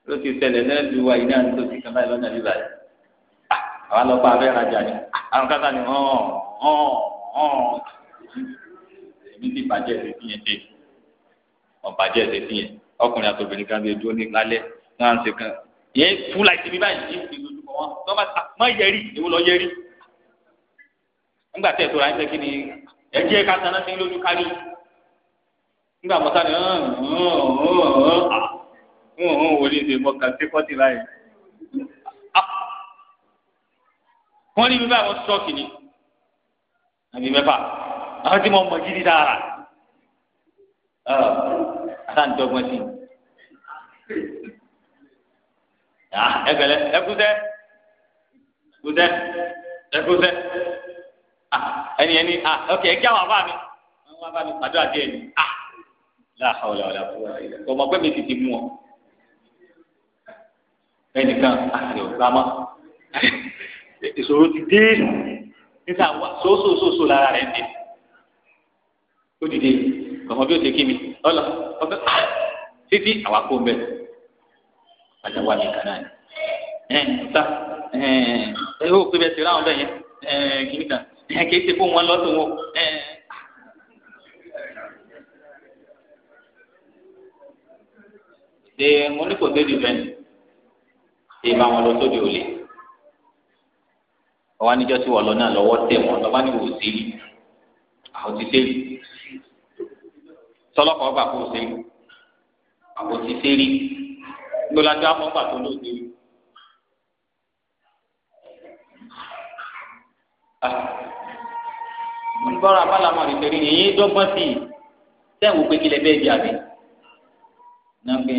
A: ló ti ṣẹlẹ̀ lẹ́nu wa iná tó ti kàn báyìí lọ́nà bíbáyìí ah, ah, àwọn lọ́pàá abẹ́rẹ́ ajá ni àwọn kátà ni hàn hàn ọ̀hún èmi ti bàjẹ́ ẹsẹ̀ tiẹ̀ dé ọ̀bàjẹ́ ẹsẹ̀ tiẹ̀ ọkùnrin àti obìnrin kan lè dúró ní lálẹ́ náà ń ṣe kan yẹ fún láìsí bí báyìí yìí fi lójú kọ wọn tó bá má yẹrí èwo lọ yẹrí nígbà tí ẹ̀tọ́ ra ń tẹ́kí ni ẹ jẹ́ ká taná sí lójú kárí nígbà mọ́tà ni wò ní ìdè mọ́kà sí kọ́tì láyé. Ah. wọ́n ní bí báyìí wọ́n ṣọ́ọ̀kì ni àbí mẹ́fà àwọn tí mo mọ̀ gidi dára ọ̀ àtàǹdọ́gbọ̀n sí ẹgbẹ̀lẹ́ ẹkúsẹ́ ẹkúsẹ́ ẹkúsẹ́ ẹni ẹni ọkẹ́ ẹkí àwọn àbá mi àwọn àbá mi pàdé àti ẹni láàá ọ̀là ọ̀là ọmọ pẹ́ mi ti ti mú ọ ẹnìkan àti ọ̀gá mọ́ ìṣòro ti dé nígbà wà sóòsòsòsò lára rẹ̀ ń dé ó dìde ọmọ bí ó ti kí mi ọlọ ọfẹ ah! títí àwa kó mbẹ padà wà mí kànáà ni ẹ ta ẹ ẹ ó pé bẹ ti ráhùn bẹyẹ ẹ kìíní kan ẹ kìí ṣe fún wọn lọ́sùn wọn ẹ. ṣe mo ní kò tó di bẹ́ẹ̀ ṣe bá wọn lọ sóde òòlì ọwọ́ anijọ́ tí wọ́n lọ náà lọ́wọ́ tẹ̀ wọ́n lọ́wọ́ ni wò sí àwọn ti sẹ́yìn sọlọ́kọ̀ ọba kò sẹ́yìn àwọn ti sẹ́yìn gbọ́lájọ́ afọ́ngbà tó ló dé. wọ́n ah. bọ́ra abálamọ̀ rẹ̀ tẹ̀lé ní yín dọ́gbọ́n sí i sẹ́wọ̀n wò pé kílẹ̀ di àbẹ̀ náà gbé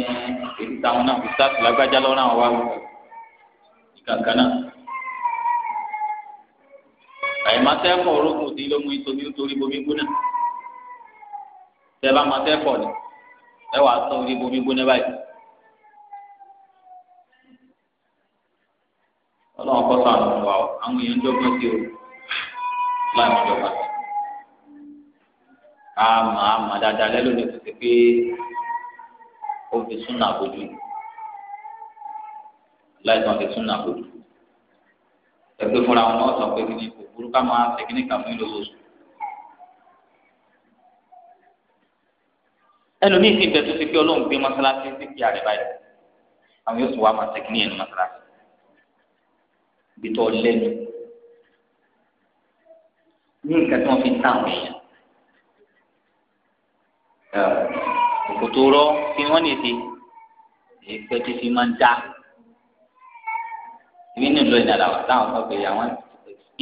A: èyí táwọn náà kò sáàtì lágbájá lọ́rùn àwọn wa kàkà náà má sẹ́fọ̀ orókùn dín ló mú ìtòmí torí bomi gbóná tẹ bá má sẹ́fọ̀ ni ẹ wàá tán orí bomi gbóná báyìí. ọlọ́run kọ́ sànù fún wa o àwọn èèyàn jọgbọ́n sí o láti jọba sí. àmà àmà dáadáa lẹ́lò ní kò sí pé ó fi súnà bójú láìsàn fi súnà bójú
B: ẹgbẹ́ fúnra wọn sọ pé kí ni
A: kò burú ká máa tẹ̀kíní kà fún ìlú oṣù. ẹlòmíì sì bẹ̀ tó ti pé ọlọ́run gbé mọ́sálásí sí kí àrẹ báyìí àwọn yóò sì wá máa tẹ̀kíní ẹ̀ ní mọ́sálásí ibi tó lẹ́nu ní nǹkan tí wọ́n fi ń tà àwọn èèyàn òkòtò rọ fi wọ́n nìdí èyí pẹ́ tí fi máa ń dá ìbí nílò ìdàdàwà táwọn kan pè é àwọn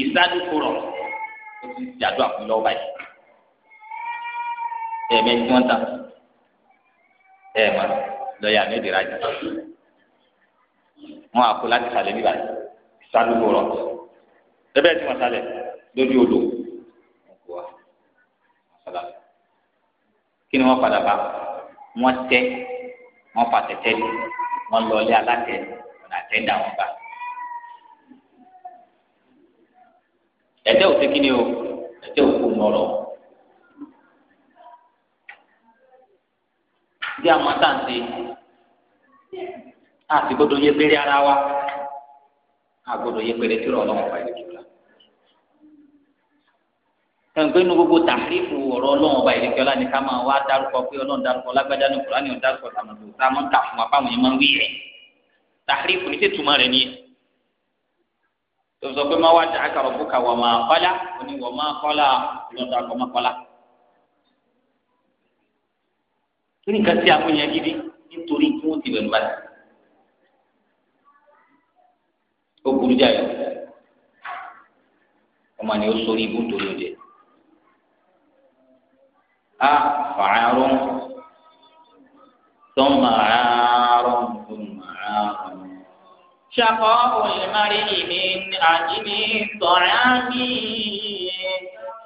A: ìsáájú kúrọ̀ ó ti jàdó àpilọ̀ báyìí ẹ̀ẹ̀mẹ́ tí wọ́n ta ẹ̀ẹ̀mà lọ́ọ̀yà mẹ́tẹ̀ẹ̀rẹ́ àjà wọn àpò láti sàlẹ̀ níbà ìsáájú kúrọ̀ ẹ̀bẹ̀ tí wọ́n sàlẹ̀ lórí odò kí ni wọ́n padà bá wọ́n tẹ́ wọ́n fa tẹ́tẹ́ lé wọ́n lọ ilé alátẹ ọ̀nà àtẹ́dá wọn bá. ẹ̀tẹ́ òsè kí ni o ẹ̀tẹ́ òkú nọ̀rọ̀ bí a máa tàn sí a sì gbọ́dọ̀ yẹ péré ara wa a gbọ́dọ̀ yẹ péré tí Ọlọ́run ọba ìlú kíkọ kẹ̀ǹpé nu gbogbo tàrífù ọ̀rọ̀ Ọlọ́run ọba ìlú kíkọ ni ká máa wá dárúkọ pé Ọlọ́run dárúkọ lágbájá ní Kùránì ọ̀dárúkọ tàmọ̀tò tá a máa ń kà fún wa báwọn yẹn máa ń wí rẹ̀ tàrífù ní tètùmọ̀ rẹ̀ nìyẹn tòbí sọ pé má wá dàá kàrọ̀ bùkà wà má kọ́lá òní wà má kọ́lá ìlọ́dà kọ́ má kọ́lá. kí ni nǹkan tí a fún yẹn gidi nítorí tí wọ́n ti bẹ̀rù bá ti. ó burú jáde ọmọ ni ó sori ibú torí oúnjẹ. a fàárọ̀ tó máa rọ̀ شقاء المرء من أجل طعامه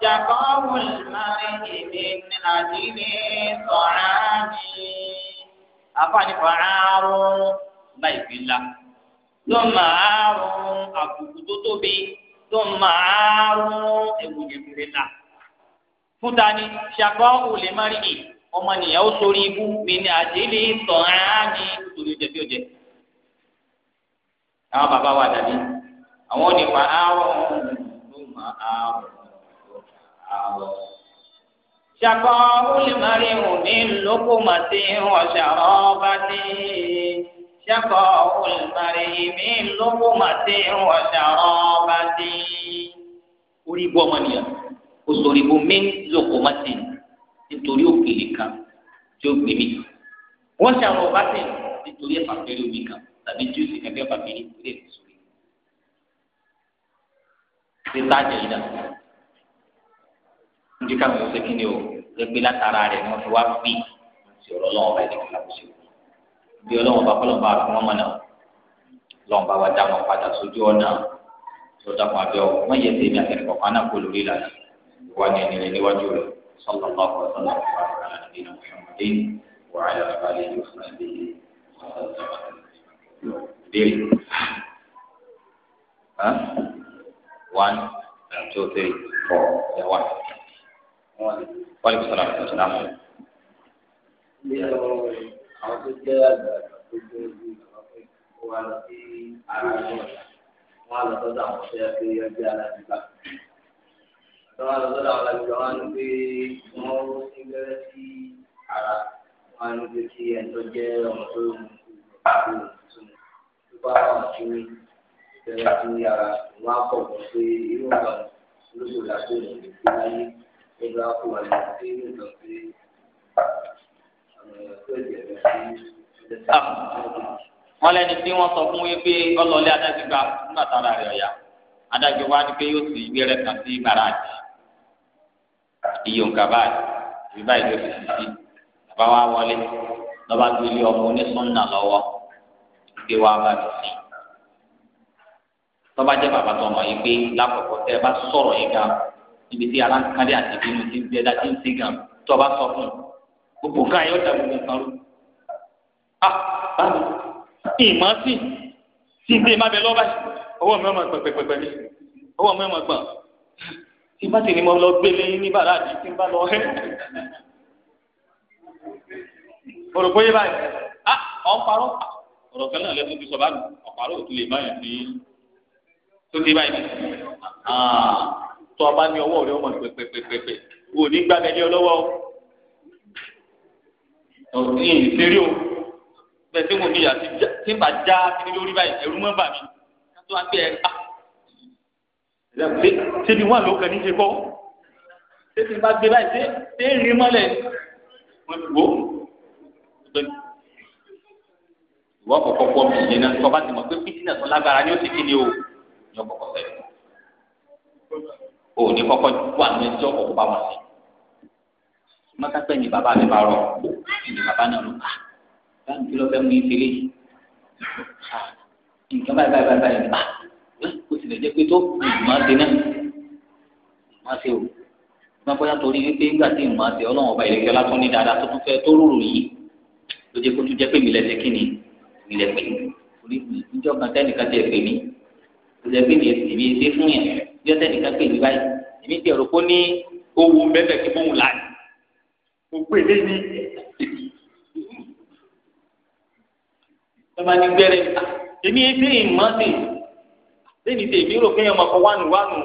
A: شقاء المرء من أجل طعامه أفعل فعار بيت الله
B: ثم عار
A: أبوك تطبي ثم عار أبوك الله fúntani ṣàkọ́ olè mari ọmọnìyàn ó sórí ibú mi ní àdéhìí àwọn bàbá wa dàbí àwọn ní fa àárọ̀ ló mọ àárọ̀ àárọ̀. ṣàkọ olùmọ̀rí òní lóko màtí ọ̀ṣà ọba ní. ṣàkọ olùmọ̀rí mi lóko màtí ọ̀ṣà ọba ní. orí ibú ọmọnìyàn kò sọ̀rọ̀ ibú mi lóko màtí nítorí òkèlè kan tí ó gbé mi. wọ́n ṣàrọ̀ ọba tẹ̀ nítorí ẹ̀fà pẹ̀lú mi kan tàbí júùsì kẹkẹ bàbí ní ìpínlẹ̀ ìsúrí ṣe tájà yìí dà ń díkà mi ò ṣe kí ni o gbẹgbẹ látara rẹ̀ ni wọ́n fi wá bí ti ọ̀rọ̀ lọ́wọ́ bá ẹni kíkà kùsì bí ọlọ́wọ́ bá kọ́lọ́ bá fún ọmọ náà lọ́wọ́ bá wá dá padà sójú ọ̀nà tó dákun abẹ́ ọ wọ́n yẹ sèmi àtẹnì kọ̀ọ̀kan náà kó lórí ìlànà ìwà ni ẹni rẹ níwájú rẹ sọ́kàn lọ́kọ̀ sọ́kàn lọ́kọ̀ àti àlàyé náà wọ́n ṣàmùdé wàhálà àbálẹ̀ yóò fún three, ìbéèrè one two three four ẹ̀ wá. wọ́n lè sọ̀rọ̀ àti ìṣẹ̀lá mọ́. àwọn tó jẹ́ àgbà tó jẹ́ ojú ìjọba pé ó wá lọ sí ara ẹ̀rọ wọn á lọ sọ́dọ̀ àwọn tó yẹ kí ó jẹ́ alájùbá. àtàwọn á lọ sọ́dọ̀ àwọn alájùbá wọn á ní pé wọ́n ń gbẹ́rẹ́ sí ara wọn á ní pé kí ẹni tó jẹ́ ọmọ tó ń mú bá wà kiri bẹ̀rẹ̀ kiri ara wọn á kọ̀ wọ́n pé irú ọ̀gá olóko làtó ní ìgbésí ayé ẹgbẹ́ àpò àlè àti irú ọ̀gá pé àwọn èèyàn tó ẹ̀jẹ̀ rẹ̀ sí ẹ̀jẹ̀ wọ́n lẹ́ni tí wọ́n sọ fún wípé ọlọ́lé adájú gba nígbà tára rẹ̀ ọ̀yà adájú wa ni pé yóò sì ìwé rẹ̀ kàn sí bàràjì iye òǹkà báyìí ìbí báyìí ló fi sí bàbá wa wọlé lọ́ba gbélé ọmọ onísùn náà lọ́wọ́ gbé wá bá mi sí tọ́ba jẹ́ bàbá tó ọmọ yìí pé lákọ̀ọ́kọ́ tẹ́ ẹ bá sọ̀rọ̀ yìí gan níbi tí aláǹkárí àti ìbínú ti ń bẹ dá ti ń sí gan tọ́ba sọ fún un gbogbo nǹkan yóò dá gbogbo nǹkan rú. a ah, báwo ìmọ̀ sí tí ń gbé má bẹ lọ́ba ọwọ́ mi ọmọ pẹ̀pẹ̀pẹ̀ mi ọwọ́ mi ọmọ gbọ̀n tí bá ti ní mo lọ gbélé ní bàrà àdí tí ń bá lọ hẹ́ olùkóyè báyìí a ah, ọ̀ ń parọ́ ọ̀rọ̀ kan náà lẹ́nu ti sọ bá ọ̀pàrọ̀ òtún lè má yẹn ní tó ti báyìí ah, tó ọba ní ọwọ́ rẹ ọmọ pẹpẹpẹpẹ wò ní gbàgbẹ́ ní ọlọ́wọ́ ìyìn ìṣeré o bẹ́ẹ̀ tí mo níyà tí n bá já kíní lórí báyìí ẹ̀rú mọ́ bà mí kátó wá pé ẹ ah. ṣé ni wọn ló kàn ní ṣe kọ́ ṣé ti bá gbé báyìí ṣé ṣé rí mọ́lẹ̀ wọn ti wọ́n kọ́kọ́ pọ̀ mí ìyẹn náà tọ́ba ti mọ̀ pé fìtínà tó lágbára ni ó ti kíni o yọ kọ́kọ́ sẹ́yìn
B: o ní kọ́kọ́ wà ní ẹjọ́
A: kọ́kọ́ bá wọn sí mọ́tàpẹ́ ni bàbá mi bá rọ ni bàbá náà ló bá báyìí kí ló fẹ́ mú ìfẹ́lẹ́ yìí nǹkan báyìí báyìí báyìí báyìí bá kó sì lè jẹ́ pé tó ìgbìmọ̀ ṣe náà ìgbìmọ̀ ṣe o ìgbìmọ̀ bóyá torí wípé nígbà tí ìgbìmọ̀ ṣe ọlọ́run ọba ìrẹsì ọlá tó ní dáadáa tó tún fẹ́ tó rúrù yìí ló jẹ́ kó tún jẹ́ pé mi lẹ́sẹ̀ kí ni ìpìlẹ̀ pé orí ìjọ kan tẹ́nìkan tẹ̀ pè mí ìjọ pé mi èmi ṣe fún yẹn ìjọ tẹ́nìkan pè mí báyìí èmi ti rò pé ní owó mẹ́fẹ̀ kí mò ń la mo pè lé ní. tọ́ba ní gbẹ́rẹ́ èmi ṣe ìmọ̀ sí lẹ́ni tí èmi rò pé ọmọ kan wánu wánu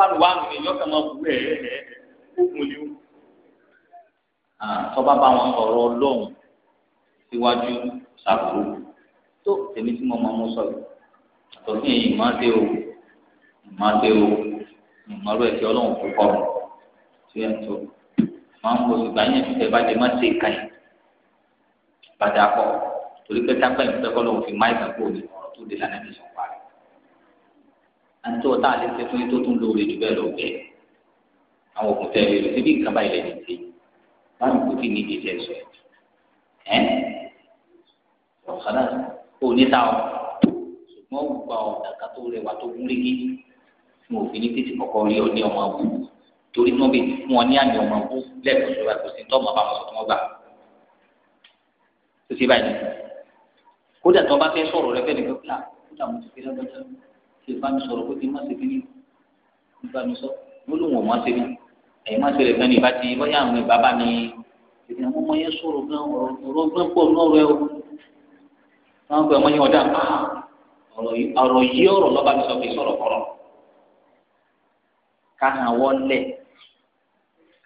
A: wánu wánu ni ìyọ́kàn máa wù ẹ̀ ẹ̀ ẹ̀ ni ó. tọ́ba bá wọn sọ̀rọ̀ ọlọ́run síwájú ṣàkóso tó tèmi tí mo máa mú sọ̀rọ̀ àtọ̀fin èyí má dé o má dé o ìmọ̀lú ẹ̀kẹ́ ọlọ́run kò kọ́ tí ẹ̀ ń tó máa ń bọ̀ ṣùgbọ́n yẹn ti tẹ̀ bá dé má ṣe ìka yìí bàdà kọ́ torí pé tápẹ́ ìfẹ́ kọ́ lóun fi má ìgbà kúrò ní ọ̀rọ̀ tó dé lánàá ìṣọ̀ parí àti ọ̀tá àti ṣe fún yín tó tún lóore jù bẹ́ẹ̀ lọ bẹ́ẹ̀ àwọn òkùn tẹ̀lé rẹ̀ síbi nǹkan báyìí lẹ́yìn tí báyìí kò tí ì ní ìdíje sọ ẹ̀ ọ̀kadà sọ kò ní ta ọ ṣùgbọ́n gbogbo àwọn ọ̀dàkà tó rẹwà tó gún régé fún òfin ní títí kọ̀kọ́ rí ọ ní ọmọ abú torí tí wọ́n bẹ fún ọ ní àmì ọmọ abú lẹ́ẹ̀kan tó bá kò sí tọ́mọ bá wọn sọ tí wọ́n gbà tó ṣe báyìí kódà tó bá fẹ́ sọ̀rọ̀ rẹ fẹ́ nìkan kúlà kódà mo ti fi lágbájá ṣe bá mi sọ̀rọ̀ pé kí n má ṣe fi ní ìgbà mi sọ mo lóun ò má ṣe mi ẹ̀yin má ṣe lè fẹ́ ní ìbá ti bọ́yá àwọn bàbá mi ìdí àwọn ọmọ yẹn wọn pè wọn yín ọdá ah, ọ̀rọ̀ yìí ọ̀rọ̀ lọba mi sọ fi sọ̀rọ̀ kọ̀rọ̀ káhàn wọlé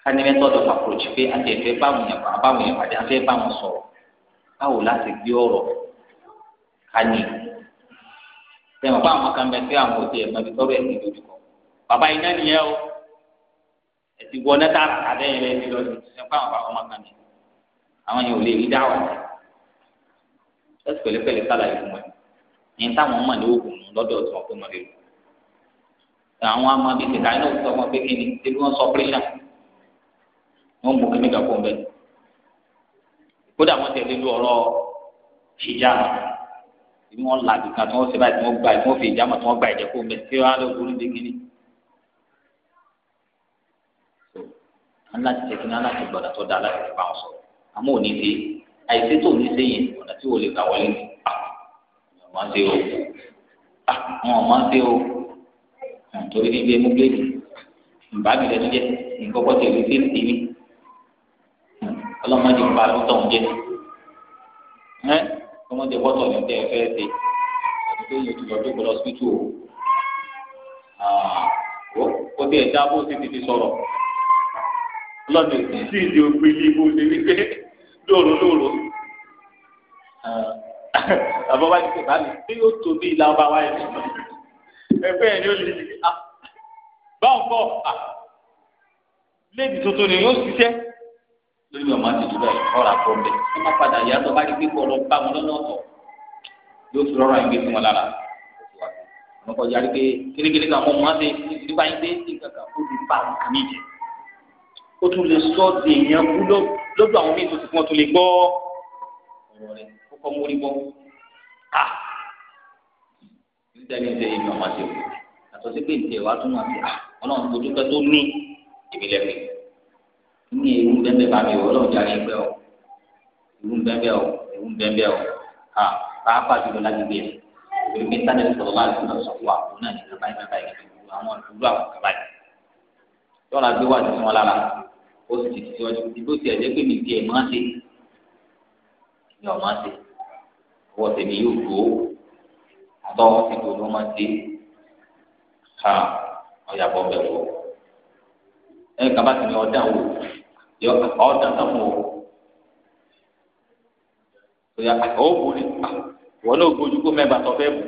A: kánímẹtọdọ pàpọjù pé àtẹfẹ báwọn yẹn báwọn yẹn pàdé àfẹ báwọn sọ̀rọ̀ báwo láti gbé ọ̀rọ̀ kání tẹmọ bá àwọn kan bẹ pé àwọn òde ẹ mọbi tọrọ ẹ ti dojú kọ bàbá iná nìyẹn o ẹ ti wọ nẹta àtàlẹ yẹn lẹ ti lọ sí ẹ bàbá ọmọ kan ní àwọn yẹn ò lè rí dáwà yẹn ẹsì pẹ̀lẹ́pẹ̀lẹ́ sálàyé fún ẹ ní táwọn ọmọ ní oògùn lọ́dọ̀ tí wọn pé wọn lè lò àwọn ọmọ bíi tètè àyìnà òkúta wọn pé kíni tẹbi wọn sọ pírẹsà wọn mú kíní kà fún bẹ́ẹ̀ kódà wọn tẹ̀lé lu ọ̀rọ̀ ìjàmà tí wọn là bìkà tí wọn ṣe báyìí tí wọn gbà tí wọn fi ìjàmà tí wọn gbà ìjẹkùn bẹ́ẹ̀ tí wọn á lọ gbórí bí aláti tẹkínà aláti gbọ́dọ̀ tó dáa láti fi wọn sọ̀rọ̀ àmọ́ òní ti àìsí tó ní sẹ́yìn ọ̀nà tí wò lè gbà wọlé ni àwọn máa ń ṣe o àwọn máa ń ṣe o torí ní ibi ẹmu gbèdì nbà mi lẹnu jẹ nkọkọ tẹ ìlú sí ìlú ọlọmọdé nbà ló tọ̀ ń jẹ ẹ ọmọdé bọ́tọ̀ ní tẹ ẹ fẹ́ ṣe ọdún tó yẹ tuntun tó gbọdọ̀ sí tù o ó tẹ ẹ dá bó ti ti sọ̀rọ̀ lọ́dún sí ìdí òpin ní ibò ṣe wípé lóru lóru ah, àbọ̀ wá dìde báyìí tí yóò tó bí ìlà ọba wáyé ẹgbẹ́ yẹn ni ó lè ṣe à báwọn kọ́ à
B: léèdì tuntun ni yóò ṣiṣẹ́
A: lórí ọmọ àti ìdúrà ọ̀rọ̀ àpò ọ̀bẹ ẹ má padà yà tó bá rí pé kọ́ ọ lọ bá wọn lọ́nà ọ̀tọ̀ yóò fi rọra ìgbé fún wọn lára àwọn kan yàrá pé kékeré kan mọ ọmọ àti nígbà yín dé ní kankan ó ti bá nǹkan níjẹ ó tún lè sọ ọ́ di èèyàn kú lọ́wọ́ lọ́dọ̀ àwọn míì tó ti fún ọ tó lè gbọ́ ọ̀rọ̀ rẹ̀ kó kọ́ mórí gbọ́ a dídání ṣe èmi ọmọ àti òkú àtọ́ sí pé ìtẹ̀ wa tún àti à ọlọ́run tó dúpẹ́ tó ní ìbílẹ̀ pé ní ewu bẹ́ẹ̀ bá mi wọ ọlọ́run jáde ẹgbẹ́ ọ ewu bẹ́ẹ̀ ọ ewu bẹ́ẹ̀ ọ a pàápàá jùlọ lágbègbè rẹ̀ ìgbèrè pé sáré sọ̀rọ̀ láti lọ sọ fún wa náà ní kábàáyé báyìí àwọn ìlú àwọn kábàáyé ó sì ti síwájú ibi ó ti ẹ̀jẹ̀ pé mi ti ẹ̀ máa ṣe ní ọ̀ma ṣe ọwọ́ tèmi yóò gbó àtọ́ ti tó ló máa ṣe ká ọ̀yà bọ́ bẹ̀ wọ̀ ẹ̀ kaba ti ní ọ̀dà wò yọ ọ̀dà náà mọ̀ ọ̀yà ọ̀gbọ̀n ni ah, wọn náà gbójú kó mẹ́ba tọ́ fẹ́ bù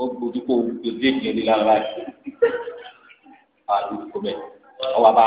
A: ó gbójú kó gbèdéke ní lára báyìí àlùkò bẹ́ẹ̀ ọwọ́ bá.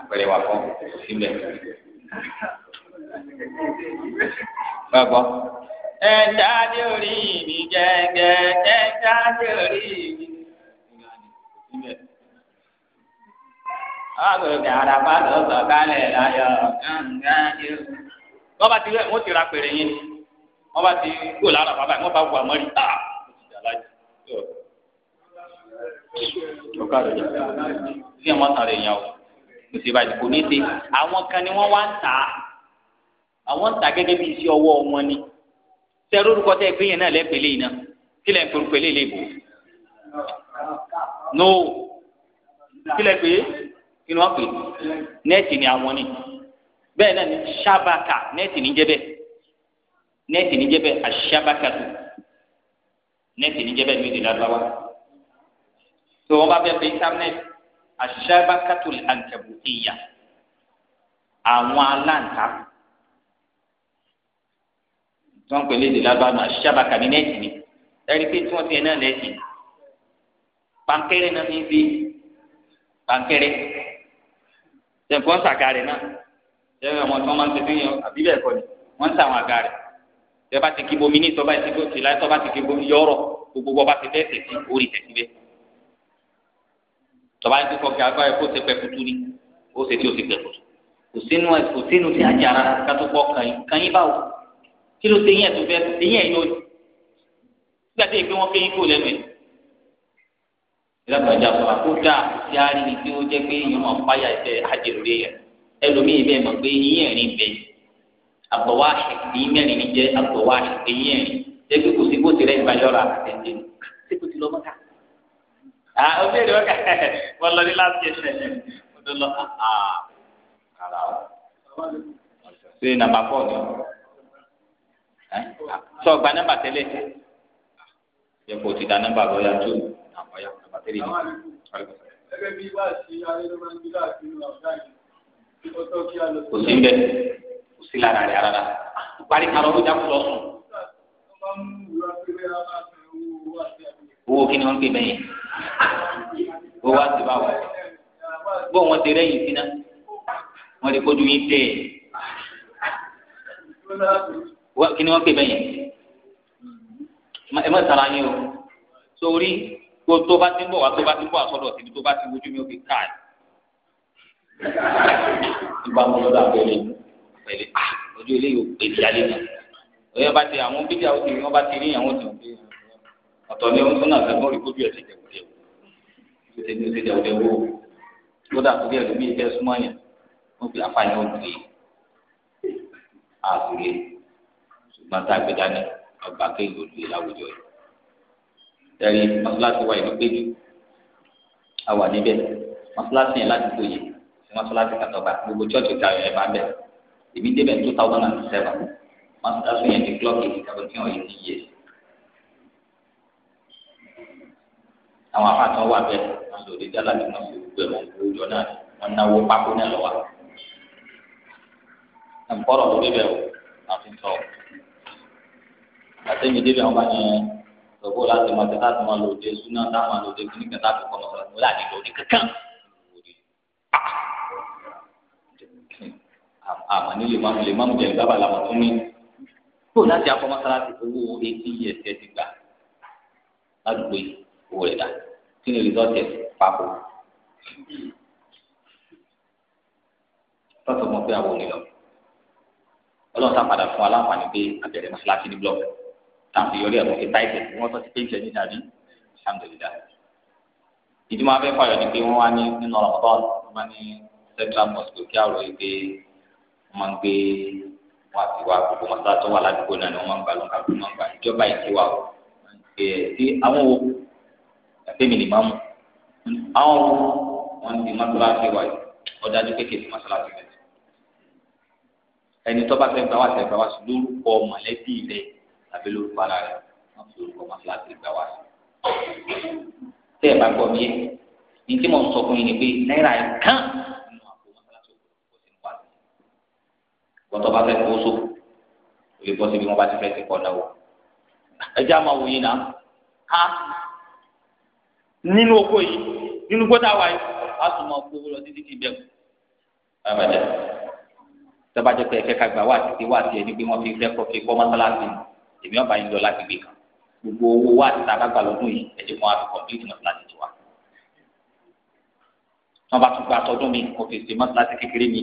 A: àpẹẹrẹ wà fún síbẹ̀. Bàbá ẹ̀dá ní orí mi gẹ́gẹ́ ẹ̀dá ní orí mi. Ọ̀gbìn àràbà ló sọ kálẹ̀ láyọ̀ gángan ní o. Wọ́n bá ti rẹ̀ wọ́n ti ra pèrè yín ni. Wọ́n bá ti kó lára bàbá yìí wọ́n bá wù àmọ́rí tá. Ọ̀gá rẹ̀ yẹn. Ilé wọn tàn rẹ̀ yẹn o kò sí bàjẹ́ kò ní ṣe àwọn kan ni wọ́n wá ń tà á àwọn ń tà gẹ́gẹ́ bí iṣẹ́ ọwọ́ wọn ni sẹ́rú orúkọ tẹ́ gbé yẹn náà lẹ́pẹ̀lẹ́ yìí náà kí lẹ́ ń pe orúkọ eléyìí bò no kí lẹ́ pé kí ni wọ́n pè nẹ́ẹ̀tì ni àwọn ni bẹ́ẹ̀ náà ni sábàkà nẹ́ẹ̀tì ní jẹ́ bẹ́ẹ̀ ni ní jẹ́ bẹ́ẹ̀ àṣàbàkà tó nẹ́ẹ̀tì ní jẹ́ bẹ́ẹ̀ ní ìdílé àgbà tó wọ́n bá fẹ́ pé sábẹ́ẹ̀tì asabakatul ankabutiya àwọn aláǹtakùn tí wọn pèlè ìdílé abánu asabaka ní nẹẹtì ni ẹni pé tí wọn fi ẹ náà lẹẹtì pankẹrẹ náà ní bí pankẹrẹ tẹnifọn sàgá rẹ náà tẹnifọn ọmọ tí wọn máa ń tẹsí yẹn àbí bẹ́ẹ̀ kọ́ ni wọn ń sàwọn àga rẹ tẹ bá ti kí bomi ní tọ́ bá ti kí bomi láì ti kí bomi yọrọ gbogbo bá ti fẹ́ tẹ̀sí orí tẹ̀sí bẹ́ẹ̀ tọba ń kíkọ kí agbára kó ṣe pẹkutu ni ó ṣe tí ó ṣe pẹkutu kò sínú ẹ kò sínú ti àjàrà kátó pọ kàyín kàyín báwo kí ló ṣe yín ẹtù fẹ eyín ẹyọ yìí nígbà tí èké wọn fẹ yín kó lẹ́nu ẹ ìlànà ìjàpá kó dáa tí a rí ni pé ó jẹ pé èèyàn máa fáyà ìfẹ àjèrò rẹ yẹn ẹlòmíì bẹ́ẹ̀ mọ̀ pé eyín ẹ̀rín àgbọ̀wá èyí jẹ́ àgbọ̀wá eyín ẹ̀rín kò sí kó ti rẹ́ ìbáyọ̀rọ̀ àtẹ̀jẹ́ sí ti lọ́ ọbẹ̀ rẹ̀ ọ̀kà wọ́n lọ ní láti ẹsẹ̀ ọdún lọ ara ah, ah, o. ṣé nàmbà fọ́ ni sọ ah, gba nàmbà tẹ́lẹ̀ yẹ kó o ti da nàmbà lọ́yà tó ọ̀yà nàmbà tẹ́lẹ̀ ni. gẹ́gẹ́ bí wàá sí kò sí bẹ́ẹ̀
B: kò sí lára rẹ̀ rárá parí karọ́ ló jákú lọ sùn.
A: owó kí ni wọ́n ń gbé bẹ́yẹn bó wá sí báwo bó wọn ti rẹ́yìn sí náà wọn lè kójú yín tẹ̀ kí ni wọ́n pè bẹ́yẹn
B: ẹ má sara yín o
A: sórí kó tó bá ti ń bọ̀ wá tó bá ti ń bọ̀ àsọdọ̀ síbi tó bá ti wojú mi ó fi káàdì ìbámu lọ́dọ̀ àbẹ̀lẹ̀ pẹ̀lú ojú ilé yóò pèsè alẹ́ náà òye bá ti àwọn bídíà ó ti rí wọn bá ti rí àwọn ti rí ọ̀tọ̀ ní ohun tó náà fẹ́ mọ́rí kójú ẹ̀ ti dẹ̀wò dẹ̀wò ó ti ní ó ti dẹ̀wò dẹ̀wò kódà tó bí ẹlòmíì fẹ́ súnmọ́ yẹn wọ́n fi àfààní òkè àgbèrè ṣùgbọ́n tá a gbé dání ọgbà kéèyàn olùyè láwùjọ yìí tẹ̀lé mọ́sálásí wa ìlú péjú a wà níbẹ̀ mọ́sálásí yẹn láti tó yẹ mọ́sálásí kàtọ́gbà gbogbo chọ́ọ̀chì ta ẹ̀ máa bẹ̀ èmi débẹ̀ two thousand and seven mọ́sálásí yẹn ti klọ́ọ̀kì seventeen or eighteen years. àwọn afáàtì wọn wà bẹ́ẹ̀ wọn lò lè dálà tí wọn sì gbẹ wọn kó jọ náà wọn náwó pákó náà lọ wa. àǹkọ́rọ̀ ló débẹ̀ o láti tọ̀ àtẹ̀mí débẹ̀ wọn bá ní gbogbo láti máa tẹ láti máa lòdì súná láti máa lòdì kíní kẹta àti kọ́mọ sọ̀rọ̀ wọn láti lòdì kankan. àmọ́ ní lè máa lè máa mú làwọn tún ní kó láti akọ́mọ́sára ti owó etí yẹ̀ ti gbà ládùúgbò yìí owó rẹ̀ dà kí ni rìsọ́ọ̀tì ẹ̀ papọ̀ tọ́tù mọ̀ pé àwọn òní lọ ọlọ́run tá a padà fún aláǹfààní pé abẹ̀rẹ̀ mọ́ṣáláṣí ní blọọ̀kì tá a fi yọrí ẹ̀rọ fi táìtì wọ́n tọ́ sí péńtì ẹ̀yìn dàbí alhamdulillah ìdúmọ̀ abẹ́ fàyọ̀ ni pé wọ́n wá ní nínú ọ̀rọ̀ wọ́n wá ní central mosque kí àrò yìí pé wọ́n máa ń gbé wọn àti wa gbogbo mọ́ṣáláṣí tó wà ládùúgbò náà ni wọ́n máa ń gbà lọ́kàlù àbẹ́mi lè má mú àwọn wọn ti mọ́sálásí wáyé ọ̀dájú kékeré ti mọ́sálásí rẹ̀
B: ẹni tó bá fẹ́ gbà wá sí ẹgbà
A: wá sí lórúkọ mọ̀lẹ́bí rẹ̀ tàbí lórúkọ ara rẹ̀ wọ́n fi lórúkọ mọ́sálásí gbà wá sí. tẹ́ ẹ bá gbọ́ mi yẹ ní tí mo sọ fún yín ni pé náírà ẹ̀ kán nínú àpò mọ́sálásí kò sí wá sí. bọ́tọ̀ bá fẹ́ kó sófò kò síbi wọn bá ti fẹ́ ti kọ́ náwó. ẹ já máa wò yín náà nínú oko yìí nínú gbọ́dọ̀ àwa yìí a tún máa kó lọ títí ti bẹ̀rù abẹ́dẹ́ tọ́bajọ́ pé ẹ̀kẹ́ kagbà wá títí wá tiẹ̀ ní pé wọ́n fi rẹ́kọ̀ fi kọ́ mọ́sálásí èmi ọba yìí lọ láti gbé kan gbogbo owó wá àti tàbàgbà lọ́dún yìí ẹ̀jẹ̀ kan á fi kọ̀m̀pìtì mọ́sálásí ti wá tọ́ bá tún gba tọdún mi kò fi ṣe mọ́sálásí kékeré mi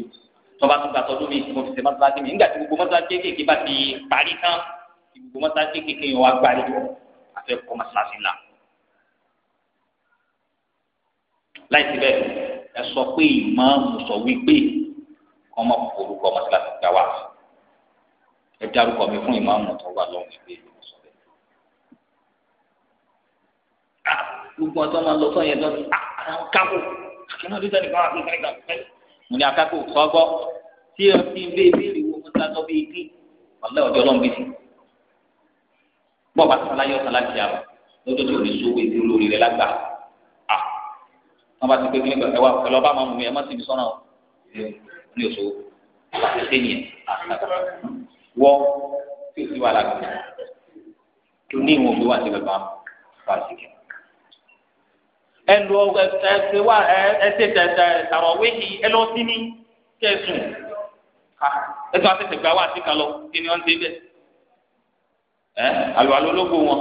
A: tọ́ bá tún gba tọdún mi kò fi ṣe mọ́sálásí mi nígbà tí gbogbo mọ́sálásí kékeré bá ti parí tán gbogbo mọ́sálásí kékeré yẹn wá gbárí àfẹ́ kọ́ náà láì síbẹ̀ ẹ sọ pé ìmáàmù sọ wípé ọmọ orúkọ mọ́sálásí gbà wá ẹ dárúkọ mi fún ìmáàmù tó wà lọ́wọ́ wípé ìmáàmù sọ bẹ́ẹ̀. gbogbo ọtọ́ máa lọ sọ́yìn ẹ̀dọ́ ní àkàkọ́ àkínú ọdún sẹ́ni kan àkínú sẹ́ni kan fẹ́. mo ní àkàkọ́ sọ́gbọ́ tí ẹ ti ń bẹ́ẹ̀ bẹ́ẹ̀ wo mọ́sálásí ọbẹ̀ igi ọ̀lẹ́ ọjọ́ lọ́n bẹ́ẹ̀ sí. bọ́ọ̀ bá sàlàyé ọ̀sán láti yàrá lọ́jọ́ tí ò wọn bá ti pé kílíkọ ẹ wá pẹ̀lú ọba máa mú mi ẹ má sì mi sọnà o ní oṣù àtẹtẹ nìyẹn wọ tí o ti wà lágbè tó ní ìwọn òbí wà sí bàbá bá sí kẹ ẹnu ẹsẹ wa ẹsẹ tẹtẹ àwọn wéyí ẹlọtí ní kẹsùn ẹsẹ wa tẹsẹ gba wa sí kan lọ kí ni wọn ti ẹ alùpàlù ológun wọn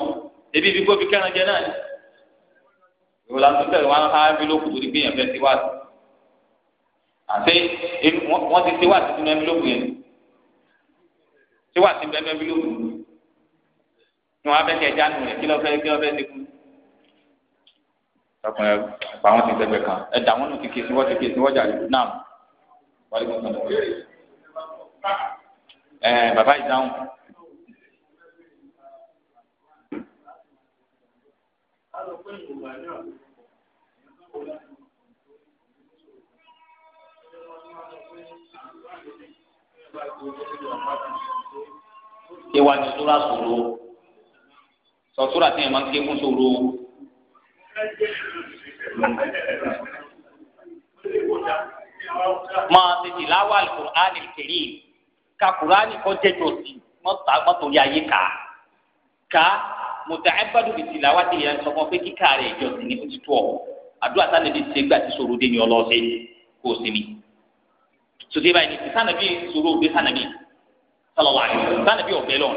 A: ebi ibi kó fi kẹrin jẹ náà ni ìwòlá tó tẹ̀lé wọn á bí lóko torí pé èèyàn fẹ́ ti wá sí àti wọ́n ti ti wá sí sínú ẹbí lóko yẹn ti wá sí bẹ́ẹ̀ ẹbí lóko ni wọ́n á fẹ́ kí ẹja nù rẹ̀ kí lọ́ fẹ́ kí lọ́ fẹ́ ti kú. ọkùnrin pa wọn ti sẹgbẹ kan ẹ wọn ti ké sí ti ké sí jà náà wọ́n kó sọ̀rọ̀ ẹ bàbá ìdáhùn.
B: Thank
A: ewa ni sora sòro sọsora tí yẹn máa ń ké fún sòro. máa tètè láwà alukur'ani kiri ka kur'ani kọ́ jẹ́jọ́ sí mọ́tà mọ́tòrí ayé ká ká mùtàẹ́bàdù bìtì làwọn ti yẹn sọ fún ọ pé kíkà rẹ̀ jọ sí ní òtítọ́ àdúrà sálẹ̀ bíi ṣe gbà tí sòro dé ni ọlọ́ọ̀ṣẹ́ kò sí mi sòdè báyìí ní sànàbí sòrò òbí sànàbí sọlọlá àyè sànàbí ọbẹ lọ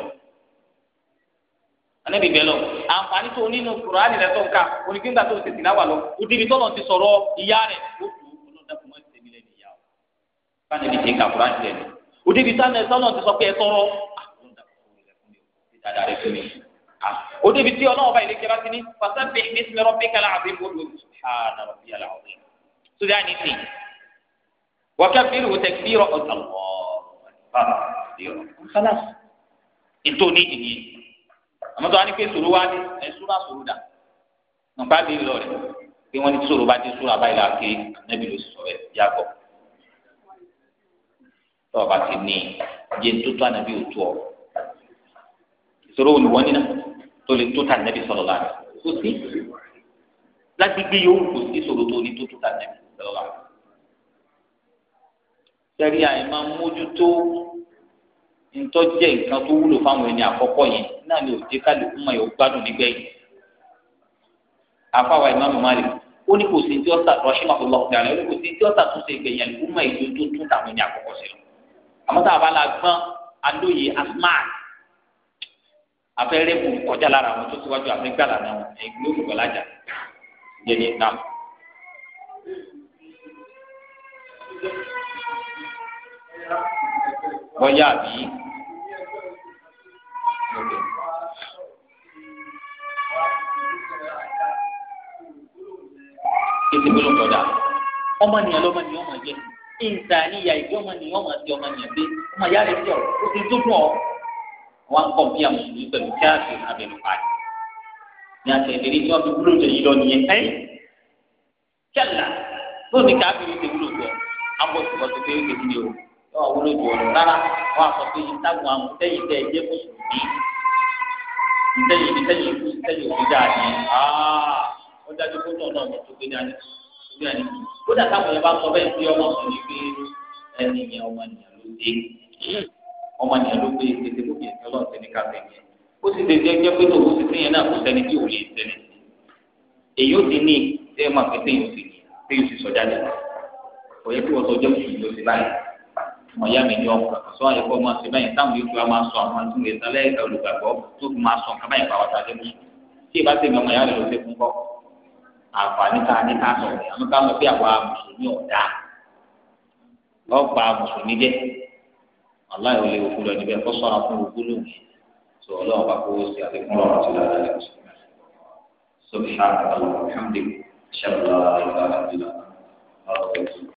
A: anabi bẹ lọ àǹfààní tó nínú kùránì rẹ tó ń ka onígbìngbà tó ń tètè náà wà lọ òdìbí tọ́lọ̀ ti sọ̀rọ̀ ìyá rẹ̀ ó tù ú ọlọ́dàkùn mọ́ ìsẹ̀mí lẹ́nu ìyá o sànàbí ti ka kùránì rẹ ni òdìbí tọ́lọ̀ ti sọ pé ẹ tọrọ òdìbí tí ọlọ́wọ́ bá ilé kẹfà sí ni fasabbih bismi rabbikal azim وكبره تكبيرا الله أكبر كبيرا خلاص ètò onídìí ni
B: àmọ́ tó wá ní pé sòrò wá
A: ní ẹ súrà sòrò dà nípa bí lọ rẹ pé wọ́n ní sòrò bá dé sòrò àbáyé la ké nẹ́bí ló sọ ẹ yàgò tó o bá ti ní iye tó tó ànábì ò tó ọ ìṣòro wo ni wọ́n nínà tó lè tó tà nẹ́bí sọ̀rọ̀ láàrin kò sí lágbègbè yòówù kò sí sòrò tó ní tó tó tà nẹ́bí sọ̀rọ̀ láàrin sẹ́rí àyè máa mójútó ntọ́jẹ́ nǹkan tó wúlò fáwọn ẹni àkọ́kọ́ yẹn náà ni òde kálukú máa yọ gbádùn nígbẹ̀yìn àfáwà ìmáàmù Malik ó ní kò sí tí ó tà rọ́ṣí máa lọ ọ̀gá rẹ̀ ó ní kò sí tí ó tà tún ṣe ìgbẹ̀yìn àlùkù máa èso tó tún tàwọn ẹni àkọ́kọ́ sí lọ àmọ́ tá a bá la gbọ́n alóye asmart afẹ́rẹ́ bù kọjá lára àwọn tó síwájú afẹ́gbà lànà ẹ̀gbẹ́ olùkọ́lájà bọ́yá àbí. Kéde gbóló tọ́jà. Ọmọnìyàn lọ́mọnìyàn ọmọ jẹ́. Ìntàníyà ìgbé ọmọnìyàn ọmọ àti ọmọnìyàn gbé. Ọmọ ìyá rẹ̀ jẹ́ ọ̀rọ̀. Ó ti dúdú ọ̀. Wọ́n á kọ́ bí àwọn ìlú pẹ̀lú kíáàsì abẹnú pàdé. Ní àtẹ̀lé ní tí wọ́n fi gbóló jẹ yìí lọ nìyẹn. Ẹ̀yìn. Kẹ́lá lónìí káfíńsì gbóló jẹ. Àwọn òṣùwọ̀n ti fi ń kékeré o yóò wúlò jù ọ rárá wọn sọ pé ìtàgùn àwọn tẹyìn tẹ ẹjẹ mùsùlùmí tẹyìn tẹyìn ikú tẹyìn òkú dáa ni ó dájú kó náà náà tó gbé dání tó gbé dání kó dàtà wọn yẹn bá sọ bẹ́ẹ̀ pé ọmọ sọ ni pé ẹni yẹn ọmọ nìyẹn ló dé ọmọ nìyẹn ló gbé tètè kó kìí ṣe Ọlọ́run tẹni ká tẹni ó sì tètè jẹ pé tòun ti tẹyìn náà kó tẹni tí ò lè tẹni èyí ó ti ní tẹ máa fi tẹyìn ó sì ní tẹyìn sì sọ jáde kò yẹ kí wọn sọ jẹ mùsùlùmí ó ti báyìí ọ̀yá mi ní ọkọ̀ àkàsọ́ àyẹ̀kọ́ máa ṣe báyìí táwọn yóò fi wá máa sọ àwọn àti ìwé sálẹ̀ ẹ̀ka olùgbàgbọ́ tó fi máa sọ nǹkan báyìí pa wàtá dé mùsùlùmí tí ìbá tẹ̀mí ọmọ ìyá rẹ̀ ló ṣe fún kọ́ àǹfààní ká ní ká sọ rẹ̀ àmọ́ ká mọ̀ pé àwa mùsùlùmí ọ̀dà lọ́ọ̀pá mùsùlùmí jẹ́ aláì olè òkú lọ níbẹ̀ kó sọ̀rọ̀ fún òkú lónìí sọ ọlọ́run bá kó sí àlékún lọ́rọ̀ tó lára rẹ̀ sọ̀rọ̀ sọ̀rọ̀